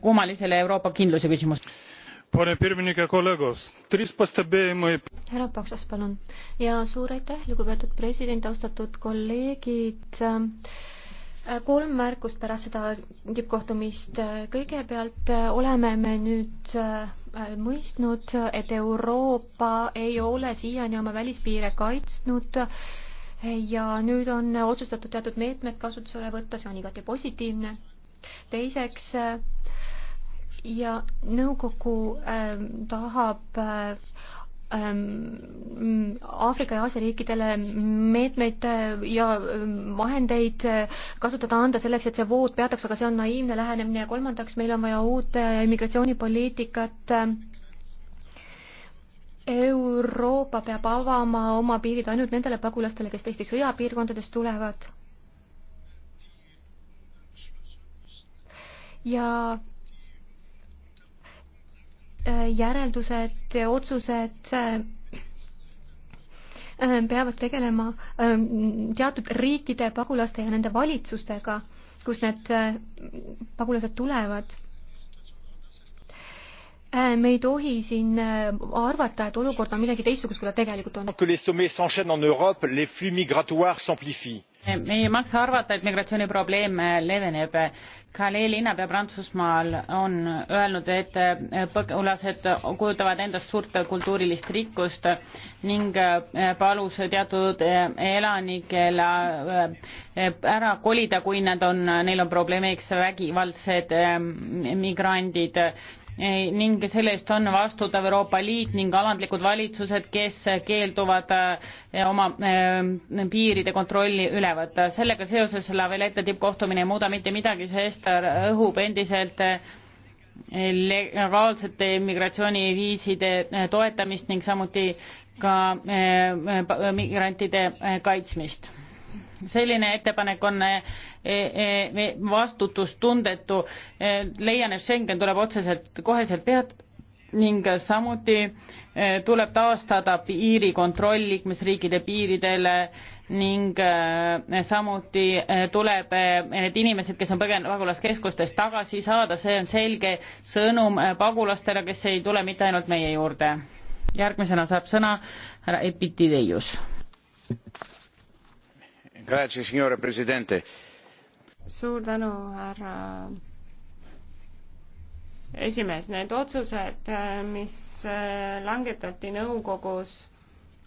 kummalisele Euroopa kindluse küsimusele. Pone pirmininke, kolegos, tris pastebėjimai. härra Paksas, palun. ja suur aitäh, lugupeetud president, austatud kolleegid äh, Äh, kolm märkust pärast seda tippkohtumist. Äh, kõigepealt äh, oleme me nüüd mõistnud, et Euroopa ei ole siiani oma välispiire kaitsnud ja nüüd on otsustatud teatud meetmed kasutusele võtta, see on igati positiivne. teiseks ja nõukogu äh, tahab äh, Ähm, Aafrika ja Aasia riikidele meetmeid äh, ja ähm, vahendeid äh, kasutada anda selleks, et see vood peataks, aga see on naiivne lähenemine ja kolmandaks, meil on vaja uut äh, immigratsioonipoliitikat. Euroopa peab avama oma piirid ainult nendele pagulastele, kes tõesti sõjapiirkondadest tulevad. ja Äh, järeldused, otsused äh, äh, peavad tegelema teatud riikide pagulaste ja nende valitsustega, kus need pagulased tulevad. me ei tohi siin arvata, et olukord on midagi teistsugust, kui ta tegelikult on me ei maksa arvata, et migratsiooniprobleem äh, leeveneb. Calais linnapea Prantsusmaal on öelnud, et äh, põgulased kujutavad endast suurt kultuurilist rikkust ning äh, palus teatud elanikel ära kolida, kui nad on, neil on probleemiks vägivaldsed migrandid ning selle eest on vastutav Euroopa Liit ning alandlikud valitsused, kes keelduvad eh, oma eh, piiride kontrolli üle võtta. sellega seoses La Valetta tippkohtumine ei muuda mitte midagi, sest ta rõhub endiselt eh, legaalsete immigratsiooniviiside toetamist ning samuti ka migrantide kaitsmist selline ettepanek on eh, eh, eh, vastutustundetu. leian, et Schengen tuleb otseselt koheselt pead- ning samuti tuleb taastada piirikontroll liikmesriikide piiridele ning samuti tuleb need inimesed, kes on põgenenud pagulaskeskustest tagasi saada, see on selge sõnum pagulastele, kes ei tule mitte ainult meie juurde. järgmisena saab sõna härra Epitideius suur tänu, härra esimees, need otsused, mis äh, langetati nõukogus,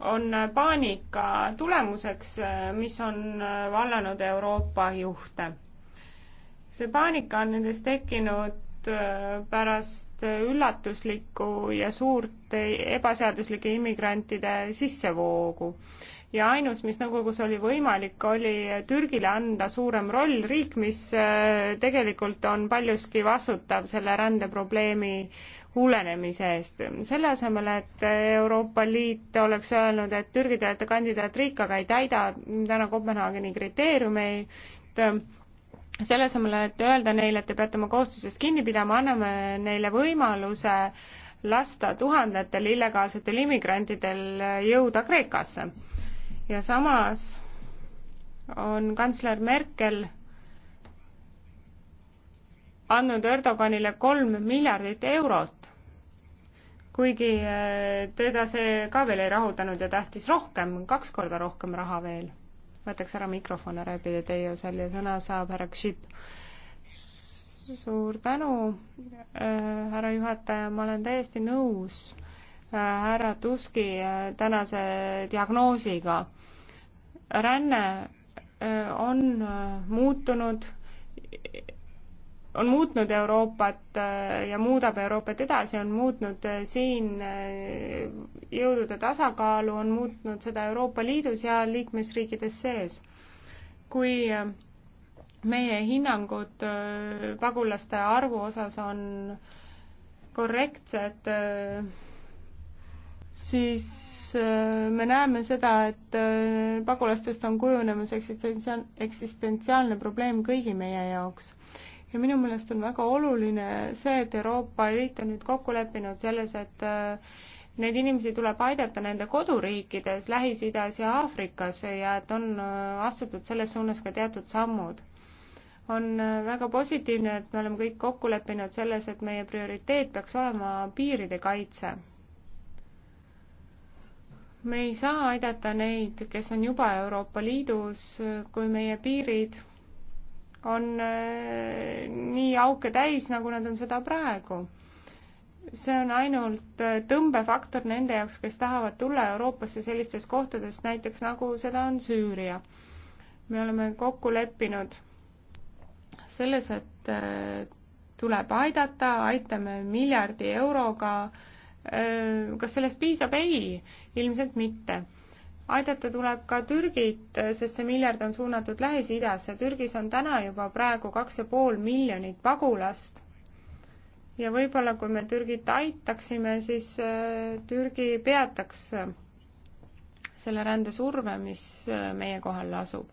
on paanika tulemuseks, äh, mis on äh, vallanud Euroopa juhte. see paanika on nendes tekkinud pärast üllatuslikku ja suurt ebaseaduslike immigrantide sissevoogu ja ainus, mis nõukogus oli võimalik, oli Türgile anda suurem roll, riik, mis äh, tegelikult on paljuski vastutav selle rändeprobleemi hullenemise eest. selle asemel, et Euroopa Liit oleks öelnud, et Türgi te olete kandidaatriik, aga ei täida täna Kopenhaageni kriteeriumeid, selle asemel, et öelda neile, et te peate oma kohustusest kinni pidama, anname neile võimaluse lasta tuhandetel illegaalsetel immigrantidel jõuda Kreekasse ja samas on kantsler Merkel andnud Erdoganile kolm miljardit eurot, kuigi äh, teda see ka veel ei rahuldanud ja tahtis rohkem, kaks korda rohkem raha veel. võtaks ära mikrofon ära, pidi teie osal ja sõna saab härra Kšip. suur tänu äh,, härra juhataja, ma olen täiesti nõus äh, härra Tuski äh, tänase diagnoosiga. ränne äh, on äh, muutunud on muutnud Euroopat ja muudab Euroopat edasi, on muutnud siin jõudude tasakaalu, on muutnud seda Euroopa Liidus ja liikmesriikides sees. kui meie hinnangud pagulaste arvu osas on korrektsed, siis äh, me näeme seda, et äh, pagulastest on kujunemas eksistentsiaal, eksistentsiaalne probleem kõigi meie jaoks. ja minu meelest on väga oluline see, et Euroopa Liit on nüüd kokku leppinud selles, et äh, neid inimesi tuleb aidata nende koduriikides, Lähis-Idas ja Aafrikas ja et on astutud selles suunas ka teatud sammud on väga positiivne, et me oleme kõik kokku leppinud selles, et meie prioriteet peaks olema piiride kaitse me ei saa aidata neid, kes on juba Euroopa Liidus, kui meie piirid on äh, nii auke täis, nagu nad on seda praegu. see on ainult äh, tõmbefaktor nende jaoks, kes tahavad tulla Euroopasse sellistest kohtadest, näiteks nagu seda on Süüria. me oleme kokku leppinud selles, et äh, tuleb aidata, aitame miljardi euroga äh, Äh, kas sellest piisab? ei, ilmselt mitte. aidata tuleb ka Türgit, sest see miljard on suunatud Lähis-Idasse. Türgis on täna juba praegu kaks ja pool miljonit pagulast ja võib-olla kui me Türgit aitaksime, siis äh, Türgi peataks selle rändesurve, mis äh, meie kohal asub.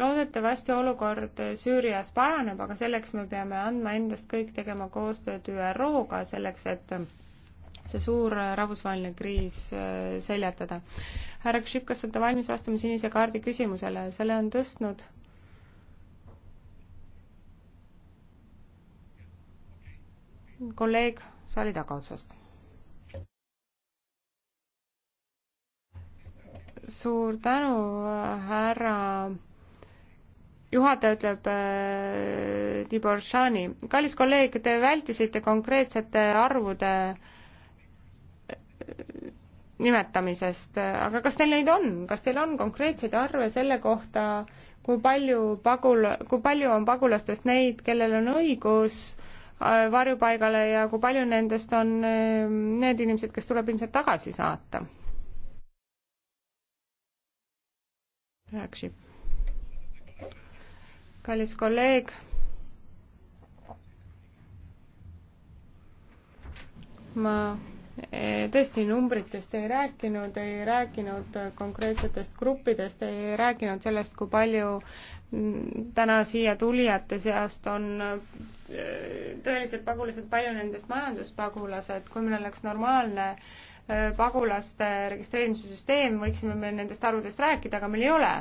loodetavasti olukord Süürias paraneb, aga selleks me peame andma endast kõik, tegema koostööd ÜRO-ga selleks, et see suur rahvusvaheline kriis äh, seljatada. härra Kšip, kas olete valmis vastama sinise kaardi küsimusele, selle on tõstnud kolleeg saali tagaotsast. suur tänu, äh, härra juhataja ütleb äh, Tibor Šani. kallis kolleeg, te vältisite konkreetsete arvude äh, nimetamisest, aga kas teil neid on, kas teil on konkreetseid arve selle kohta, kui palju pagul-, kui palju on pagulastest neid, kellel on õigus äh, varjupaigale ja kui palju nendest on äh, need inimesed, kes tuleb ilmselt tagasi saata? Rääkisib kallis kolleeg. ma eh, tõesti numbritest ei rääkinud, ei rääkinud konkreetsetest gruppidest, ei rääkinud sellest, kui palju mm, täna siia tulijate seast on eh, tõelised pagulased, palju nendest majanduspagulased, kui meil oleks normaalne eh, pagulaste registreerimise süsteem, võiksime me nendest arvudest rääkida, aga meil ei ole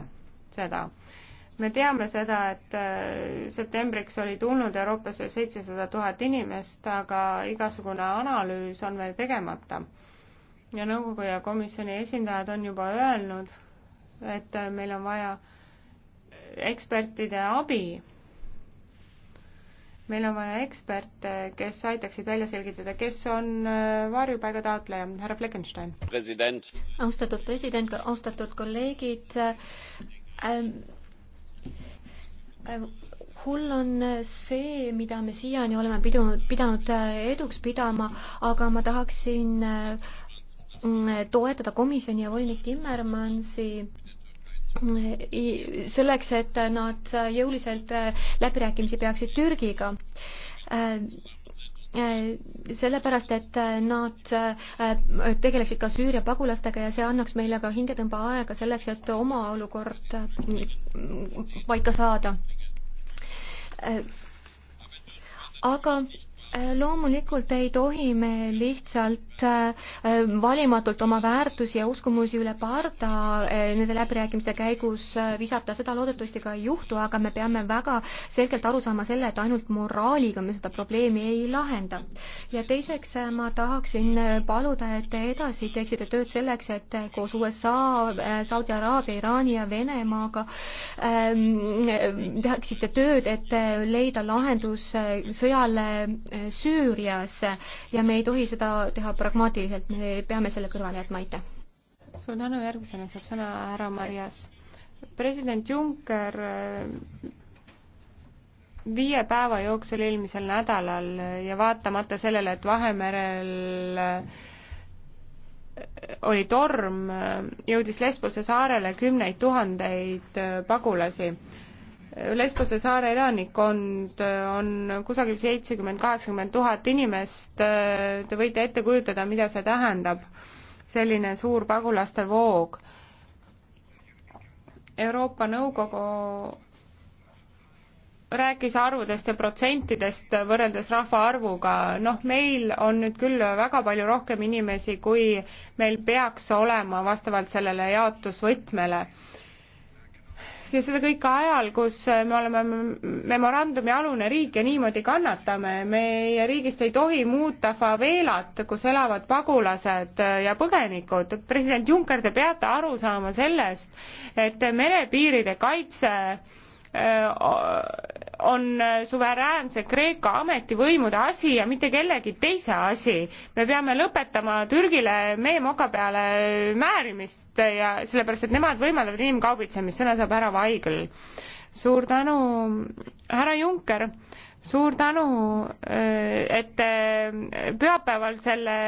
seda me teame seda, et äh, septembriks oli tulnud Euroopasse seitsesada tuhat inimest, aga igasugune analüüs on veel tegemata. ja nõukogu ja komisjoni esindajad on juba öelnud, et äh, meil on vaja ekspertide abi. meil on vaja eksperte, kes aitaksid välja selgitada, kes on äh, varjupaiga taotleja, härra Fleckenstein. austatud president, austatud kolleegid ähm,, Äh, hull on see, mida me siiani oleme pidunud, pidanud äh, eduks pidama, aga ma tahaksin äh, toetada komisjoni ja volinik Timmermansi selleks, et nad jõuliselt läbirääkimisi peaksid Türgiga Äh, sellepärast, et äh, nad äh, tegeleksid ka Süüria pagulastega ja see annaks meile ka hingetõmbeaega selleks, et oma olukord paika saada. aga Äh, loomulikult ei tohi me lihtsalt äh, valimatult oma väärtusi ja uskumusi üle parda äh, nende läbirääkimiste käigus visata, seda loodetavasti ka ei juhtu, aga me peame väga selgelt aru saama selle, et ainult moraaliga me seda probleemi ei lahenda. ja teiseks ma tahaksin paluda, et te edasi teeksite tööd selleks, et koos USA, Saudi Araabia, Iraani ja Venemaaga ähm, tehaksite tööd, et leida lahendus sõjale Süürias ja me ei tohi seda teha pragmaatiliselt, me peame selle kõrvale jätma, aitäh. suur tänu, järgmisena saab sõna härra Marias. president Juncker äh, viie päeva jooksul eelmisel nädalal ja vaatamata sellele, et Vahemerel äh, oli torm, äh, jõudis Lesbose saarele kümneid tuhandeid pagulasi Lesbose saare elanikkond äh, on kusagil seitsekümmend, kaheksakümmend tuhat inimest, äh, te võite ette kujutada, mida see tähendab, selline suur pagulaste voog. Euroopa Nõukogu rääkis arvudest ja protsentidest võrreldes rahvaarvuga, noh, meil on nüüd küll väga palju rohkem inimesi, kui meil peaks olema vastavalt sellele jaotusvõtmele ja seda kõike ajal, kus me oleme memorandumi alune riik ja niimoodi kannatame. meie riigist ei tohi muuta faveelat, kus elavad pagulased ja põgenikud. president Juncker, te peate aru saama sellest, et merepiiride kaitse öö, äh, on äh, suveräänse Kreeka ametivõimude asi ja mitte kellegi teise asi. me peame lõpetama Türgile meemoka peale määrimist ja sellepärast, et nemad võimaldavad inimkaubitsemist, sõna saab härra Vaigel. suur tänu, härra Juncker, suur tänu, äh, et te pühapäeval selle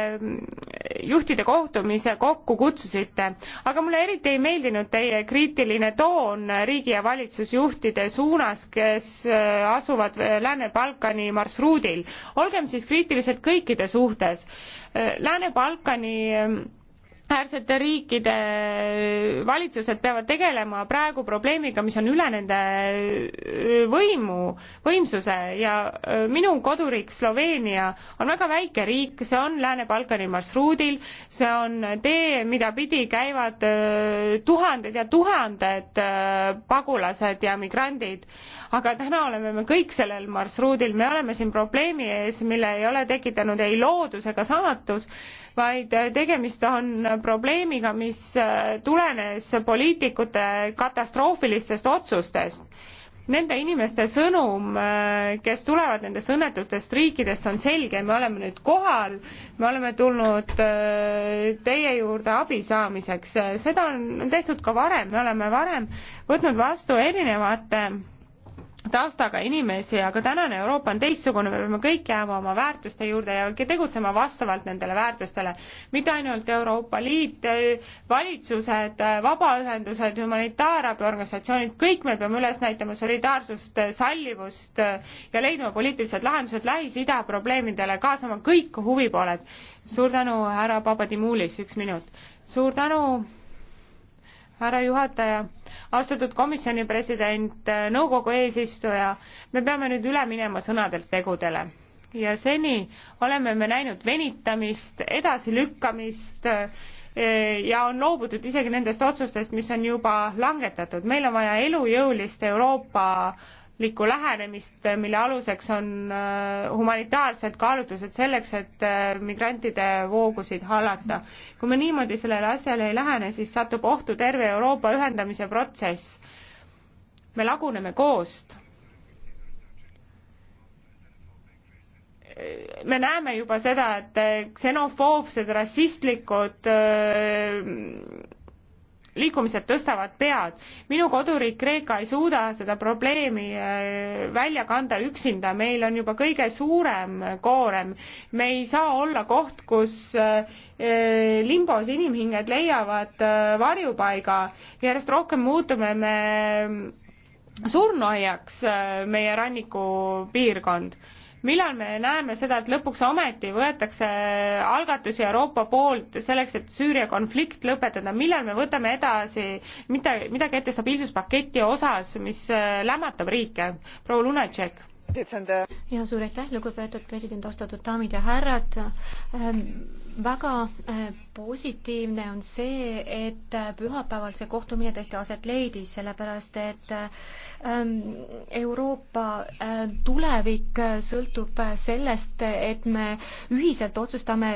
juhtide kohtumise kokku kutsusite, aga mulle eriti ei meeldinud teie kriitiline toon riigi ja valitsusjuhtide suunas, kes äh, asuvad äh, Lääne-Balkani marsruudil. olgem siis kriitilised kõikide suhtes. Äh, Lääne-Balkani ähm, äärsete riikide valitsused peavad tegelema praegu probleemiga, mis on üle nende võimu, võimsuse ja minu koduriik Sloveenia on väga väike riik, see on Lääne-Balkani marsruudil, see on tee, mida pidi käivad tuhanded ja tuhanded pagulased ja migrandid. aga täna oleme me kõik sellel marsruudil, me oleme siin probleemi ees, mille ei ole tekitanud ei loodus ega saatus vaid tegemist on probleemiga, mis tulenes poliitikute katastroofilistest otsustest. Nende inimeste sõnum, kes tulevad nendest õnnetutest riikidest, on selge, me oleme nüüd kohal, me oleme tulnud äh, teie juurde abi saamiseks, seda on tehtud ka varem, me oleme varem võtnud vastu erinevate taustaga inimesi, aga tänane Euroopa on teistsugune, me peame kõik jääma oma väärtuste juurde ja tegutsema vastavalt nendele väärtustele. mitte ainult Euroopa Liit, eh, valitsused, eh, vabaühendused, humanitaarabiorganisatsioonid, kõik me peame üles näitama solidaarsust, eh, sallivust ja leidma poliitilised lahendused Lähis-Ida probleemidele, kaasama kõik huvipooled. suur tänu, härra Papadimulis, üks minut. suur tänu härra juhataja, austatud komisjoni president, nõukogu eesistuja, me peame nüüd üle minema sõnadelt tegudele ja seni oleme me näinud venitamist, edasilükkamist e, ja on loobutud isegi nendest otsustest, mis on juba langetatud. meil on vaja elujõulist Euroopa terviklikku lähenemist, mille aluseks on äh, humanitaarsed kaalutlused selleks, et äh, migrantide voogusid hallata. kui me niimoodi sellele asjale ei lähene, siis satub ohtu terve Euroopa ühendamise protsess. me laguneme koost. me näeme juba seda, et äh, ksenofoobsed, rassistlikud öö, liikumised tõstavad pead. minu koduriik Kreeka ei suuda seda probleemi äh, välja kanda üksinda, meil on juba kõige suurem koorem. me ei saa olla koht, kus äh, äh, limbos inimhinged leiavad varjupaiga, järjest rohkem muutume me surnuaiaks, meie rannikupiirkond millal me näeme seda, et lõpuks ometi võetakse algatusi Euroopa poolt selleks, et Süüria konflikt lõpetada, millal me võtame edasi mida, midagi ette stabiilsuspaketi osas, mis äh, lämmatab riike? proua Lunatšek ja suur aitäh, lugupeetud president, austatud daamid ja härrad ähm, väga äh, positiivne on see, et äh, pühapäeval see kohtumine tõesti aset leidis, sellepärast et äh, ähm, Euroopa tulevik sõltub sellest, et me ühiselt otsustame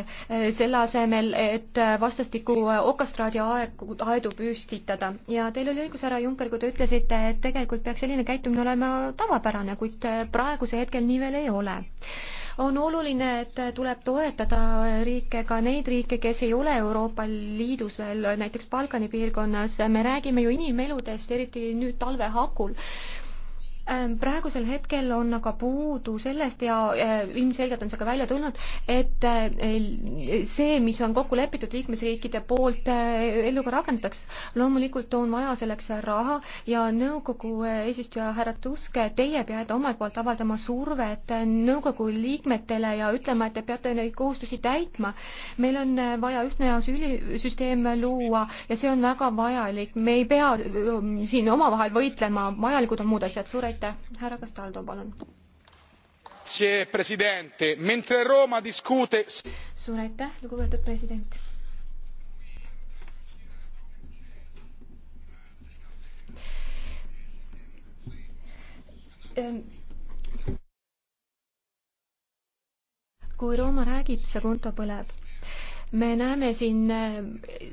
selle asemel, et vastastikku okastraadi aegu, aedu püstitada. ja teil oli õigus, härra Juncker, kui te ütlesite, et tegelikult peaks selline käitumine olema tavapärane, kuid praeguse hetkel nii veel ei ole on oluline, et tuleb toetada riike, ka neid riike, kes ei ole Euroopa Liidus veel, näiteks Balkani piirkonnas, me räägime ju inimeludest, eriti nüüd talve hakul Ehm, praegusel hetkel on aga puudu sellest ja eh, ilmselgelt on see ka välja tulnud, et eh, see, mis on kokku lepitud liikmesriikide poolt, eh, ellu ka rakendatakse. loomulikult on vaja selleks raha ja nõukogu eesistuja härra Tusk, teie peate omalt poolt avaldama survet nõukogu liikmetele ja ütlema, et te peate neid kohustusi täitma. meil on vaja ühtne asüülisüsteem luua ja see on väga vajalik, me ei pea siin omavahel võitlema, vajalikud on muud asjad, suur aitäh! aitäh, härra Castaldo, palun. Discute... suur aitäh, lugupeetud president. Ehm, kui Rooma räägib, see konto põleb me näeme siin äh,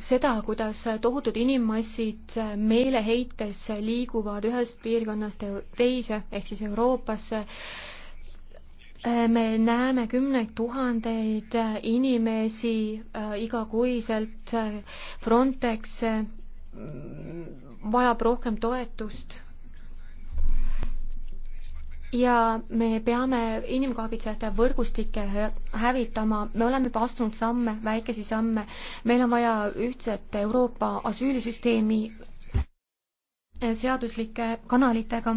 seda, kuidas tohutud inimmassid äh, meeleheites liiguvad ühest piirkonnast teise ehk siis Euroopasse. Äh, me näeme kümneid tuhandeid inimesi igakuiselt. Frontex vajab rohkem toetust ja me peame inimkaabitsejate võrgustikke hävitama, me oleme juba astunud samme, väikesi samme, meil on vaja ühtset Euroopa asüülisüsteemi seaduslike kanalitega.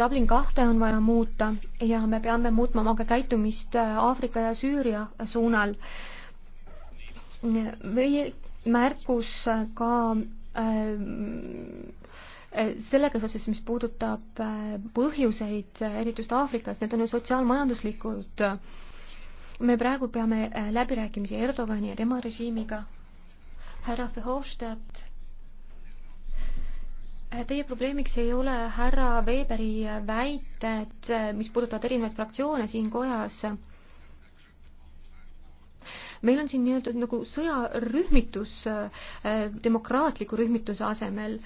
Dublin kahte on vaja muuta ja me peame muutma oma ka käitumist Aafrika ja Süüria suunal. meie märkus ka äh, Eh, sellega seoses, mis puudutab eh, põhjuseid, eh, eriti just Aafrikas, need on ju sotsiaalmajanduslikud. me praegu peame läbirääkimisi Erdogani ja tema režiimiga. härra Verhofstadt, teie probleemiks ei ole härra Weberi väited, mis puudutavad erinevaid fraktsioone siin kojas meil on siin nii-öelda nagu sõjarühmitus demokraatliku rühmituse asemel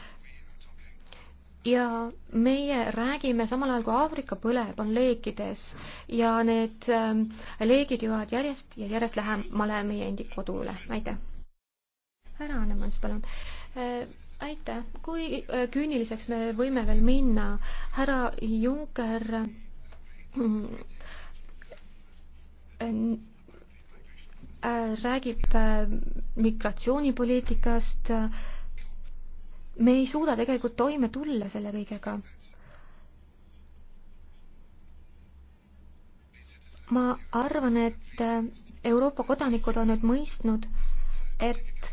ja meie räägime samal ajal, kui Aafrika põleb, on leekides ja need ähm, leegid jõuavad järjest ja järjest lähemale meie endi kodule. aitäh. härra Annemans, palun äh, aitäh, kui äh, küüniliseks me võime veel minna, härra Juncker mm, äh, räägib migratsioonipoliitikast äh, me ei suuda tegelikult toime tulla selle kõigega. ma arvan, et Euroopa kodanikud on nüüd mõistnud, et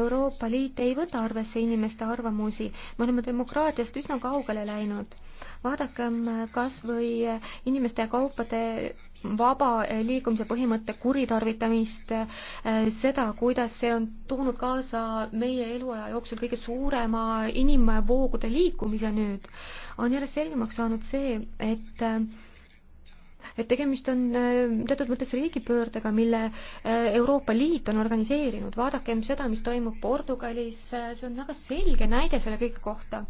Euroopa Liit ei võta arvesse inimeste arvamusi, me oleme demokraatiast üsna kaugele läinud vaadakem kas või inimeste ja kaupade vaba liikumise põhimõtte kuritarvitamist, seda, kuidas see on toonud kaasa meie eluaja jooksul kõige suurema inimvoogude liikumise nüüd, on järjest selgemaks saanud see, et et tegemist on äh, teatud mõttes riigipöördega, mille äh, Euroopa Liit on organiseerinud. vaadakem seda, mis toimub Portugalis, see on väga selge näide selle kõige kohta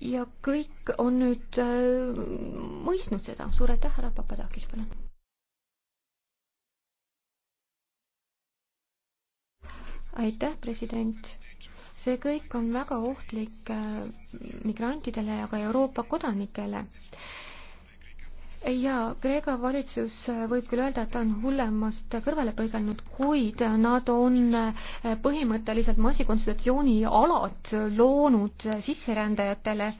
ja kõik on nüüd äh, mõistnud seda. suur aitäh, härra Papadakis, palun. aitäh, president. see kõik on väga ohtlik äh, migrantidele ja ka Euroopa kodanikele äh, jaa, Kreeka valitsus äh, võib küll öelda, et ta on hullemast kõrvale põigelnud, kuid äh, nad on äh, põhimõtteliselt massikonstitutsiooni alad loonud sisserändajatele,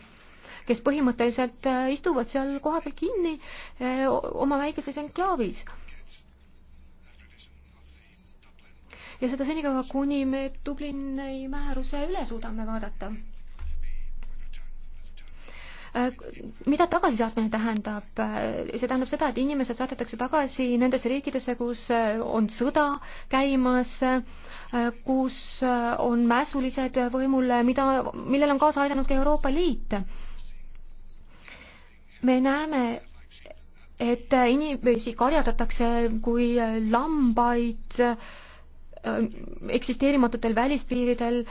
kes põhimõtteliselt istuvad seal kohapeal kinni oma väikeses enklaavis. ja seda senikaua, kuni me Dublini määruse üle suudame vaadata Äh, mida tagasisaatmine tähendab? Äh, see tähendab seda, et inimesed saadetakse tagasi nendesse riikidesse, kus äh, on sõda käimas, kus on mässulised võimul, mida, millele on kaasa aidanud ka Euroopa Liit. me näeme, et inimesi karjatatakse kui lambaid eksisteerimatutel välispiiridel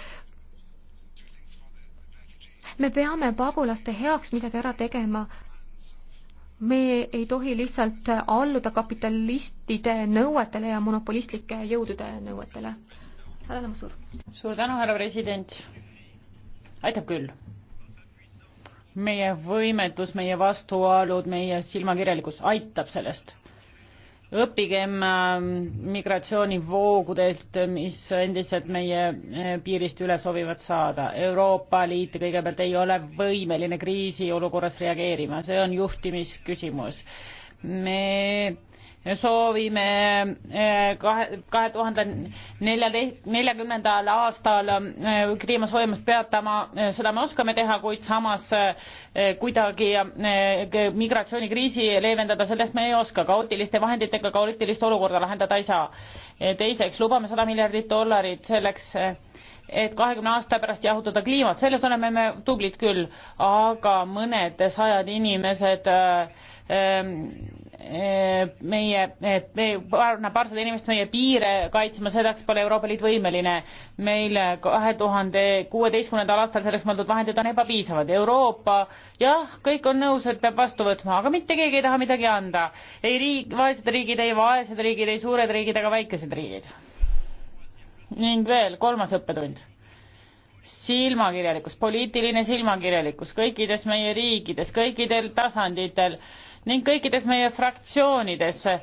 me peame pagulaste heaks midagi ära tegema. me ei tohi lihtsalt alluda kapitalistide nõuetele ja monopolistlike jõudude nõuetele. härra Lamsur. suur tänu, härra president. aitab küll. meie võimetus, meie vastuolud, meie silmakirjalikkus aitab sellest õppigem ähm, migratsioonivoogudelt, mis endiselt meie äh, piirist üle soovivad saada. Euroopa Liit kõigepealt ei ole võimeline kriisiolukorras reageerima, see on juhtimisküsimus. me soovime eh, kahe, kahe tuhande neljateist, neljakümnendal aastal eh, kliima soojemust peatama, eh, seda me oskame teha, kuid samas kuidagi migratsioonikriisi leevendada, sellest me ei oska, kaootiliste vahenditega kaootilist olukorda lahendada ei saa. teiseks, lubame sada miljardit dollarit selleks, et kahekümne aasta pärast jahutada kliimat, selles oleme me tublid küll, aga mõned sajad inimesed äh, Eh, meie paarsada paar inimest meie piire kaitsma, selleks pole Euroopa Liit võimeline. meil kahe tuhande kuueteistkümnendal aastal selleks mõeldud vahendid on ebapiisavad. Euroopa, jah, kõik on nõus, et peab vastu võtma, aga mitte keegi ei taha midagi anda. ei riik, vaesed riigid, ei vaesed riigid, ei suured riigid ega väikesed riigid. ning veel kolmas õppetund silmakirjalikkus, poliitiline silmakirjalikkus kõikides meie riikides, kõikidel tasanditel äh, ning kõikides meie fraktsioonides eh,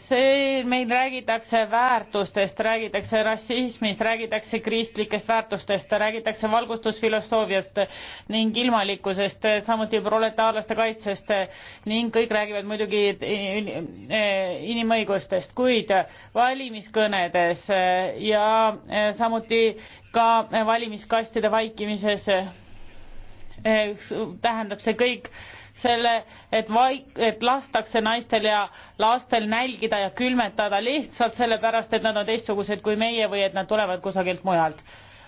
see meil räägitakse väärtustest räägitakse rassismist räägitakse kristlikest väärtustest räägitakse valgustusfilosoofiast ning ilmalikkusest samuti proletaarlaste kaitsest ning kõik räägivad muidugi eh, inimõigustest kuid valimiskõnedes eh, ja samuti ka valimiskastide vaikimises tähendab see kõik selle, et vaik-, et lastakse naistel ja lastel nälgida ja külmetada lihtsalt sellepärast, et nad on teistsugused kui meie või et nad tulevad kusagilt mujalt.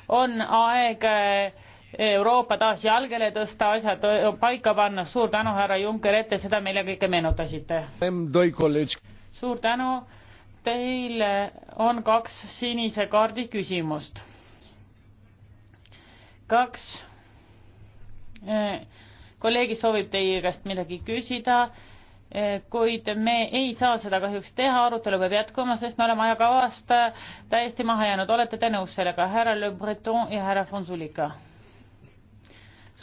on aeg eh, Euroopa taas jalgele tõsta, asjad paika panna, suur tänu, härra Juncker, et te seda meile kõike meenutasite. suur tänu, teil on kaks sinise kaardi küsimust. kaks eh, kolleegi soovib teie käest midagi küsida, e, kuid me ei saa seda kahjuks teha, arutelu peab jätkuma, sest me oleme ajakavast e, täiesti maha jäänud, olete te nõus sellega, härra Le Breton ja härra Fonsulika?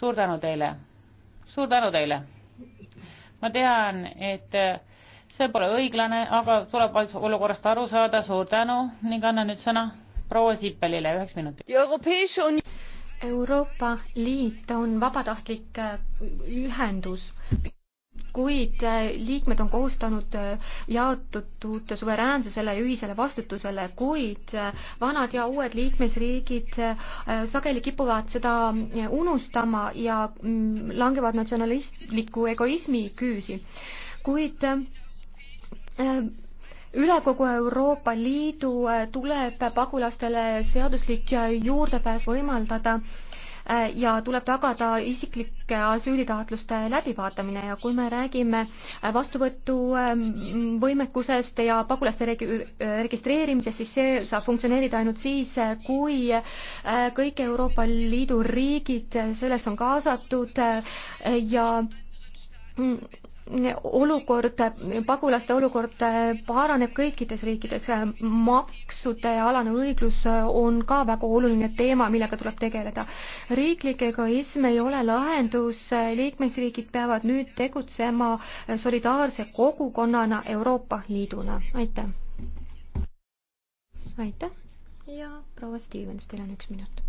suur tänu teile, suur tänu teile. ma tean, et e, see pole õiglane, aga tuleb olukorrast aru saada, suur tänu ning annan nüüd sõna proua Sippelile üheks minutiks. Euroopa Liit on vabatahtlik äh, ühendus, kuid äh, liikmed on kohustanud äh, jaotatud suveräänsusele ja ühisele vastutusele, kuid vanad ja uued liikmesriigid sageli kipuvad seda unustama ja mm, langevad natsionalistliku egoismi küüsi. kuid üle kogu Euroopa Liidu äh, tuleb pagulastele seaduslik juurdepääs võimaldada äh, ja tuleb tagada isiklike asüülitaotluste läbivaatamine ja kui me räägime äh, vastuvõtuvõimekusest ähm, ja pagulaste registreerimisest, siis see saab funktsioneerida ainult siis, kui kõik Euroopa Liidu riigid selleks on kaasatud ja mm, olukord, pagulaste olukord äh, paraneb kõikides riikides, maksude alane õiglus äh, on ka väga oluline teema, millega tuleb tegeleda. riiklik egoism ei ole lahendus, liikmesriigid peavad nüüd tegutsema äh, solidaarse kogukonnana Euroopa Liiduna, aitäh. aitäh ja proua Stevens, teil on üks minut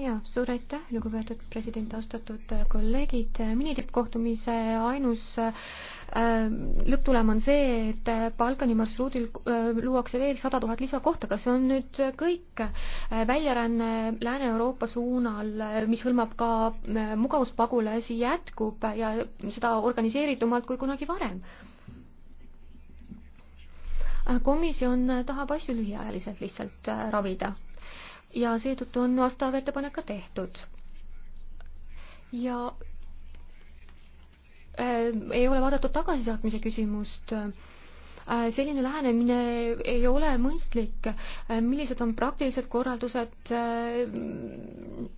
ja suur aitäh, lugupeetud president, austatud äh, kolleegid. minitippkohtumise ainus äh, lõpptulem on see, et äh, Balkani marsruudil äh, luuakse veel sada tuhat lisakohta. kas see on nüüd kõik äh, väljaränne Lääne-Euroopa suunal, äh, mis hõlmab ka mugavuspagulasi, jätkub ja seda organiseeritumalt kui kunagi varem? komisjon tahab asju lühiajaliselt lihtsalt ravida ja seetõttu on vastav ettepanek ka tehtud. ja äh, ei ole vaadatud tagasisaatmise küsimust äh, selline lähenemine ei ole mõistlik. Äh, millised on praktilised korraldused? Äh,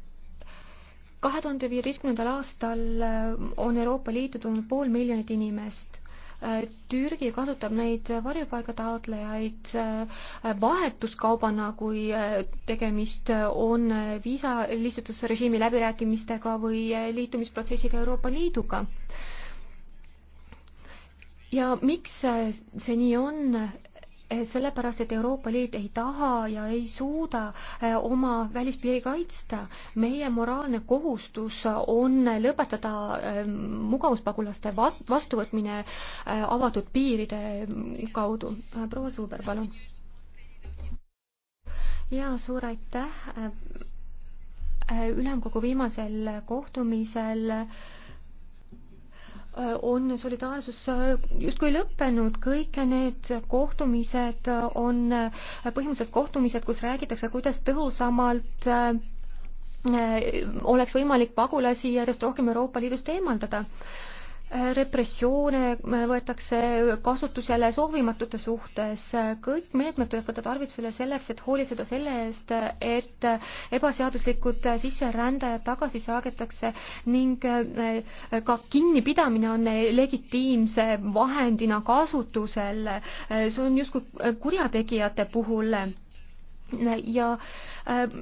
kahe tuhande viieteistkümnendal aastal äh, on Euroopa Liitu tulnud pool miljonit inimest Türgi kasutab neid varjupaigataotlejaid äh, vahetuskaubana, kui äh, tegemist on viisa lihtsustusrežiimi läbirääkimistega või äh, liitumisprotsessiga Euroopa Liiduga. ja miks see nii on, Eh, sellepärast, et Euroopa Liit ei taha ja ei suuda eh, oma välispiiri kaitsta. meie moraalne kohustus on lõpetada eh, mugavuspagulaste vastuvõtmine avatud piiride mm, kaudu. proua Suuber, palun. ja suur aitäh. ülemkogu viimasel kohtumisel on solidaarsus justkui lõppenud, kõik need kohtumised on põhimõtteliselt kohtumised, kus räägitakse, kuidas tõhusamalt eh, oleks võimalik pagulasi järjest rohkem Euroopa Liidust eemaldada repressioone võetakse kasutusele soovimatute suhtes, kõik meetmed tuleb võtta tarvitusele selleks, et hoolitseda selle eest, et ebaseaduslikud sisserändajad tagasi saadetakse ning eh, ka kinnipidamine on legitiimse vahendina kasutusel, see on justkui kurjategijate puhul ja eh,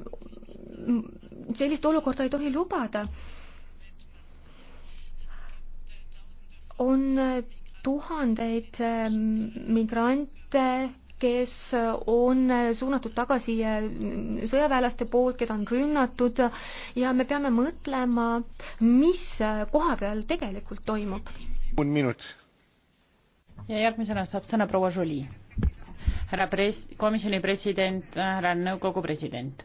sellist olukorda ei tohi lubada on tuhandeid ähm, migrante, kes on suunatud tagasi äh, sõjaväelaste poolt, keda on rünnatud ja me peame mõtlema, mis koha peal tegelikult toimub. un minut. ja järgmisena saab sõna proua Jolie, härra pres-, komisjoni president, härra nõukogu president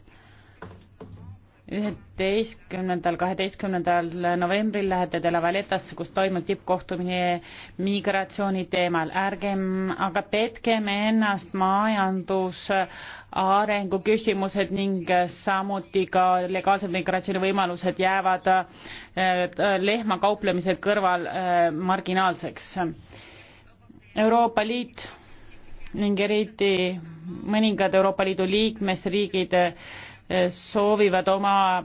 üheteistkümnendal, kaheteistkümnendal novembril lähete Tel Avaletasse, kus toimub tippkohtumine migratsiooni teemal. ärgem aga petkem ennast majandusarengu küsimused ning samuti ka legaalsed migratsioonivõimalused jäävad äh, lehma kauplemise kõrval äh, marginaalseks. Euroopa Liit ning eriti mõningad Euroopa Liidu liikmesriigid soovivad oma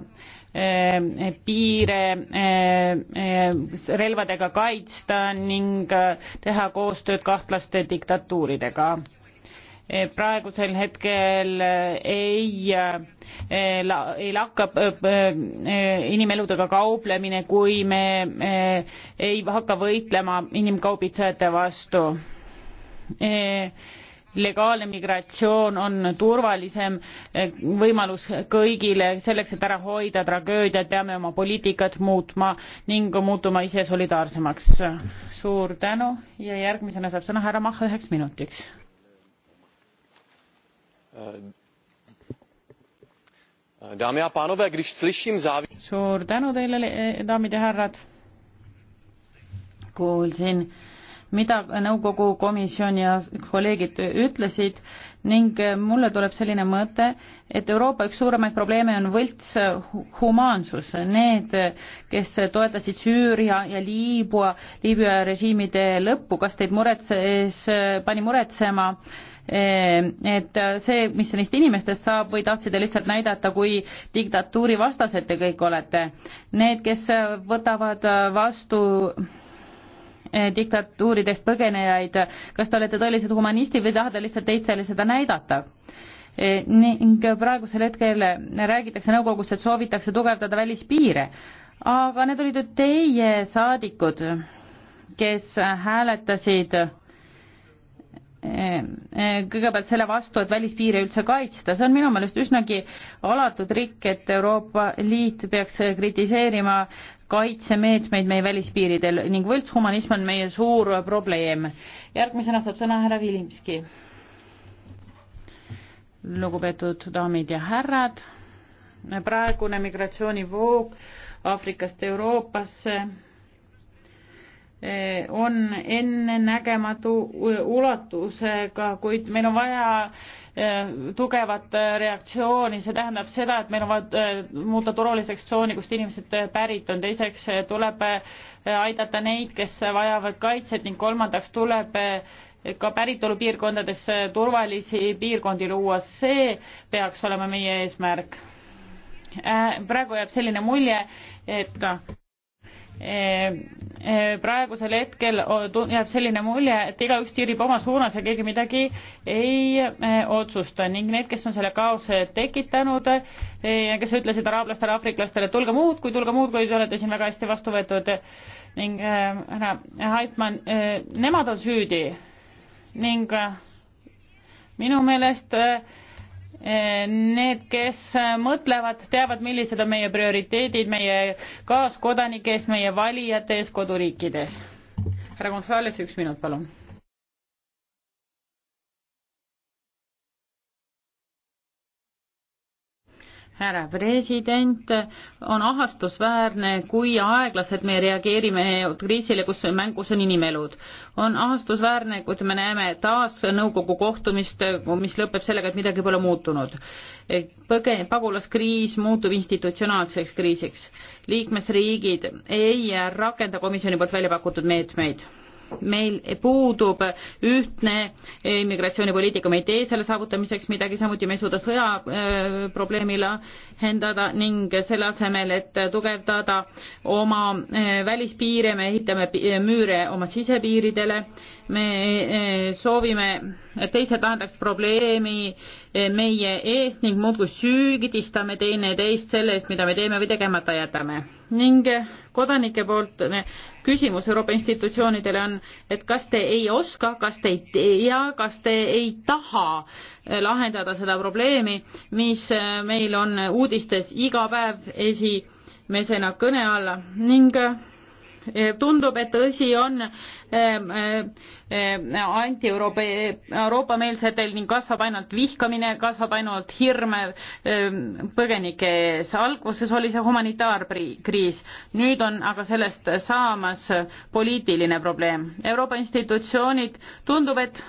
eh, piire eh, eh, relvadega kaitsta ning teha koostööd kahtlaste diktatuuridega. praegusel hetkel ei, ei lakka inimeludega kauplemine, kui me ei hakka võitlema inimkaubitsejate vastu legaalne migratsioon on turvalisem eh, võimalus kõigile selleks et ära hoida tragöödiat peame oma poliitikat muutma ning muutuma ise solidaarsemaks suur tänu ja järgmisena saab sõna härra Maha üheks minutiks eh, Dámy a pánové, když slyším závi... Suur tänu teile, eh, daamid ja härrad. Kuulsin mida nõukogu komisjon ja kolleegid ütlesid ning mulle tuleb selline mõte, et Euroopa üks suuremaid probleeme on võlts humaansus. Need, kes toetasid Süüria ja Liibua, Liibüa režiimide lõppu, kas teid muretses, pani muretsema eh, et see, mis neist inimestest saab või tahtsite lihtsalt näidata, kui diktatuuri vastased te kõik olete. Need, kes võtavad vastu Eh, diktatuuridest põgenejaid, kas te olete tõelised humanistid või tahate lihtsalt teistele seda näidata? Eh, ning praegusel hetkel räägitakse nõukogus, et soovitakse tugevdada välispiire, aga need olid ju teie saadikud, kes hääletasid Eh, eh, kõigepealt selle vastu, et välispiire üldse kaitsta, see on minu meelest üsnagi alatud rikk, et Euroopa Liit peaks kritiseerima kaitsemeetmeid meie välispiiridel ning võltshumanism on meie suur probleem. järgmisena saab sõna härra Vilimski. lugupeetud daamid ja härrad, praegune migratsioonivoog Aafrikast Euroopasse Eh, on ennenägematu ulatusega, kuid meil on vaja eh, tugevat eh, reaktsiooni, see tähendab seda, et meil on vaja muuta turvaliseks tsooni, kust inimesed pärit on, teiseks tuleb aidata neid, kes vajavad kaitset ning kolmandaks tuleb ka päritolupiirkondades turvalisi piirkondi luua, see peaks olema meie eesmärk. praegu jääb selline mulje, et Eh, eh, praegusel hetkel jääb selline mulje, et igaüks tiirib oma suunas ja keegi midagi ei eh, otsusta ning need, kes on selle kaose tekitanud ja kes ütlesid araablastele, aafriklastele, tulge muud, kui tulge muud, kui te olete siin väga hästi vastu võetud ning härra Haitmann, nemad on süüdi ning minu meelest äh, Need, kes mõtlevad, teavad, millised on meie prioriteedid meie kaaskodanike ees, meie valijate ees, koduriikides. härra Gonzales, üks minut, palun härra president, on ahastusväärne, kui aeglaselt me reageerime kriisile, kus mängus on inimelud. on ahastusväärne, kui me näeme taas nõukogu kohtumist, mis lõpeb sellega, et midagi pole muutunud. põge-, pagulaskriis muutub institutsionaalseks kriisiks. liikmesriigid ei rakenda komisjoni poolt välja pakutud meetmeid meil puudub ühtne immigratsioonipoliitika, me ei tee selle saavutamiseks midagi, samuti me ei suuda sõjaprobleemi äh, lahendada ning selle asemel, et tugevdada oma äh, välispiire, me ehitame müüre oma sisepiiridele, me äh, soovime, et teised lahendaks probleemi meie eest ning muudkui süüdistame teineteist selle eest, mida me teeme või tegemata jätame. ning kodanike poolt küsimus Euroopa institutsioonidele on, et kas te ei oska, kas te ei tea, kas te ei taha lahendada seda probleemi, mis äh, meil on uudistes iga päev esimesena kõne alla ning äh, tundub, et tõsi on, Ähm, ähm, äh, anti Euroopa, Euroopa-meelsetel ning kasvab ainult vihkamine, kasvab ainult hirm ähm, põgenike ees. alguses oli see humanitaarkriis, nüüd on aga sellest saamas poliitiline probleem. Euroopa institutsioonid tundub, et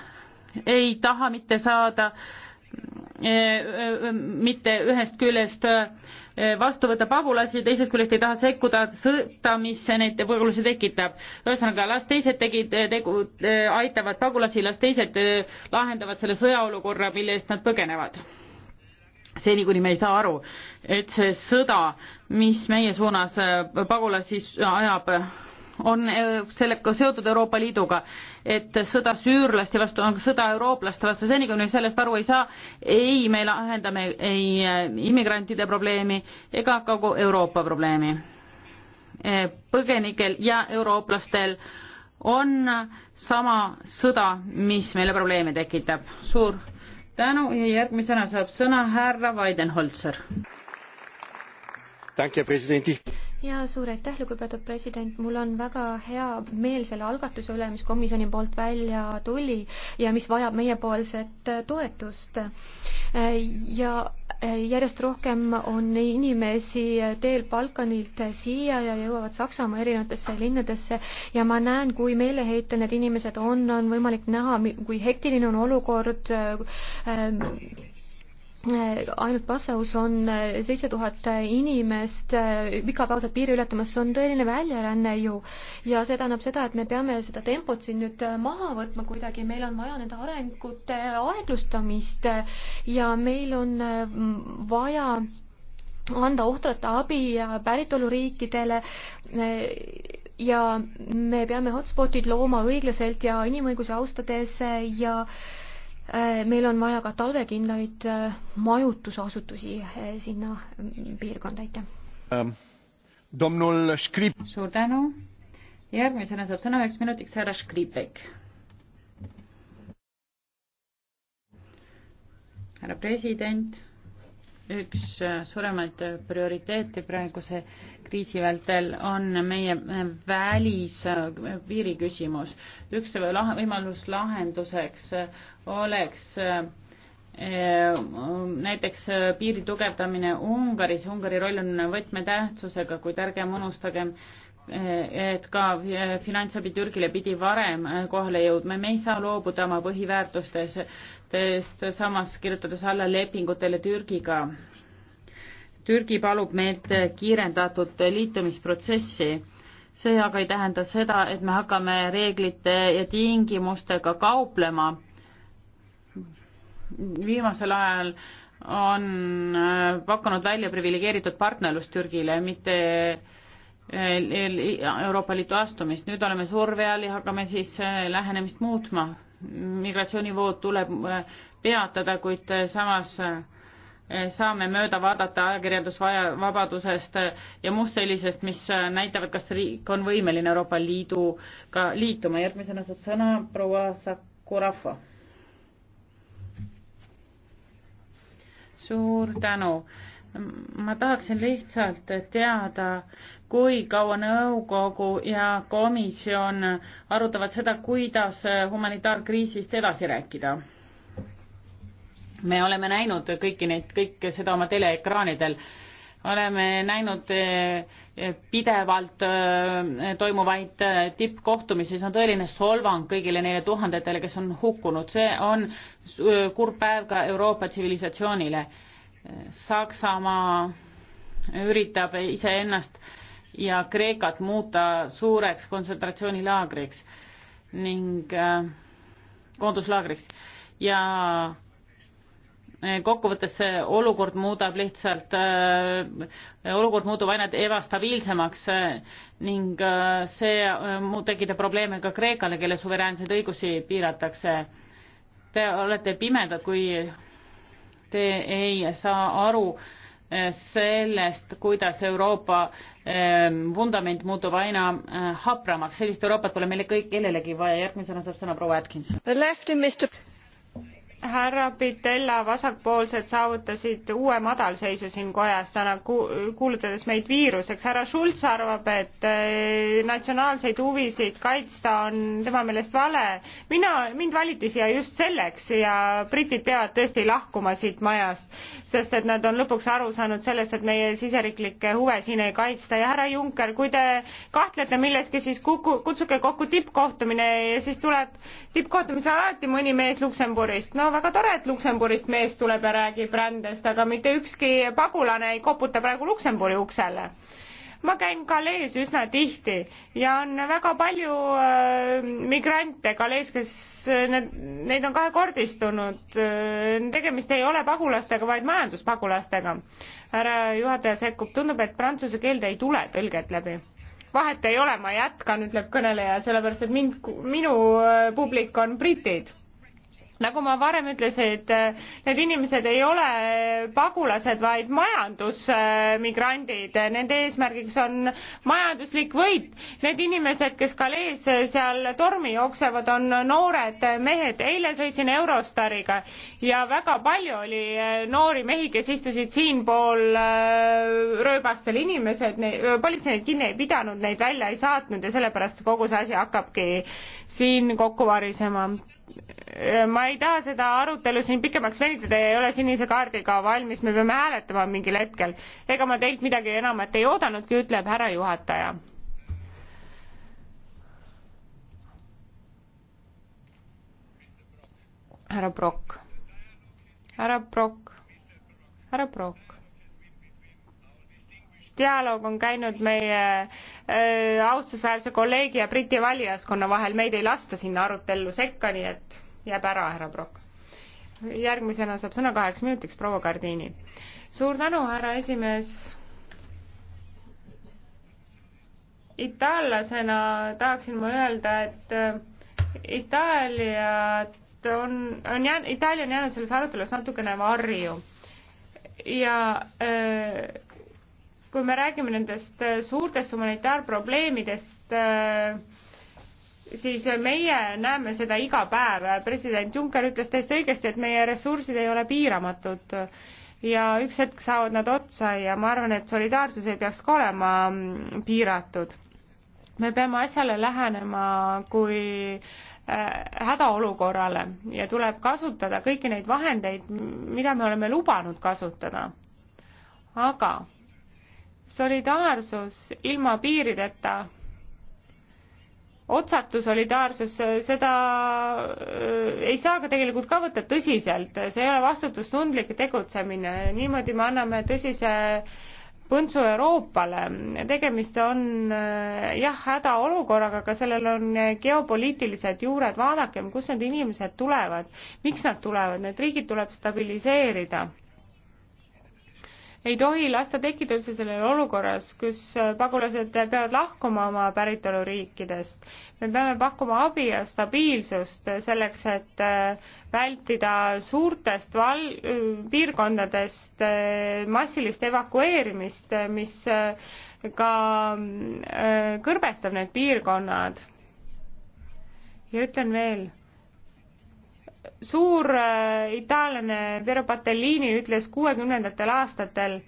ei taha mitte saada äh, äh, mitte ühest küljest vastu võtta pagulasi, teisest küljest ei taha sekkuda sõtta, mis neid pagulasi tekitab. ühesõnaga, las teised tegid, tegu, aitavad pagulasi, las teised eh, lahendavad selle sõjaolukorra, mille eest nad põgenevad seni, kuni me ei saa aru, et see sõda, mis meie suunas eh, pagulasi ajab, on eh, sellega seotud Euroopa Liiduga et sõda süürlaste vastu on sõda eurooplaste vastu, seni kui me sellest aru ei saa, ei, me lahendame ei äh, immigrantide probleemi ega kogu Euroopa probleemi. Äh, põgenikel ja eurooplastel on sama sõda, mis meile probleeme tekitab. suur tänu ja järgmisena saab sõna härra Weidenholzer ja suur aitäh, lugupeetud president, mul on väga hea meel selle algatuse üle, mis komisjoni poolt välja tuli ja mis vajab meiepoolset toetust. ja e, järjest rohkem on inimesi teel Balkanilt siia ja jõuavad Saksamaa erinevatesse linnadesse ja ma näen, kui meeleheitel need inimesed on, on võimalik näha, kui hektiline on olukord e, ainult Passaus on äh, seitse tuhat äh, inimest äh, igapäevaselt piiri ületamas, see on tõeline väljaränne ju. ja see tähendab seda, et me peame seda tempot siin nüüd maha võtma kuidagi, meil on vaja nende arengute aeglustamist ja meil on vaja anda ohtrat abi päritoluriikidele ja me peame hotspotid looma õiglaselt ja inimõigusi austades ja äh, Äh, meil on vaja ka talvekindlaid äh, majutusasutusi äh, sinna mm, piirkonda, aitäh um,. Domnul Škrip. suur tänu. järgmisena saab sõna üheks minutiks härra Škripek. härra president üks suuremaid prioriteete praeguse kriisi vältel on meie välispiiri küsimus. üks lah võimalus lahenduseks oleks eh, näiteks piiri tugevdamine Ungaris, Ungari roll on võtmetähtsusega, kuid ärgem unustagem, et ka eh, finantsabi Türgile pidi varem eh, kohale jõudma, me ei saa loobuda oma põhiväärtustest, samas kirjutades alla lepingutele Türgiga. Türgi palub meilt kiirendatud liitumisprotsessi, see aga ei tähenda seda, et me hakkame reeglite ja tingimustega kauplema. viimasel ajal on eh, pakkunud välja priviligeeritud partnerlus Türgile, mitte äh, Euroopa Liitu astumist, nüüd oleme surve all ja hakkame siis äh, lähenemist muutma. migratsioonivood tuleb äh, peatada, kuid äh, samas saame mööda vaadata ajakirjandusvabadusest ja muust sellisest, mis näitavad, kas riik on võimeline Euroopa Liiduga liituma. järgmisena saab sõna proua Sakurafa. suur tänu ma tahaksin lihtsalt teada, kui kaua nõukogu ja komisjon arutavad seda, kuidas humanitaarkriisist edasi rääkida. me oleme näinud kõiki neid, kõike seda oma teleekraanidel, oleme näinud eh, pidevalt eh, toimuvaid eh, tippkohtumisi, see on tõeline solvang kõigile neile tuhandetele, kes on hukkunud, see on kurb päev ka Euroopa tsivilisatsioonile Saksamaa üritab iseennast ja Kreekat muuta suureks kontsentratsioonilaagriks ning äh, koonduslaagriks ja äh, kokkuvõttes see olukord muudab lihtsalt, äh, olukord muutub aina ebastabiilsemaks ning see tekitab probleeme ka Kreekale, kelle suveräänseid õigusi piiratakse. Te olete pimedad, kui te ei saa aru eh, sellest, kuidas Euroopa eh, vundament muutub aina eh, hapramaks, sellist Euroopat pole meile kõik, kellelegi vaja, järgmisena saab sõna proua Atkins härra Pitella vasakpoolsed saavutasid uue madalseisu siin kojas täna ku-, kuulutades meid viiruseks. härra Schulz arvab, et äh, natsionaalseid huvisid kaitsta on tema meelest vale. mina, mind valiti siia just selleks ja britid peavad tõesti lahkuma siit majast, sest et nad on lõpuks aru saanud sellest, et meie siseriiklikke huve siin ei kaitsta ja härra Juncker, kui te kahtlete milleski, siis kuku, kutsuge kokku tippkohtumine ja siis tuleb tippkohtumisel alati mõni mees Luksemburist. no väga tore, et Luksemburist mees tuleb ja räägib rändest, aga mitte ükski pagulane ei koputa praegu Luksemburi uksele ma käin Calais üsna tihti ja on väga palju äh, migrante Calais, kes äh, need, neid on kahekordistunud. Äh, tegemist ei ole pagulastega, vaid majanduspagulastega. härra juhataja sekkub, tundub, et prantsuse keelde ei tule tõlget läbi. vahet ei ole, ma jätkan, ütleb kõneleja, sellepärast et mind, minu äh, publik on britid nagu ma varem ütlesin, äh, need inimesed ei ole pagulased, vaid majandusmigrandid, nende eesmärgiks on majanduslik võit. Need inimesed, kes Galees seal tormi jooksevad, on noored mehed. eile sõitsin Eurostariga ja väga palju oli äh, noori mehi, kes istusid siinpool äh, rööbastel, inimesed, politseid kinni ei pidanud, neid välja ei saatnud ja sellepärast kogu see asi hakkabki siin kokku varisema ma ei taha seda arutelu siin pikemaks venitada ja ei ole sinise kaardiga valmis, me peame hääletama mingil hetkel. ega ma teilt midagi enamat ei oodanudki, ütleb härra juhataja. härra Brock, härra Brock, härra Brock dialoog on käinud meie äh, austusväärse kolleegi ja Briti valijaskonna vahel, meid ei lasta sinna arutellu sekka, nii et jääb ära, härra Brock. järgmisena saab sõna kaheks minutiks proua Gardiini. suur tänu, härra esimees. itaallasena tahaksin ma öelda, et äh, Itaaliat on, on jäänud, Itaalia on jäänud selles arutelus natukene varju ja öö, äh, kui me räägime nendest äh, suurtest humanitaarprobleemidest, äh, siis meie näeme seda iga päev. president Juncker ütles täiesti õigesti, et meie ressursid ei ole piiramatud ja üks hetk saavad nad otsa ja ma arvan, et solidaarsus ei peaks ka olema mm, piiratud. me peame asjale lähenema kui äh, hädaolukorrale ja tuleb kasutada kõiki neid vahendeid, mida me oleme lubanud kasutada. aga solidaarsus ilma piirideta, otsatu solidaarsus, seda äh, ei saa ka tegelikult ka võtta tõsiselt, see ei ole vastutustundlik tegutsemine, niimoodi me anname tõsise põntsu Euroopale, tegemist on äh, jah, hädaolukorraga, aga sellel on geopoliitilised juured, vaadakem, kust need inimesed tulevad, miks nad tulevad, need riigid tuleb stabiliseerida ei tohi lasta tekkida üldse sellel olukorras, kus äh, pagulased peavad lahkuma oma päritoluriikidest. me peame pakkuma abi ja stabiilsust selleks, et äh, vältida suurtest val-, äh, piirkondadest massilist evakueerimist, mis ka kõrbestab need piirkonnad. ja ütlen veel suur äh, itaallane Piero Patellini ütles kuuekümnendatel aastatel,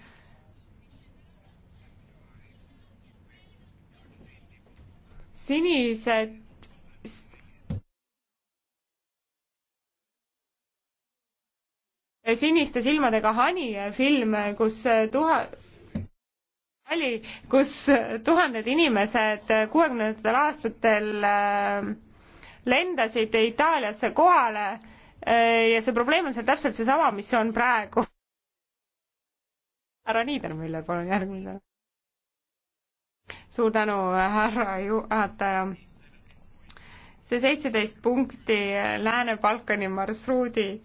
sinised siniste silmadega hani film, kus äh, tuha-, oli, kus äh, tuhanded inimesed kuuekümnendatel aastatel äh, lendasid Itaaliasse kohale eh, ja see probleem on seal täpselt seesama, mis on praegu. härra Niidermüller, palun järgmine. suur tänu, härra juhataja. see seitseteist punkti Lääne-Balkani marsruudi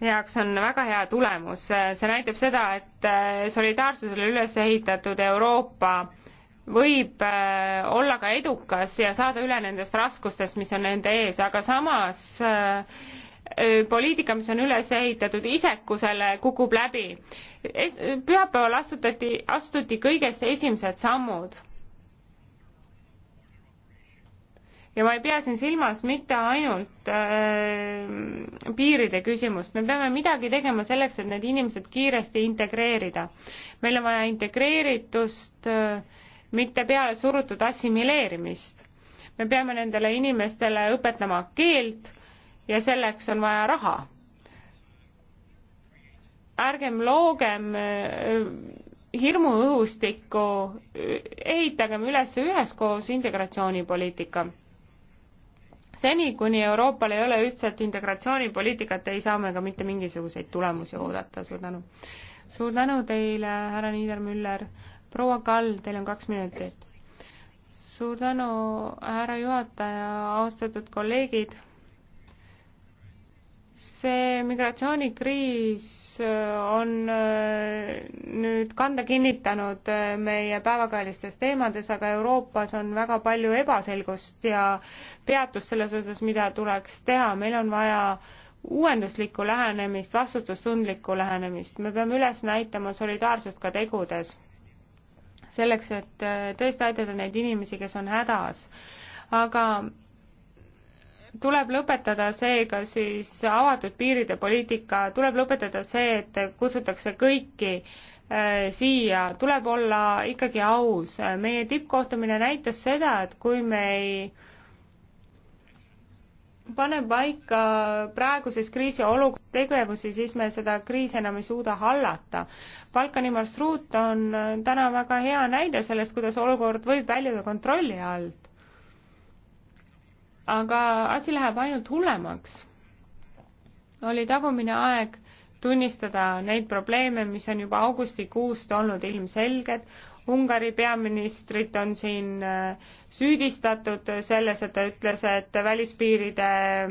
heaks on väga hea tulemus, see näitab seda, et solidaarsusele üles ehitatud Euroopa võib äh, olla ka edukas ja saada üle nendest raskustest, mis on nende ees, aga samas äh, äh, poliitika, mis on üles ehitatud isekusele, kukub läbi. pühapäeval astutati, astuti kõigest esimesed sammud. ja ma ei pea siin silmas mitte ainult äh, piiride küsimust, me peame midagi tegema selleks, et need inimesed kiiresti integreerida. meil on vaja integreeritust äh, mitte peale surutud assimileerimist. me peame nendele inimestele õpetama keelt ja selleks on vaja raha. ärgem loogem äh, hirmuõhustikku, ehitagem üles üheskoos integratsioonipoliitika seni, kuni Euroopal ei ole ühtset integratsioonipoliitikat, ei saa me ka mitte mingisuguseid tulemusi oodata, suur tänu. suur tänu teile, härra Niider Müller, proua Kall, teil on kaks minutit. suur tänu, härra juhataja, austatud kolleegid see migratsioonikriis äh, on äh, nüüd kanda kinnitanud äh, meie päevakajalistes teemades, aga Euroopas on väga palju ebaselgust ja peatust selles osas, mida tuleks teha, meil on vaja uuenduslikku lähenemist, vastutustundlikku lähenemist, me peame üles näitama solidaarsust ka tegudes selleks, et äh, tõesti aidata neid inimesi, kes on hädas. aga tuleb lõpetada seega siis avatud piiride poliitika, tuleb lõpetada see, et kutsutakse kõiki äh, siia, tuleb olla ikkagi aus. meie tippkohtumine näitas seda, et kui me ei pane paika praeguses kriisiolukorras tegevusi, siis me seda kriisi enam ei suuda hallata. Balkani marsruut on äh, täna väga hea näide sellest, kuidas olukord võib väljuda kontrolli alt. aga asi läheb ainult hullemaks. oli tagumine aeg tunnistada neid probleeme, mis on juba augustikuust olnud ilmselged, Ungari peaministrit on siin äh, süüdistatud selles, et ta ütles, et välispiiride äh,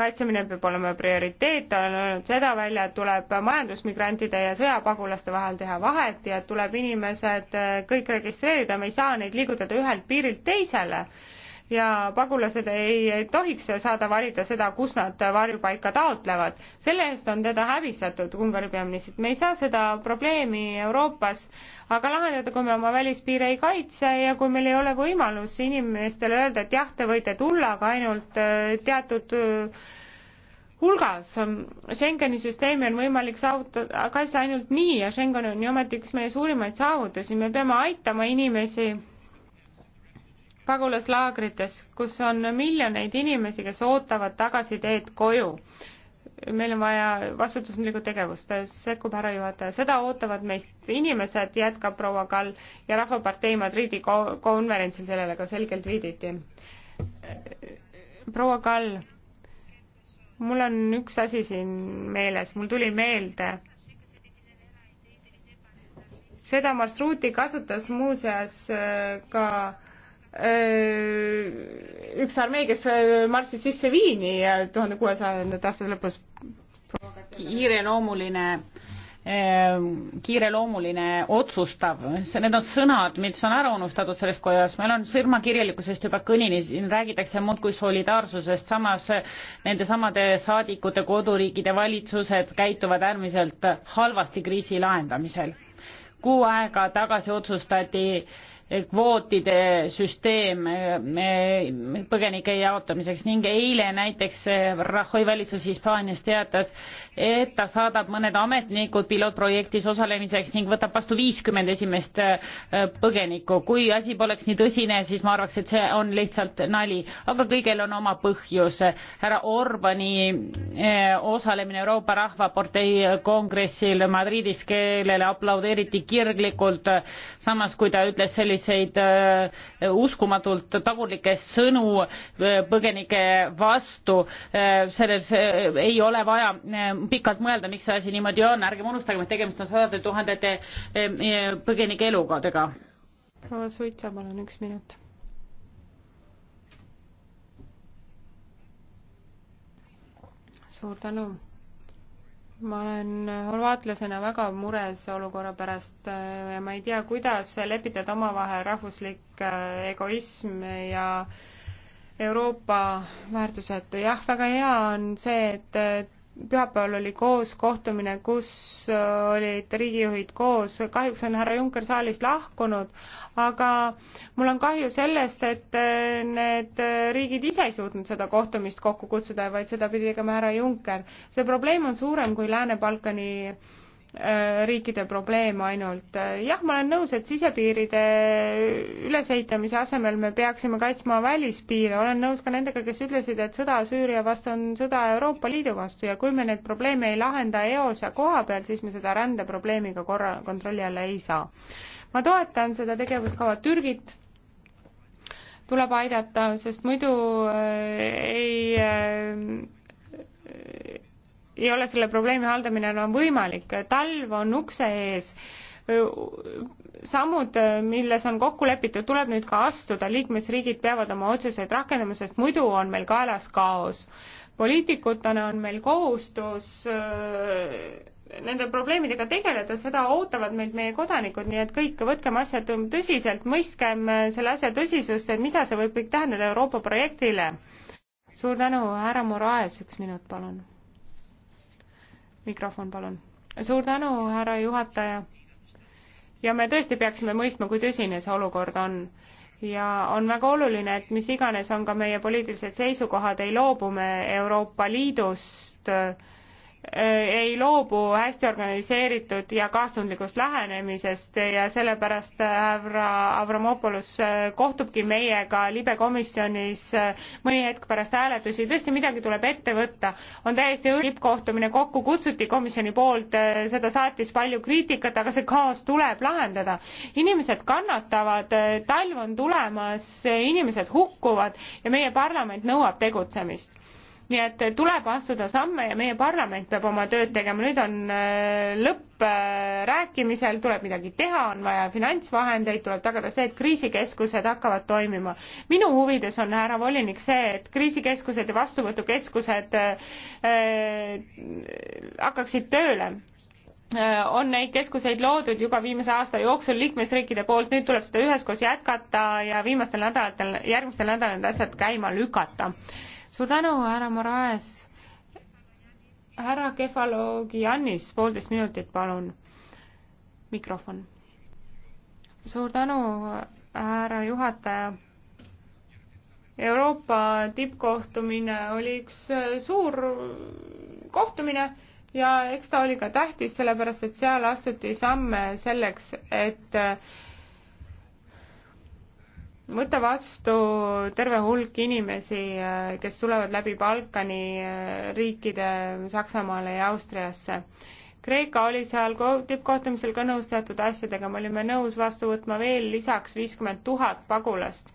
kaitsemine peab olema prioriteet, ta on öelnud seda välja, et tuleb majandusmigrantide ja sõjapagulaste vahel teha vahet ja tuleb inimesed äh, kõik registreerida, me ei saa neid liigutada ühelt piirilt teisele ja pagulased ei, ei tohiks saada valida seda, kus nad varjupaika taotlevad. selle eest on teda häbistatud, Ungari peaministrit. me ei saa seda probleemi Euroopas aga lahendada, kui me oma välispiire ei kaitse ja kui meil ei ole võimalus inimestele öelda, et jah, te võite tulla, aga ainult äh, teatud äh, hulgas. Schengeni süsteemi on võimalik saavutada kaitse ainult nii ja Schengen on ju ometi üks meie suurimaid saavutusi, me peame aitama inimesi pagulaslaagrites, kus on miljoneid inimesi, kes ootavad tagasi teed koju. meil on vaja vastutuslikku tegevust, sekkub härra juhataja, seda ootavad meist inimesed, jätkab proua Kall ja Rahvapartei Madridi ko-, konverentsil sellele ka selgelt viiditi. proua Kall, mul on üks asi siin meeles, mul tuli meelde seda marsruuti kasutas muuseas äh, ka Äh, üks armee, kes äh, marssis sisse Viini äh, tuhande kuuesajandate aastate lõpus. kiireloomuline kiireloomuline, otsustav, need on sõnad, mis on ära unustatud selles kojas, meil on sõrmakirjalikkusest juba kõnini, siin räägitakse muudkui solidaarsusest, samas nendesamade saadikute koduriikide valitsused käituvad äärmiselt halvasti kriisi lahendamisel. kuu aega tagasi otsustati äh, kvootide süsteem põgenike jaotamiseks ning eile näiteks eh, Rahoi valitsus Hispaanias teatas, et ta saadab mõned ametnikud pilootprojektis osalemiseks ning võtab vastu viiskümmend esimest eh, põgenikku. kui asi poleks nii tõsine, siis ma arvaks, et see on lihtsalt nali, aga kõigel on oma põhjus. härra Orbani eh, osalemine Euroopa Rahvapartei kongressil Madridis, kellele aplaudeeriti kirglikult, samas kui ta ütles sellise selliseid äh, uskumatult tagurlikke sõnu äh, põgenike vastu äh, selles ei ole vaja pikalt mõelda miks see asi niimoodi on ärgem unustagem et tegemist on sadade tuhandete põgenike elukadega proua Suitsa palun üks minut suur tänu ma olen horvaatlasena väga mures olukorra pärast äh, ja ma ei tea, kuidas lepitada omavahel rahvuslik äh, egoism ja Euroopa väärtused. jah, väga hea on see, et pühapäeval oli koos kohtumine, kus äh, olid riigijuhid koos, kahjuks on härra Juncker saalist lahkunud, aga mul on kahju sellest, et äh, need äh, riigid ise ei suutnud seda kohtumist kokku kutsuda, vaid seda pidi tegema härra Juncker. see probleem on suurem kui Lääne-Balkani Äh, riikide probleem ainult. jah, ma olen nõus, et sisepiiride ülesehitamise asemel me peaksime kaitsma välispiire, olen nõus ka nendega, kes ütlesid, et sõda Süüria vastu on sõda Euroopa Liidu vastu ja kui me neid probleeme ei lahenda eos ja koha peal, siis me seda rändeprobleemi ka korra, kontrolli alla ei saa. ma toetan seda tegevuskava Türgit, tuleb aidata, sest muidu äh, ei äh, ei ole selle probleemi haldamine enam võimalik, talv on ukse ees, sammud, milles on kokku lepitud, tuleb nüüd ka astuda, liikmesriigid peavad oma otsuseid rakendama, sest muidu on meil kaelas kaos. poliitikutena on meil kohustus äh, nende probleemidega tegeleda, seda ootavad meilt meie kodanikud, nii et kõik võtkem asjad tõsiselt, mõistkem äh, selle asja tõsisust, et mida see võib kõik tähendada Euroopa projektile. suur tänu, härra Moraes, üks minut, palun mikrofon, palun. suur tänu, härra juhataja. ja me tõesti peaksime mõistma, kui tõsine see olukord on. ja on väga oluline, et mis iganes on ka meie poliitilised seisukohad, ei loobu me Euroopa Liidust äh, Äh, ei loobu hästi organiseeritud ja kaastundlikust lähenemisest ja sellepärast härra Avramopoulos äh, kohtubki meiega libe komisjonis äh, mõni hetk pärast hääletusi, tõesti midagi tuleb ette võtta. on täiesti õrn tippkohtumine, kokku kutsuti komisjoni poolt, seda saatis palju kriitikat, aga see kaos tuleb lahendada. inimesed kannatavad, talv on tulemas, inimesed hukkuvad ja meie parlament nõuab tegutsemist nii et tuleb astuda samme ja meie parlament peab oma tööd tegema, nüüd on äh, lõpp äh, rääkimisel, tuleb midagi teha, on vaja finantsvahendeid, tuleb tagada see, et kriisikeskused hakkavad toimima. minu huvides on, härra volinik, see, et kriisikeskused ja vastuvõtukeskused äh, hakkaksid tööle on neid keskuseid loodud juba viimase aasta jooksul liikmesriikide poolt, nüüd tuleb seda üheskoos jätkata ja viimastel nädalatel, järgmistel nädalatel asjad käima lükata suur tänu, härra Moraes. härra Kefalogiannis, poolteist minutit, palun. mikrofon. suur tänu, härra juhataja. Euroopa tippkohtumine oli üks äh, suur kohtumine ja eks ta oli ka tähtis, sellepärast et seal astuti samme selleks, et äh, võtta vastu terve hulk inimesi, kes tulevad läbi Balkani riikide Saksamaale ja Austriasse. Kreeka oli seal tippkohtumisel ka nõus teatud asjadega, me olime nõus vastu võtma veel lisaks viiskümmend tuhat pagulast.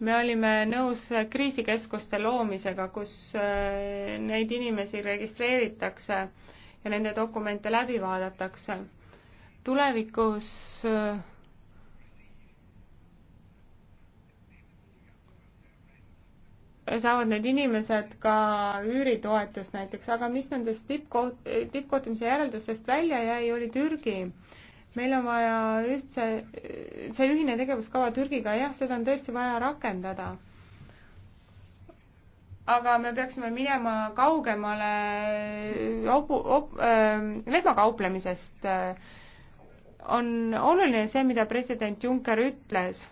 me olime nõus kriisikeskuste loomisega, kus äh, neid inimesi registreeritakse ja nende dokumente läbi vaadatakse. tulevikus äh, saavad need inimesed ka üüritoetust näiteks, aga mis nendest tippkoht-, tippkohtumise järeldustest välja jäi, oli Türgi. meil on vaja ühtse, see ühine tegevuskava Türgiga, jah, seda on tõesti vaja rakendada. aga me peaksime minema kaugemale opu-, op-, lehmakauplemisest. Ähm, on oluline see, mida president Juncker ütles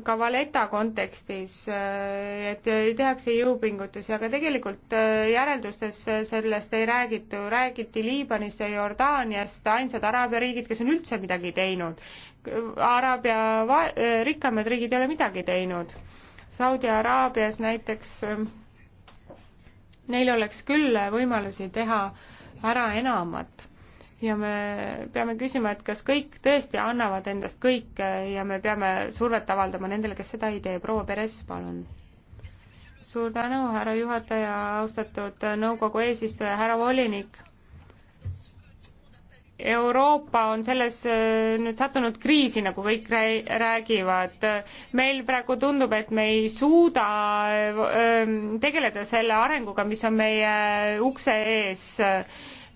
ka Valeta kontekstis, äh, et äh, tehakse jõupingutusi, aga tegelikult äh, järeldustes sellest ei räägitu, räägiti Liibanist ja Jordaaniast, ainsad araabia riigid, kes on üldse midagi teinud. Araabia va-, rikkamad riigid ei ole midagi teinud. Saudi Araabias näiteks, neil oleks küll võimalusi teha ära enamat ja me peame küsima, et kas kõik tõesti annavad endast kõike äh, ja me peame survet avaldama nendele, kes seda ei tee. proua Peres, palun. suur tänu, härra juhataja, austatud äh, nõukogu eesistuja, härra volinik Euroopa on selles äh, nüüd sattunud kriisi, nagu kõik räägivad. meil praegu tundub, et me ei suuda tegeleda selle arenguga, mis on meie ukse ees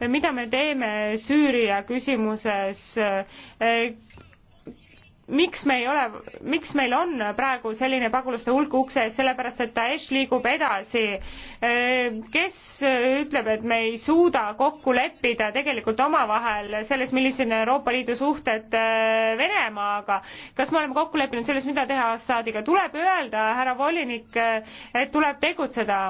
mida me teeme Süüria küsimuses, e, miks me ei ole, miks meil on praegu selline pagulaste hulk ukse ees, sellepärast et Daesh liigub edasi. E, kes ütleb, et me ei suuda kokku leppida tegelikult omavahel selles, millised on Euroopa Liidu suhted e, Venemaaga, kas me oleme kokku leppinud selles, mida teha Assadiga, tuleb öelda, härra volinik, et tuleb tegutseda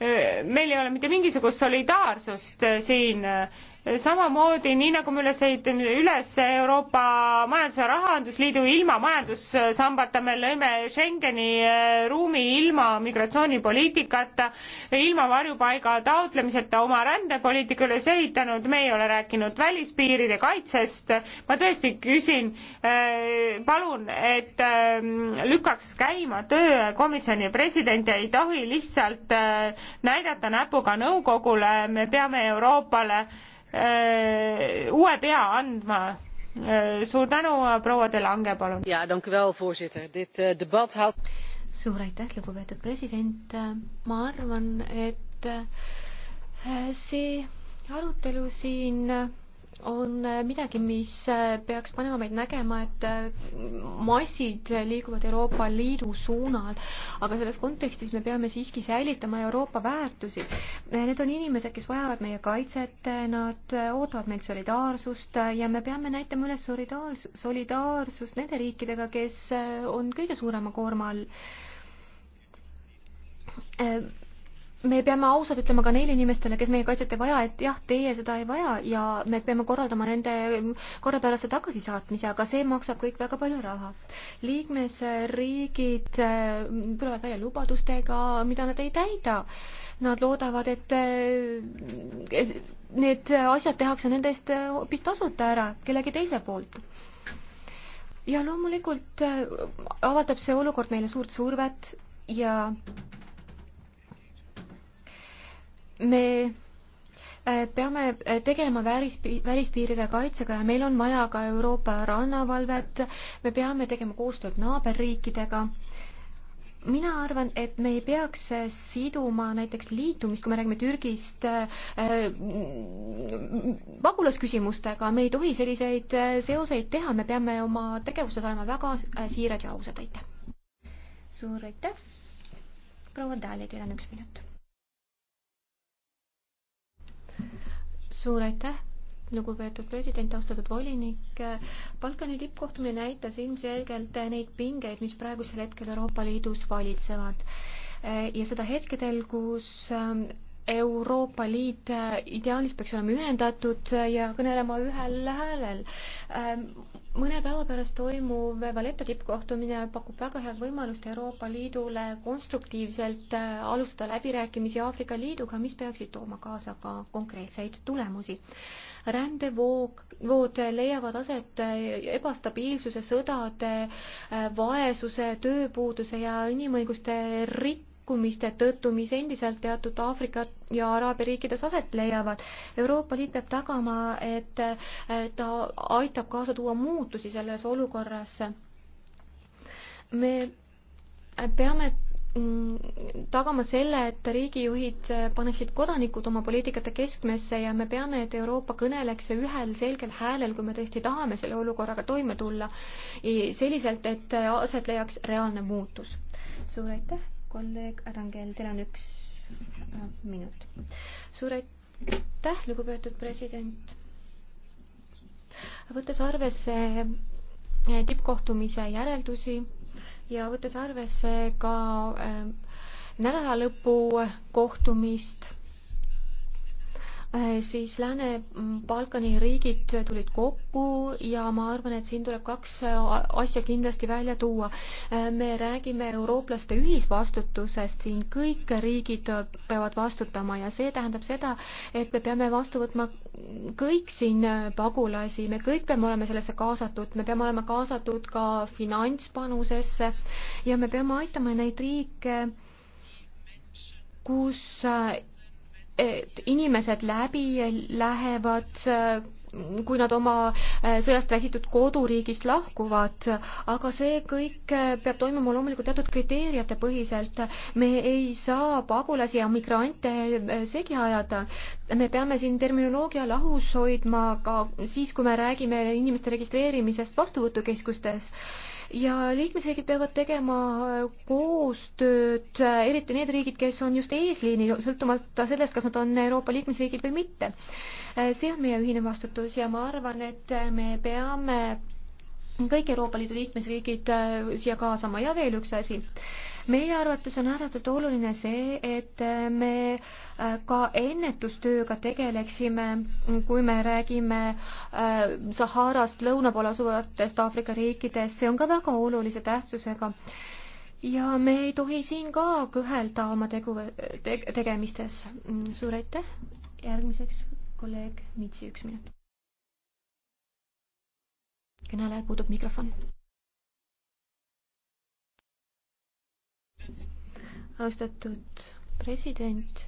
meil ei ole mitte mingisugust solidaarsust äh, siin äh, samamoodi, nii nagu me üles ehitame üles Euroopa Majandus- ja Rahandusliidu ilma majandussambata, me lõime Schengeni eh, ruumi ilma migratsioonipoliitikata, ilma varjupaiga taotlemiseta oma rändepoliitika üles ehitanud, me ei ole rääkinud välispiiride kaitsest. ma tõesti küsin, eh, palun, et eh, lükkaks käima töö komisjoni president ja ei tohi lihtsalt näidata näpuga nõukogule, me peame Euroopale Eh, uue pea andma eh, suur tänu proua de lange palun voorzitter dit eh, debat houdt suur aitäh lugupeetud president ma arvan et see arutelu siin on midagi, mis peaks panema meid nägema, et massid liiguvad Euroopa Liidu suunal, aga selles kontekstis me peame siiski säilitama Euroopa väärtusi. Need on inimesed, kes vajavad meie kaitset, nad ootavad meilt solidaarsust ja me peame näitama üles solidaars-, solidaarsust nende riikidega, kes on kõige suurema koorma all me peame ausalt ütlema ka neile inimestele, kes meie kaitset ei vaja, et jah, teie seda ei vaja ja me peame korraldama nende korrapärase tagasisaatmise, aga see maksab kõik väga palju raha. liikmesriigid äh, tulevad välja lubadustega, mida nad ei täida. Nad loodavad, et äh, need asjad tehakse nende eest äh, hoopis tasuta ära kellegi teise poolt ja loomulikult avaldab see olukord meile suurt survet ja me äh, peame äh, tegelema välispiir, välispiiride kaitsega ja meil on vaja ka Euroopa rannavalvet, me peame tegema koostööd naaberriikidega. mina arvan, et me ei peaks äh, siduma näiteks liitumist, kui me räägime Türgist pagulasküsimustega, me ei tohi selliseid seoseid teha, me peame oma tegevuses olema väga siirad ja ausad, aitäh! suur aitäh! proua Dali, teil on üks minut suur aitäh, lugupeetud president, austatud volinik. Balkani tippkohtumine näitas ilmselgelt neid pingeid, mis praegusel hetkel Euroopa Liidus valitsevad ja seda hetkedel, kus ähm, Euroopa Liit äh, ideaalis peaks olema ühendatud ja kõnelema ühel häälel. Ähm, mõne päeva pärast toimuv Valetta tippkohtumine pakub väga head võimalust Euroopa Liidule konstruktiivselt äh, alustada läbirääkimisi Aafrika Liiduga, mis peaksid tooma kaasa ka konkreetseid tulemusi. rändevoog, vood leiavad aset äh, ebastabiilsuse, sõdade, äh, vaesuse, tööpuuduse ja inimõiguste rik-, sekkumiste tõttu, mis endiselt teatud Aafrika ja Araabia riikides aset leiavad. Euroopa Liit peab tagama, et ta aitab kaasa tuua muutusi selles olukorras. me peame mm, tagama selle, et riigijuhid paneksid kodanikud oma poliitikate keskmesse ja me peame, et Euroopa kõneleks ühel selgel häälel, kui me tõesti tahame selle olukorraga toime tulla, selliselt, et aset leiaks reaalne muutus. suur aitäh kolleeg Rangel, teil on üks minut. suur aitäh, lugupeetud president. võttes arvesse eh, tippkohtumise järeldusi ja võttes arvesse ka eh, nädalalõpu kohtumist Äh, siis Lääne-Balkani mm, riigid tulid kokku ja ma arvan, et siin tuleb kaks äh, asja kindlasti välja tuua. Äh, me räägime eurooplaste ühisvastutusest, siin kõik riigid peavad vastutama ja see tähendab seda, et me peame vastu võtma kõik siin pagulasi, me kõik peame olema sellesse kaasatud, me peame olema kaasatud ka finantspanusesse ja me peame aitama neid riike, kus et inimesed läbi lähevad, kui nad oma äh, sõjast väsitud koduriigist lahkuvad, aga see kõik äh, peab toimuma loomulikult teatud kriteeriate põhiselt. me ei saa pagulasi ja migrante äh, segi ajada. me peame siin terminoloogia lahus hoidma ka siis, kui me räägime inimeste registreerimisest vastuvõtukeskustes ja liikmesriigid peavad tegema äh, koostööd, äh, eriti need riigid, kes on just eesliinil, sõltumata sellest, kas nad on Euroopa liikmesriigid või mitte. Äh, see on meie ühine vastutus ja ma arvan, et me peame kõik Euroopa Liidu liikmesriigid siia kaasama ja veel üks asi meie arvates on ääretult oluline see, et me äh, ka ennetustööga tegeleksime, kui me räägime äh, Saharast lõuna pool asuvatest Aafrika riikidest, see on ka väga olulise tähtsusega ja me ei tohi siin ka kõhelda oma tegu te,, tegemistes. suur aitäh, järgmiseks kolleeg Mitsi, üks minut. kõnelejal puudub mikrofon. austatud president,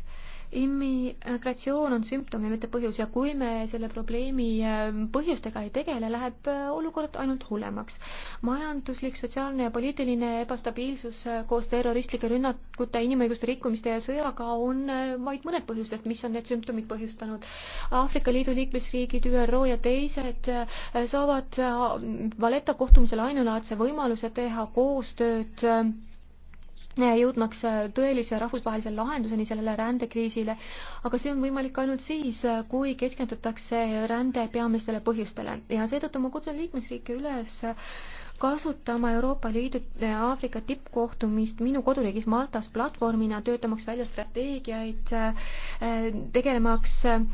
immigratsioon on sümptom ja mitte põhjus ja kui me selle probleemi ähm, põhjustega ei tegele, läheb äh, olukord ainult hullemaks. majanduslik, sotsiaalne ja poliitiline ebastabiilsus äh, koos terroristlike rünnakute, inimõiguste rikkumiste ja sõjaga on äh, vaid mõned põhjustest, mis on need sümptomid põhjustanud. Aafrika Liidu liikmesriigid, ÜRO ja teised saavad Valeta kohtumisel ainulaadse võimaluse teha koostööd jõudmaks äh, tõelise rahvusvahelise lahenduseni sellele rändekriisile, aga see on võimalik ainult siis, äh, kui keskendutakse rände peamistele põhjustele ja seetõttu ma kutsun liikmesriike üles äh, kasutama Euroopa Liidu eh, Aafrika tippkohtumist minu koduriigis Maltas platvormina, töötamaks välja strateegiaid, eh, tegelemaks eh,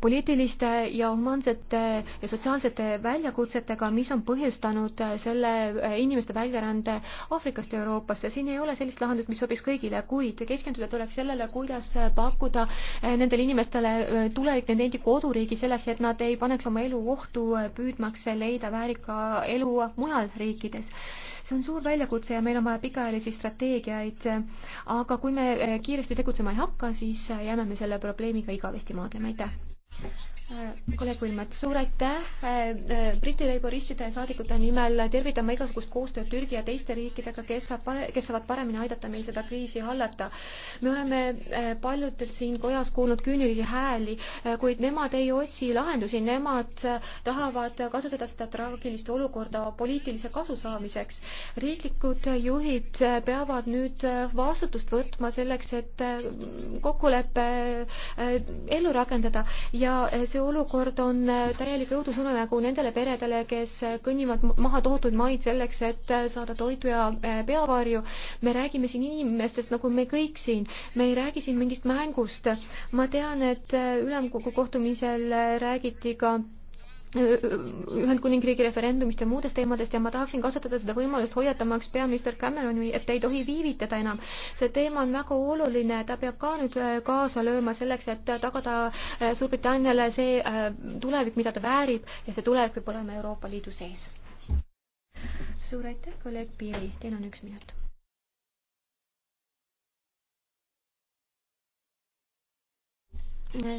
poliitiliste ja humansete ja sotsiaalsete väljakutsetega, mis on põhjustanud selle inimeste väljarände Aafrikast Euroopasse. siin ei ole sellist lahendust, mis sobiks kõigile, kuid keskenduda tuleks sellele, kuidas pakkuda nendele inimestele tulevik nende endi koduriigi selleks, et nad ei paneks oma elu ohtu, püüdmaks leida väärika elu luua mujal riikides see on suur väljakutse ja meil on vaja pikaajalisi strateegiaid, aga kui me eh, kiiresti tegutsema ei hakka, siis eh, jääme me selle probleemiga igavesti maadlema, aitäh! kolleeg Vilmet, suur aitäh. Äh, äh, Briti laboristide saadikute nimel tervitan ma igasugust koostööd Türgi ja teiste riikidega, kes saab, kes saavad paremini aidata meil seda kriisi hallata. me oleme äh, paljudelt siin kojas kuulnud küünilisi hääli, kuid nemad ei otsi lahendusi, nemad tahavad kasutada seda traagilist olukorda poliitilise kasu saamiseks. riiklikud juhid peavad nüüd vastutust võtma selleks, et kokkulepe ellu rakendada ja see see olukord on äh, täielik õudusunenägu nendele peredele, kes äh, kõnnivad maha tohutuid maid selleks, et äh, saada toitu ja peavarju. me räägime siin inimestest, nagu me kõik siin, me ei räägi siin mingist mängust. ma tean, et ülemkogu kohtumisel räägiti ka Ühendkuningriigi referendumist ja muudest teemadest ja ma tahaksin kasutada seda võimalust hoiatamaks peaminister Cameroni, et ei tohi viivitada enam. see teema on väga oluline, ta peab ka nüüd äh, kaasa lööma selleks, et tagada äh, Suurbritanniale see äh, tulevik, mida ta väärib ja see tulevik peab olema Euroopa Liidu sees. suur aitäh, kolleeg Piiri, teil on üks minut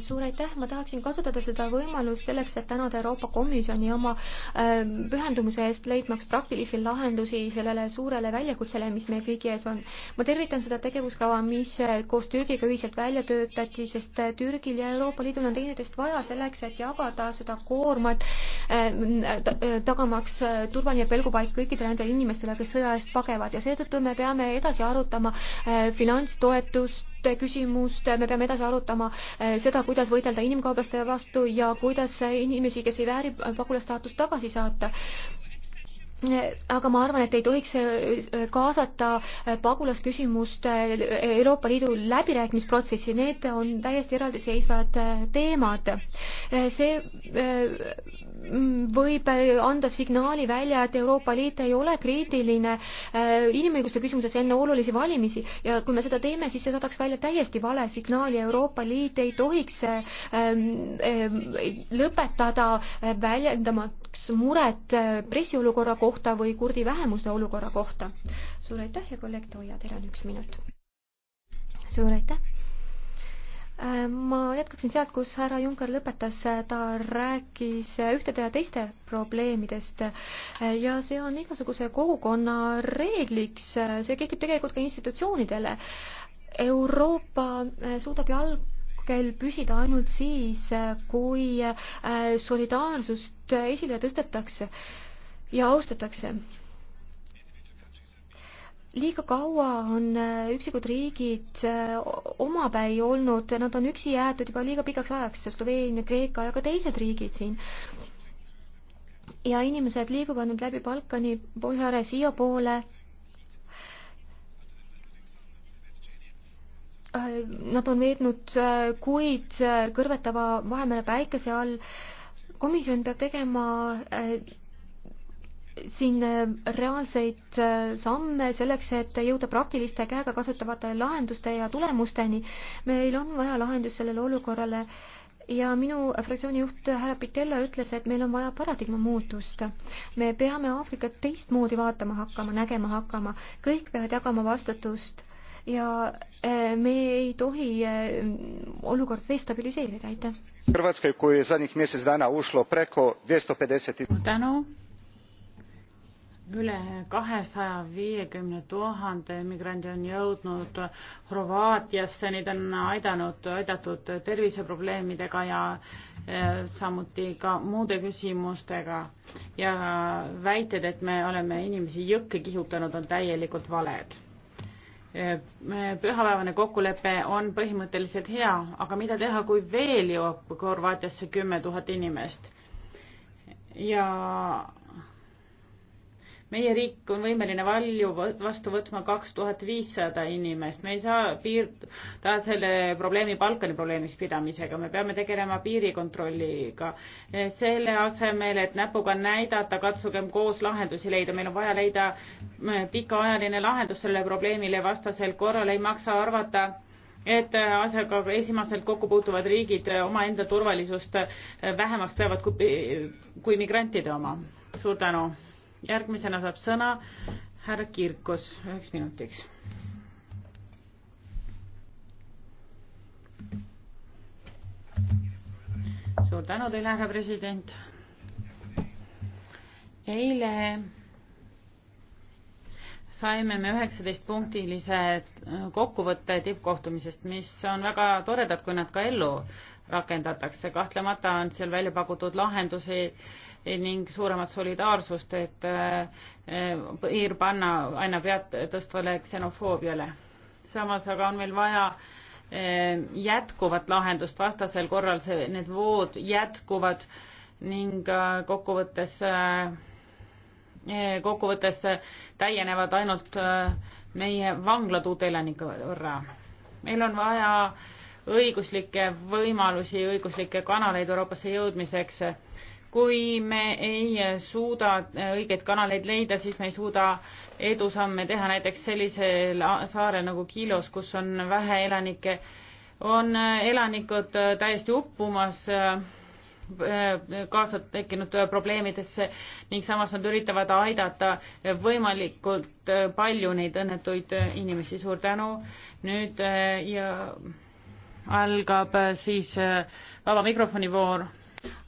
suur aitäh, ma tahaksin kasutada seda võimalust selleks, et tänada Euroopa Komisjoni oma ähm, pühendumise eest leidmaks praktilisi lahendusi sellele suurele väljakutsele, mis meie kõigi ees on. ma tervitan seda tegevuskava, mis äh, koos Türgiga ühiselt välja töötati, sest äh, Türgil ja Euroopa Liidul on teineteist vaja selleks, et jagada seda koormat, ähm, äh, tagamaks turvaline pelgupaik kõikidele nendele inimestele, kes sõja eest pagevad ja seetõttu me peame edasi arutama finantstoetust, küsimust, me peame edasi arutama eh, seda, kuidas võidelda inimkaublaste vastu ja kuidas inimesi, kes ei vääri pagulasstaatust, tagasi saata aga ma arvan, et ei tohiks äh, kaasata äh, pagulasküsimust äh, Euroopa Liidu läbirääkimisprotsessi, need on täiesti eraldiseisvad teemad. see võib anda signaali välja, et Euroopa Liit ei ole kriitiline inimõiguste küsimuses enne olulisi valimisi ja kui me seda teeme, siis see saadaks välja täiesti vale signaali, Euroopa Liit ei tohiks lõpetada väljendamata väljendas muret äh, pressiolukorra kohta või kurdi vähemuse olukorra kohta. suur aitäh ja kolleeg Toia, teil on üks minut. suur aitäh. Äh, ma jätkaksin sealt, kus härra Juncker lõpetas, ta rääkis ühtede ja teiste probleemidest äh, ja see on igasuguse kogukonna reegliks, see kehtib tegelikult ka institutsioonidele. Euroopa suudab jalg lahkel püsida ainult siis, kui äh, solidaarsust esile tõstetakse ja austatakse. liiga kaua on äh, üksikud riigid äh, omapäi olnud, nad on üksi jäetud juba liiga pikaks ajaks, Sloveenia, Kreeka ja ka teised riigid siin ja inimesed liiguvad nüüd läbi Balkani põhjare siiapoole Äh, nad on veetnud äh, kuid äh, kõrvetava Vahemere päikese all. komisjon peab tegema siin reaalseid samme selleks, et jõuda praktiliste käega kasutavate lahenduste ja tulemusteni. meil on vaja lahendust sellele olukorrale ja minu fraktsiooni juht härra Pitella ütles, et meil on vaja paradigma muutust. me peame Aafrikat teistmoodi vaatama hakkama, nägema hakkama, kõik peavad jagama vastutust ja äh, me ei tohi äh, olukorda destabiliseerida, aitäh. Hrvatskoj kui zadnjih mjesec dana ušlo preko 250 tänu üle kahesaja viiekümne tuhande migrandi on jõudnud Horvaatiasse, neid on aidanud, aidatud terviseprobleemidega ja äh, samuti ka muude küsimustega ja väited, et me oleme inimesi jõkke kihutanud, on täielikult valed pühapäevane kokkulepe on põhimõtteliselt hea, aga mida teha, kui veel jõuab Horvaatiasse kümme tuhat inimest? ja meie riik on võimeline valju vastu võtma kaks tuhat viissada inimest, me ei saa piirduda selle probleemi Balkani probleemiks pidamisega, me peame tegelema piirikontrolliga. selle asemel, et näpuga näidata, katsugem koos lahendusi leida, meil on vaja leida mm, pikaajaline lahendus sellele probleemile, vastasel korral ei maksa arvata, et asjaga esimeselt kokku puutuvad riigid omaenda turvalisust vähemaks peavad kui, kui migrantide oma. suur tänu järgmisena saab sõna härra Kirkos üheks minutiks. suur tänu teile, härra president. eile saime me üheksateistpunktilise kokkuvõtte tippkohtumisest, mis on väga toredad, kui nad ka ellu rakendatakse. kahtlemata on seal välja pakutud lahendusi äh, ning suuremat solidaarsust, et piir äh, äh, panna aina pead tõstvale ksenofoobiale. samas aga on meil vaja äh, jätkuvat lahendust, vastasel korral see, need vood jätkuvad ning kokkuvõttes, kokkuvõttes täienevad ainult meie vanglad uute elanike võrra. meil on vaja õiguslikke võimalusi, õiguslikke kanaleid Euroopasse jõudmiseks kui me ei suuda õigeid kanaleid leida, siis me ei suuda edusamme teha näiteks sellisel saarel nagu Kilos, kus on vähe elanikke, on elanikud täiesti uppumas äh, kaasa tekkinud probleemidesse ning samas nad üritavad aidata võimalikult palju neid õnnetuid inimesi. suur tänu. nüüd äh, ja algab siis äh, vaba mikrofoni voor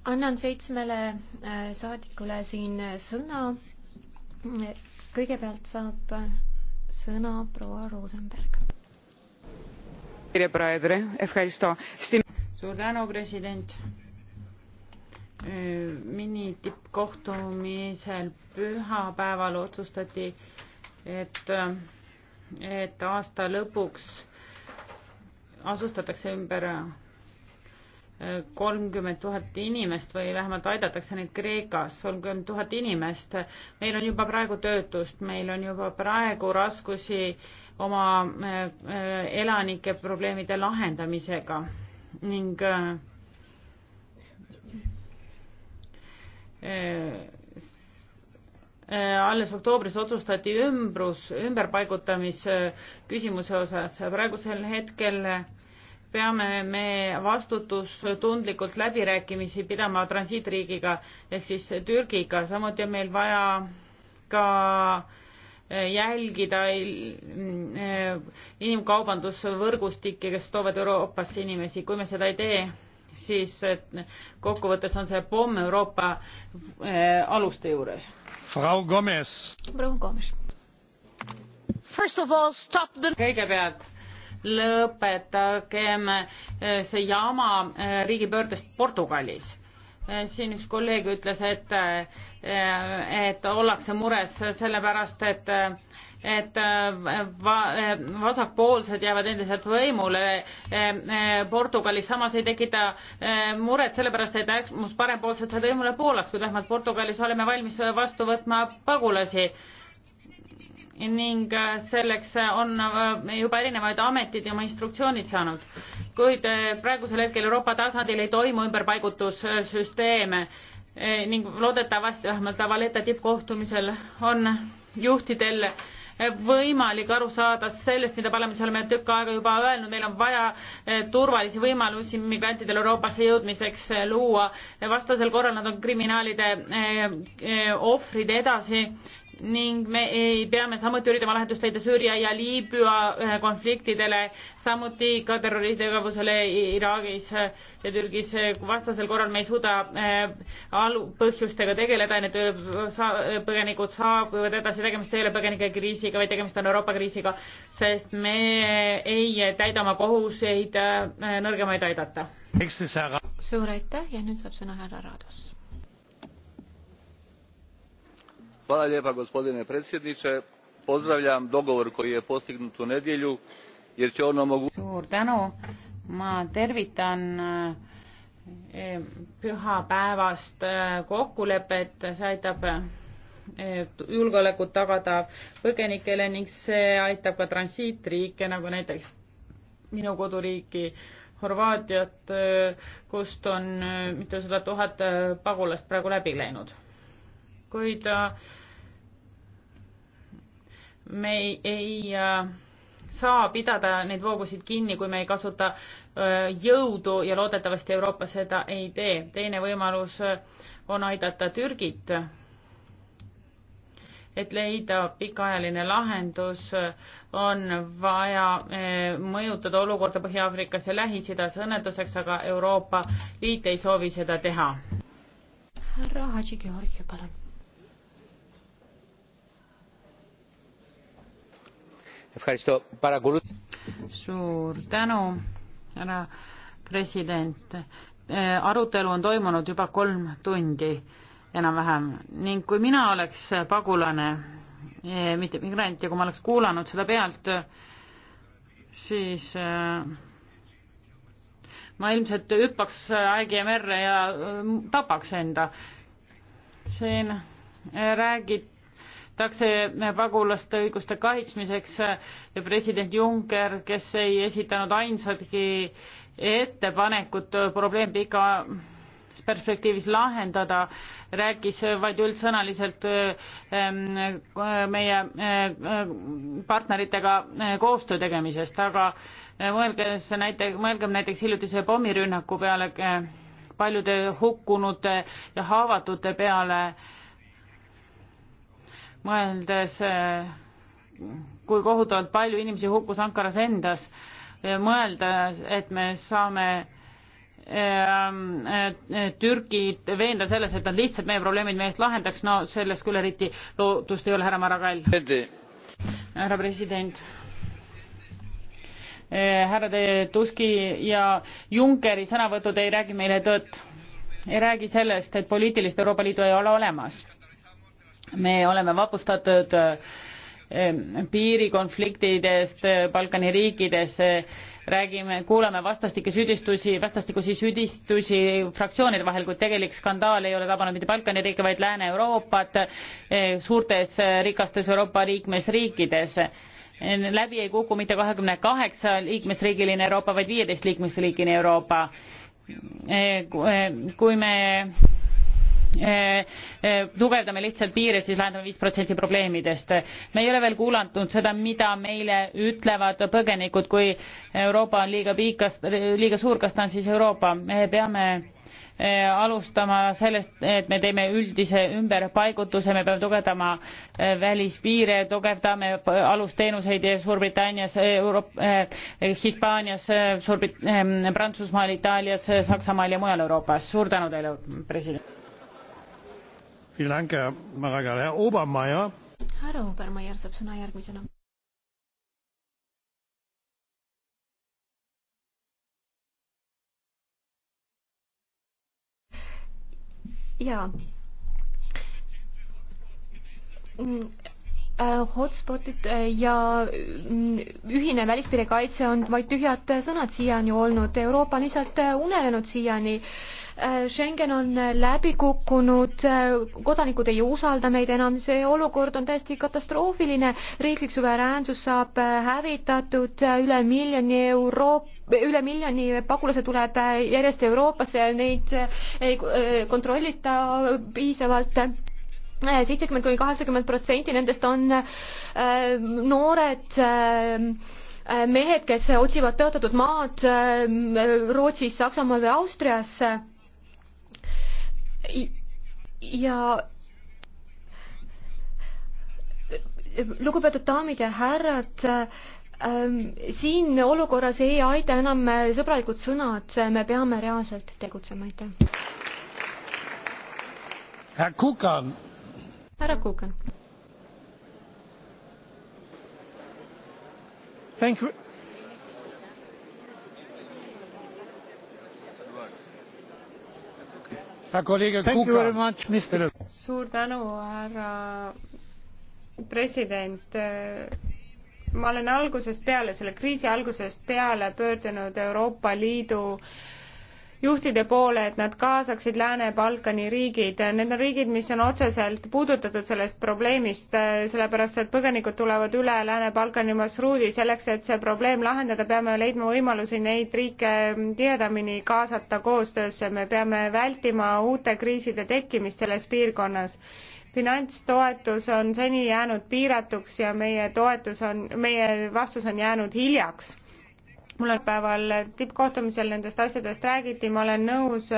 annan seitsmele äh, saadikule siin äh, sõna. kõigepealt saab äh, sõna proua Rosenberg. suur tänu, president. mini tippkohtumisel pühapäeval otsustati, et, et aasta lõpuks asustatakse ümber kolmkümmend tuhat inimest või vähemalt aidatakse neid Kreekas, kolmkümmend tuhat inimest. meil on juba praegu töötust, meil on juba praegu raskusi oma äh, elanike probleemide lahendamisega ning äh, äh, alles oktoobris otsustati ümbrus, ümberpaigutamise küsimuse osas, praegusel hetkel peame me vastutustundlikult läbirääkimisi pidama transiitriigiga ehk siis Türgiga, samuti on meil vaja ka eh, jälgida eh, inimkaubandusvõrgustikke, kes toovad Euroopasse inimesi, kui me seda ei tee, siis eh, kokkuvõttes on see pomm Euroopa aluste juures. Frau Gomes. proua Gomes. kõigepealt lõpetagem eh, see jama eh, riigipöördest Portugalis. Eh, siin üks kolleeg ütles, et, et ollakse mures sellepärast, et et va-, vasakpoolsed jäävad endiselt võimule Portugalis, samas ei tekita muret sellepärast, et äärmus parempoolsed said võimule Poolast, kuid vähemalt Portugalis oleme valmis vastu võtma pagulasi ning äh, selleks äh, on äh, juba erinevaid ametid ja oma instruktsioonid saanud. kuid praegusel hetkel Euroopa tasandil ei toimu ümberpaigutussüsteeme ning loodetavasti vähemalt Valeta tippkohtumisel on juhtidel võimalik aru saada sellest, mida parlamendis oleme tükk aega juba öelnud, meil on vaja turvalisi võimalusi migrantidel Euroopasse jõudmiseks luua, vastasel korral nad on kriminaalide ohvrid edasi ning me ei, peame samuti üritama lahendust leida Süüria ja Liibüa äh, konfliktidele, samuti ka terroristitegevusele Iraagis äh, ja Türgis. vastasel korral me ei suuda äh, alupõhjustega tegeleda, need põgenikud saabuvad edasi, tegemist ei ole põgenikekriisiga, vaid tegemist on Euroopa kriisiga, sest me ei täida oma kohuseid nõrgemaid aidata. suur aitäh ja nüüd saab sõna härra Raados gospodine predsjednie pozdravljam dogovor koji je postignut u nedjelju jer e on omogućiti. ma tervitan eh, eh, pühapäevast eh, kokkulepet see aitab julgeolekut tagada põgenikele ning see aitab ka transiitriike nagu näiteks minu koduriiki Horvaatiat, kust on mitusada tuhat pagulast praegu läbi läinud. kuid me ei, ei äh, saa pidada neid voogusid kinni, kui me ei kasuta äh, jõudu ja loodetavasti Euroopa seda ei tee. teine võimalus äh, on aidata Türgit, et leida pikaajaline lahendus, on vaja mõjutada olukorda Põhja-Aafrikas ja Lähis-Idas õnnetuseks, aga Euroopa Liit ei soovi seda teha. härra Hadži Georgi, palun suur tänu, härra president. Äh, arutelu on toimunud juba kolm tundi enam-vähem ning kui mina oleks pagulane, äh, mitte migrant ja kui ma oleks kuulanud seda pealt, siis äh, ma ilmselt hüppaks aegi ja merre ja tapaks enda. siin räägiti tehakse pagulaste õiguste kaitsmiseks ja eh, president Juncker, kes ei esitanud ainsatki ettepanekut eh, probleem pika perspektiivis lahendada, rääkis vaid üldsõnaliselt eh, meie partneritega koostöö tegemisest, aga mõelge see näite, mõelgem näiteks hiljutise pommirünnaku peale, paljude hukkunute ja haavatute peale mõeldes eh, kui kohutavalt palju inimesi hukkus Ankaras endas, mõeldes, et me saame eh, eh, Türgid veenda selles, et nad lihtsalt meie probleemid meie eest lahendaks, no selles küll eriti lootust ei ole, härra Maragall. härra president. härrade Tuski ja Junckeri sõnavõtud ei räägi meile tõtt. ei räägi sellest, et poliitilist Euroopa Liidu ei ole olemas me oleme vapustatud eh, piirikonfliktidest eh, Balkani riikides, eh, räägime, kuulame vastastike süüdistusi, vastastikusi süüdistusi fraktsioonide vahel, kuid tegelik skandaal ei ole tabanud mitte Balkani riike, vaid Lääne-Euroopat suurtes rikastes Euroopa liikmesriikides. läbi ei kuku mitte kahekümne kaheksa liikmesriigiline Euroopa, vaid viieteist liikmesriigine Euroopa. kui me Eh, eh, tugevdame lihtsalt piire, siis lahendame viis protsenti probleemidest. me ei ole veel kuulanud seda, mida meile ütlevad põgenikud, kui Euroopa on liiga piikas, liiga suur, kas ta on siis Euroopa, me peame eh, alustama sellest, et me teeme üldise ümberpaigutuse, me peame tugevdama välispiire, tugevdame alusteenuseid Suurbritannias, Euroop-, Hispaanias, Suurbrit-, Prantsusmaal, Itaalias, Saksamaal ja mujal Euroopas. suur tänu teile, president! härra Obermeier saab sõna järgmisena. jaa mm, äh, hotspotid äh, ja mm, ühine välispiirikaitse on vaid tühjad sõnad siiani olnud, Euroopa on lihtsalt äh, unelenud siiani äh, Äh, Schengen on äh, läbi kukkunud, äh, kodanikud ei usalda meid enam, see olukord on täiesti katastroofiline, riiklik suveräänsus saab hävitatud, üle miljoni Euroopa üle miljoni pagulase tuleb järjest Euroopasse ja neid ei kontrollita piisavalt seitsekümmend kuni kaheksakümmend protsenti nendest on äh, noored äh, mehed, kes otsivad tõotatud maad äh, Rootsis, Saksamaal või Austrias äh, ja lugupeetud daamid ja härrad, ähm, siin olukorras ei aita enam sõbralikud sõnad, me peame reaalselt tegutsema, aitäh. härra Kukan. härra Kukan. Thank you. suur tänu, härra president. ma olen algusest peale, selle kriisi algusest peale pöördunud Euroopa Liidu äh, juhtide poole, et nad kaasaksid Lääne-Balkani riigid. Need on riigid, mis on otseselt puudutatud sellest probleemist, sellepärast et põgenikud tulevad üle Lääne-Balkani marsruudi. selleks, et see probleem lahendada, peame leidma võimalusi neid riike tihedamini kaasata koostöösse. me peame vältima uute kriiside tekkimist selles piirkonnas finantstoetus on seni jäänud piiratuks ja meie toetus on, meie vastus on jäänud hiljaks mul on päeval tippkohtumisel nendest asjadest räägiti, ma olen nõus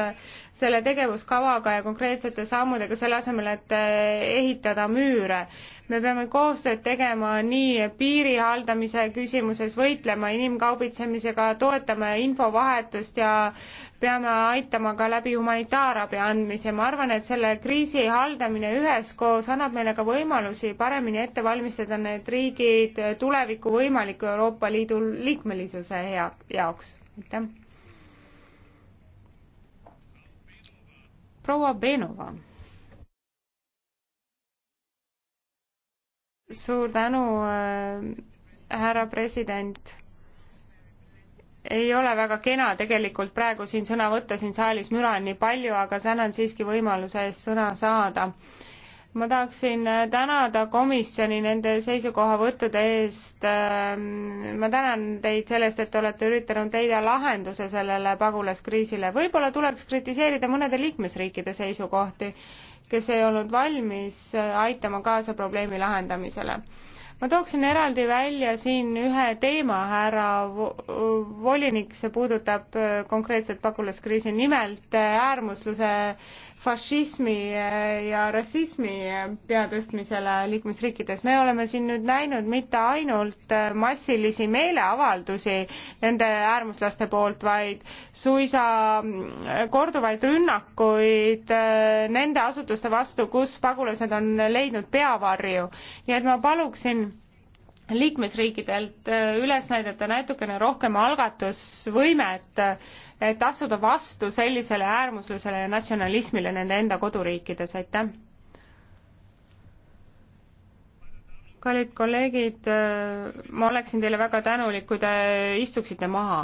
selle tegevuskavaga ja konkreetsete sammudega, selle asemel, et eh, ehitada müüre. me peame koostööd tegema nii piiri haldamise küsimuses, võitlema inimkaubitsemisega, toetama infovahetust ja peame aitama ka läbi humanitaarabi andmise. ma arvan, et selle kriisi haldamine üheskoos annab meile ka võimalusi paremini ette valmistada need riigid tuleviku võimaliku Euroopa Liidu liikmelisuse hea, jaoks. aitäh! proua Benova. suur tänu äh,, härra president ei ole väga kena tegelikult praegu siin sõna võtta siin saalis müra on nii palju, aga tänan siiski võimaluse eest sõna saada ma tahaksin äh, tänada komisjoni nende seisukohavõttude eest. Ähm, ma tänan teid sellest, et te olete üritanud leida lahenduse sellele pagulaskriisile. võib-olla tuleks kritiseerida mõnede liikmesriikide seisukohti, kes ei olnud valmis äh, aitama kaasa probleemi lahendamisele. ma tooksin eraldi välja siin ühe teema, härra volinik, see puudutab äh, konkreetselt pagulaskriisi, nimelt äärmusluse fašismi eh, ja rassismi peatõstmisele liikmesriikides. me oleme siin nüüd näinud mitte ainult eh, massilisi meeleavaldusi nende äärmuslaste poolt, vaid suisa mm, korduvaid rünnakuid eh, nende asutuste vastu, kus pagulased on leidnud peavarju. nii et ma paluksin liikmesriikidelt üles näidata natukene rohkem algatusvõimet et astuda vastu sellisele äärmuslusele ja natsionalismile nende enda koduriikides, aitäh! kallid kolleegid, ma oleksin teile väga tänulik, kui te istuksite maha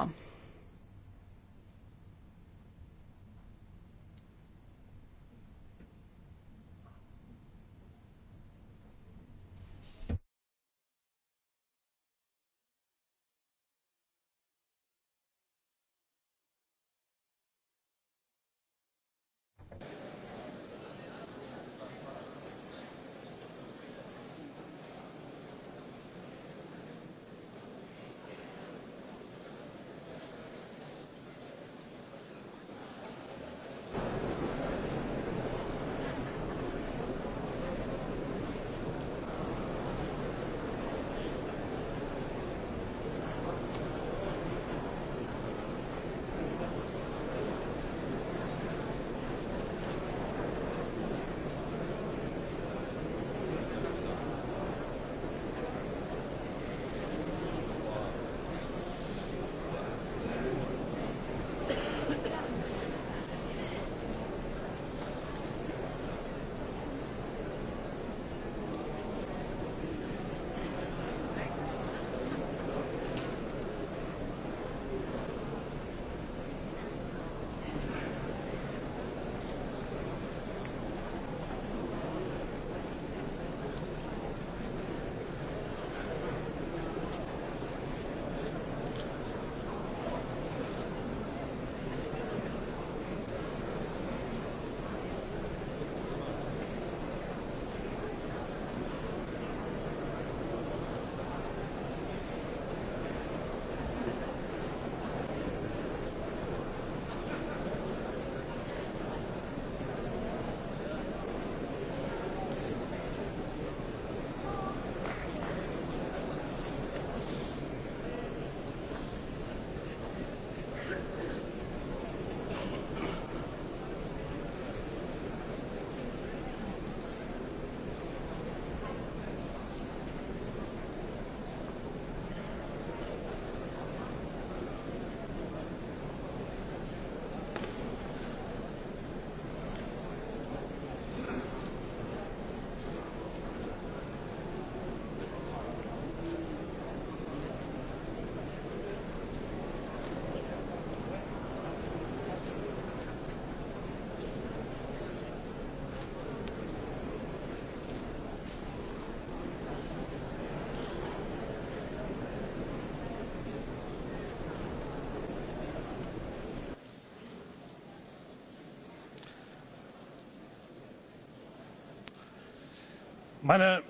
meine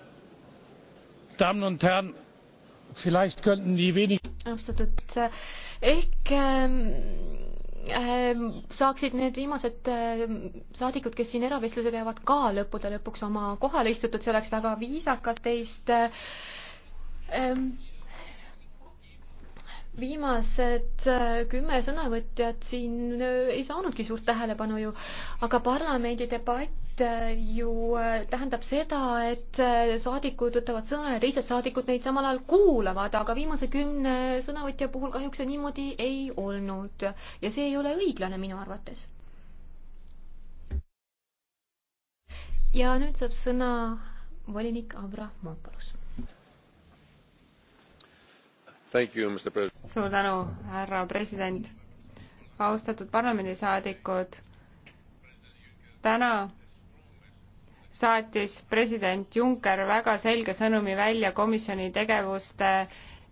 damen und herren vielleicht könnten die wenigen austatud äh, ehk äh, saaksid need viimased äh, saadikud, kes siin eravestluse peavad, ka lõppude lõpuks oma kohale istutud, see oleks väga viisakas teist äh,. Ähm, viimased äh, kümme sõnavõtjat siin äh, ei saanudki suurt tähelepanu ju, aga parlamendi debatt Äh, ju äh, tähendab seda, et äh, saadikud võtavad sõna ja teised saadikud neid samal ajal kuulavad, aga viimase kümne sõnavõtja puhul kahjuks see niimoodi ei olnud ja see ei ole õiglane minu arvates. ja nüüd saab sõna volinik Avramopoulos. suur tänu, härra president. austatud parlamendisaadikud, täna saatis president Juncker väga selge sõnumi välja komisjoni tegevuste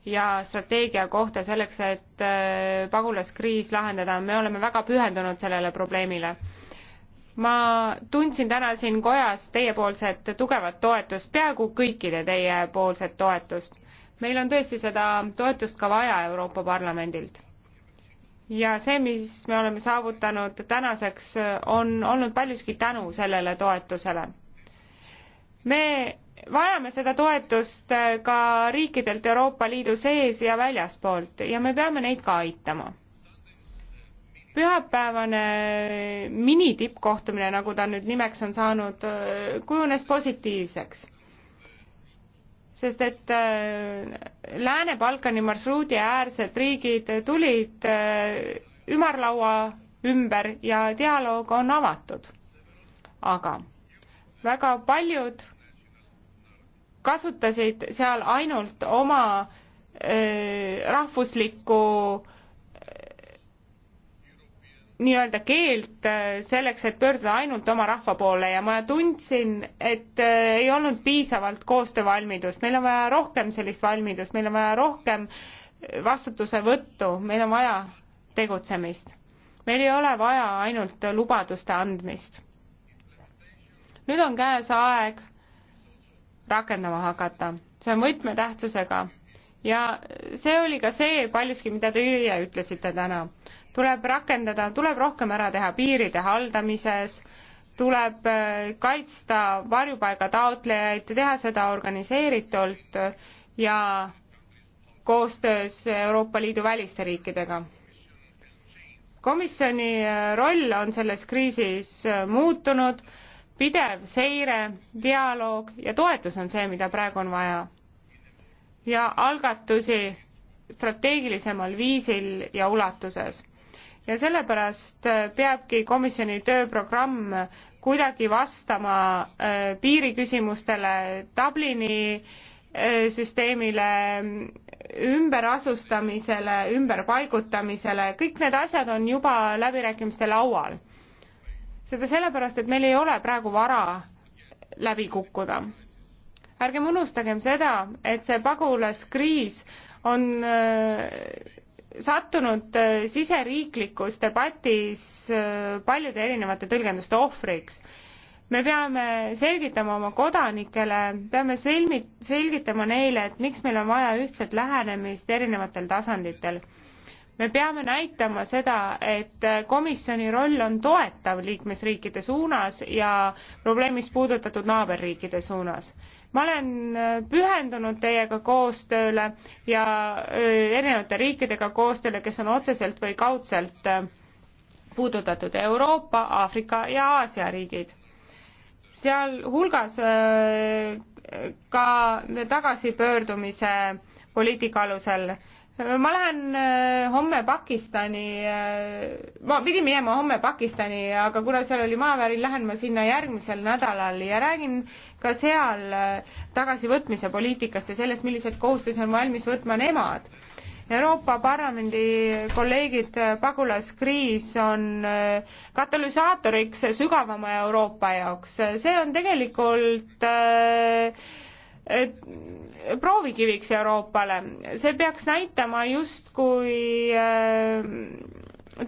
ja strateegia kohta selleks, et äh, pagulaskriis lahendada. me oleme väga pühendunud sellele probleemile. ma tundsin täna siin kojas teiepoolset tugevat toetust, peaaegu kõikide teiepoolset toetust. meil on tõesti seda toetust ka vaja Euroopa Parlamendilt ja see, mis me oleme saavutanud tänaseks, on olnud paljuski tänu sellele toetusele me vajame seda toetust äh, ka riikidelt Euroopa Liidu sees ja väljaspoolt ja me peame neid ka aitama. pühapäevane äh, minitippkohtumine, nagu ta nüüd nimeks on saanud, äh, kujunes positiivseks. sest et Lääne-Balkani marsruudi äärsed riigid tulid ümarlaua ümber ja dialoog on avatud. aga väga paljud kasutasid seal ainult oma rahvuslikku nii-öelda keelt selleks, et pöörduda ainult oma rahva poole ja ma tundsin, et ei olnud piisavalt koostöövalmidust, meil on vaja rohkem sellist valmidust, meil on vaja rohkem vastutuse võttu, meil on vaja tegutsemist. meil ei ole vaja ainult lubaduste andmist. nüüd on käes aeg rakendama hakata. see on võtmetähtsusega ja see oli ka see paljuski, mida teie ütlesite täna. tuleb rakendada, tuleb rohkem ära teha piiride haldamises, tuleb äh, kaitsta varjupaiga taotlejaid, teha seda organiseeritult ja koostöös Euroopa Liidu väliste riikidega. komisjoni äh, roll on selles kriisis äh, muutunud pidev seire, dialoog ja toetus on see, mida praegu on vaja. ja algatusi strateegilisemal viisil ja ulatuses. ja sellepärast äh, peabki komisjoni tööprogramm kuidagi vastama äh, piiriküsimustele, Dublini äh, süsteemile, ümberasustamisele, ümberpaigutamisele, kõik need asjad on juba läbirääkimiste laual seda sellepärast, et meil ei ole praegu vara läbi kukkuda. ärgem unustagem seda, et see pagulaskriis on äh, sattunud äh, siseriiklikus debatis äh, paljude erinevate tõlgenduste ohvriks. me peame selgitama oma kodanikele, peame selmi-, selgitama neile, et miks meil on vaja ühtset lähenemist erinevatel tasanditel me peame näitama seda, et komisjoni roll on toetav liikmesriikide suunas ja probleemist puudutatud naaberriikide suunas. ma olen äh, pühendunud teiega koostööle ja äh, erinevate riikidega koostööle, kes on otseselt või kaudselt äh, puudutatud Euroopa, Aafrika ja Aasia riigid. sealhulgas ka tagasipöördumise poliitika alusel äh, ma lähen äh, homme Pakistani, äh, ma pidin minema homme Pakistani, aga kuna seal oli maavärin, lähen ma sinna järgmisel nädalal ja räägin ka seal äh, tagasivõtmise poliitikast ja sellest, milliseid kohustusi on valmis võtma nemad. Euroopa Parlamendi kolleegid, pagulaskriis on katalüsaatoriks sügavama Euroopa jaoks, see on tegelikult äh, proovikiviks Euroopale. see peaks näitama justkui äh,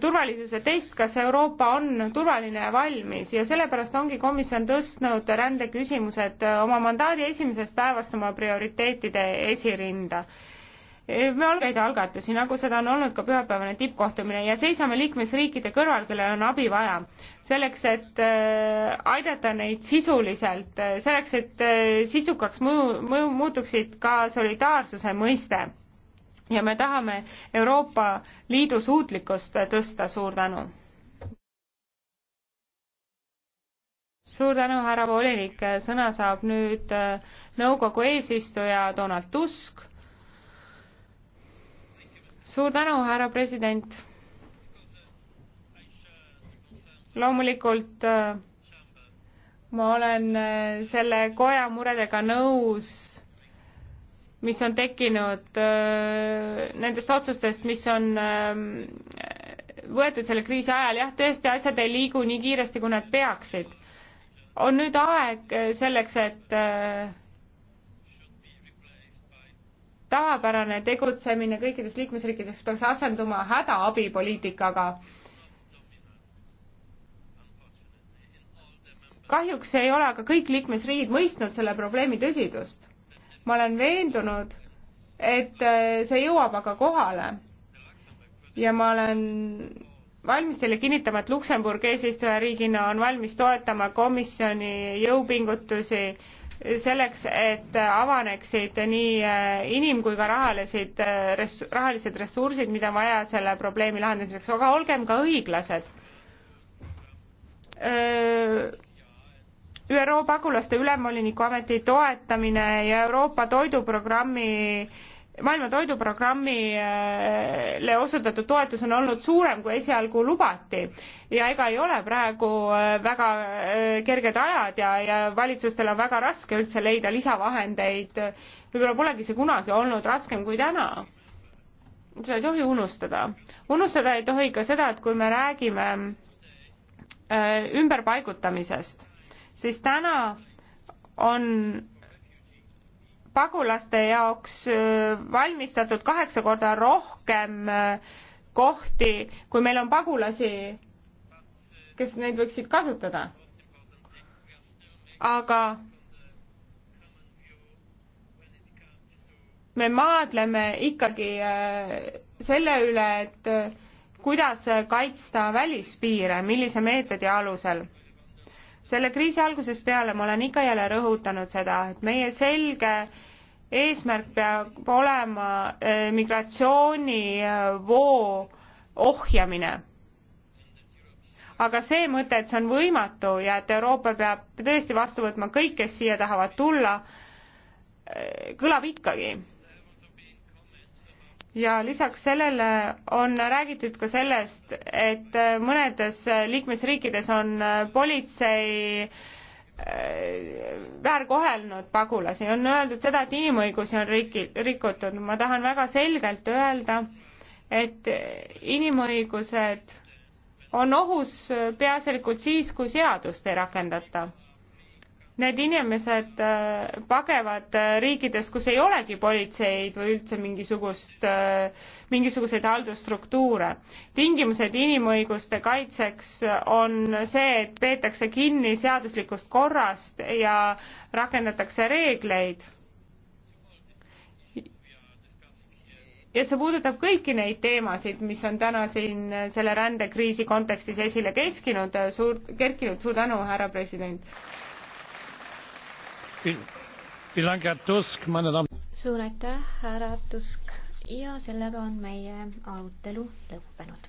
turvalisuse test, kas Euroopa on turvaline ja valmis ja sellepärast ongi komisjon tõstnud rändeküsimused äh, oma mandaadi esimesest päevast oma prioriteetide esirinda me algaid algatusi, nagu seda on olnud ka pühapäevane tippkohtumine ja seisame liikmesriikide kõrval, kellel on abi vaja, selleks, et äh, aidata neid sisuliselt, äh, selleks, et äh, sisukaks mõju, mõju muutuksid ka solidaarsuse mõiste. ja me tahame Euroopa Liidu suutlikkust tõsta, suur tänu. suur tänu, härra volinik, sõna saab nüüd nõukogu eesistuja Donald Tusk suur tänu, härra president. loomulikult äh, ma olen äh, selle koja muredega nõus, mis on tekkinud äh, nendest otsustest, mis on võetud selle kriisi ajal, jah, tõesti, asjad ei liigu nii kiiresti, kui nad peaksid. on nüüd aeg selleks, et tavapärane tegutsemine kõikides liikmesriikides peaks asenduma hädaabipoliitikaga. kahjuks ei ole aga kõik liikmesriigid mõistnud selle probleemi tõsidust. ma olen veendunud, et äh, see jõuab aga kohale. ja ma olen valmis teile kinnitama, et Luksemburg eesistujariigina on valmis toetama komisjoni jõupingutusi selleks, et avaneksid nii äh, inim- kui ka rahalised äh, ress-, rahalised ressursid, mida on vaja selle probleemi lahendamiseks, aga olgem ka õiglased. Äh, ÜRO pagulaste ülemvoliniku ameti toetamine ja Euroopa toiduprogrammi maailma Toiduprogrammile osutatud toetus on olnud suurem, kui esialgu lubati ja ega ei ole praegu äh, väga äh, kerged ajad ja, ja valitsustel on väga raske üldse leida lisavahendeid. võib-olla polegi see kunagi olnud raskem kui täna. seda ei tohi unustada. unustada ei tohi ka seda, et kui me räägime äh, ümberpaigutamisest, siis täna on pagulaste jaoks äh, valmistatud kaheksa korda rohkem äh, kohti, kui meil on pagulasi, kes neid võiksid kasutada. aga me maadleme ikkagi äh, selle üle, et kuidas kaitsta välispiire, millise meetodi alusel. selle kriisi algusest peale ma olen ikka jälle rõhutanud seda, et meie selge eesmärk peab olema eh, migratsioonivoo eh, ohjamine. aga see mõte, et see on võimatu ja et Euroopa peab tõesti vastu võtma kõik, kes siia tahavad tulla, eh, kõlab ikkagi. ja lisaks sellele on räägitud ka sellest, et mõnedes liikmesriikides on politsei äh, Äh, väärkohelnud pagulasi, on öeldud seda, et inimõigusi on riki-, rikutud, ma tahan väga selgelt öelda, et inimõigused on ohus peaasjalikult siis, kui seadust ei rakendata need inimesed äh, pagevad äh, riikides, kus ei olegi politseid või üldse mingisugust, äh, mingisuguseid haldusstruktuure. tingimused inimõiguste kaitseks on see, et peetakse kinni seaduslikust korrast ja rakendatakse reegleid. ja see puudutab kõiki neid teemasid, mis on täna siin selle rändekriisi kontekstis esile keskinud, suur, kerkinud, suur tänu, härra president suur aitäh, härra Tusk ja sellega on meie arutelu lõppenud.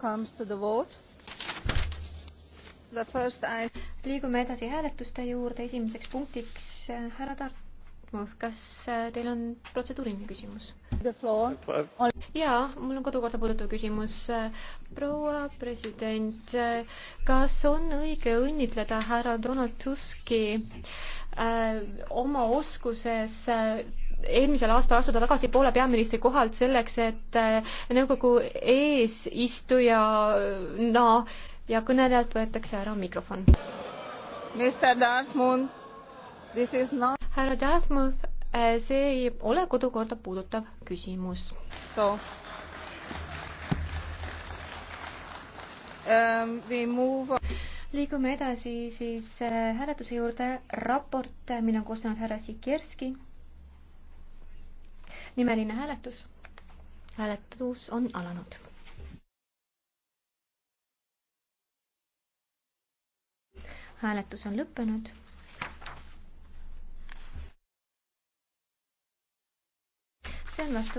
comes to the vote. The first I... liigume edasi hääletuste juurde, esimeseks punktiks äh, härra Tartmus, kas äh, teil on protseduuriline küsimus? jaa, mul on kodukorda puudutav küsimus. Äh, proua president, kas on õige õnnitleda härra Donald Tuski äh, oma oskuses äh, eelmisel aastal astuda tagasi Poola peaministri kohalt selleks, et äh, nõukogu eesistujana äh, no, ja kõnelejalt võetakse ära mikrofon. Not... härra Dartmouth, äh, see ei ole kodukorda puudutav küsimus. Um, move... liigume edasi siis hääletuse juurde, raport, mille on koostanud härra Sikerski nimeline hääletus. hääletus on alanud. hääletus on lõppenud. see on vastu.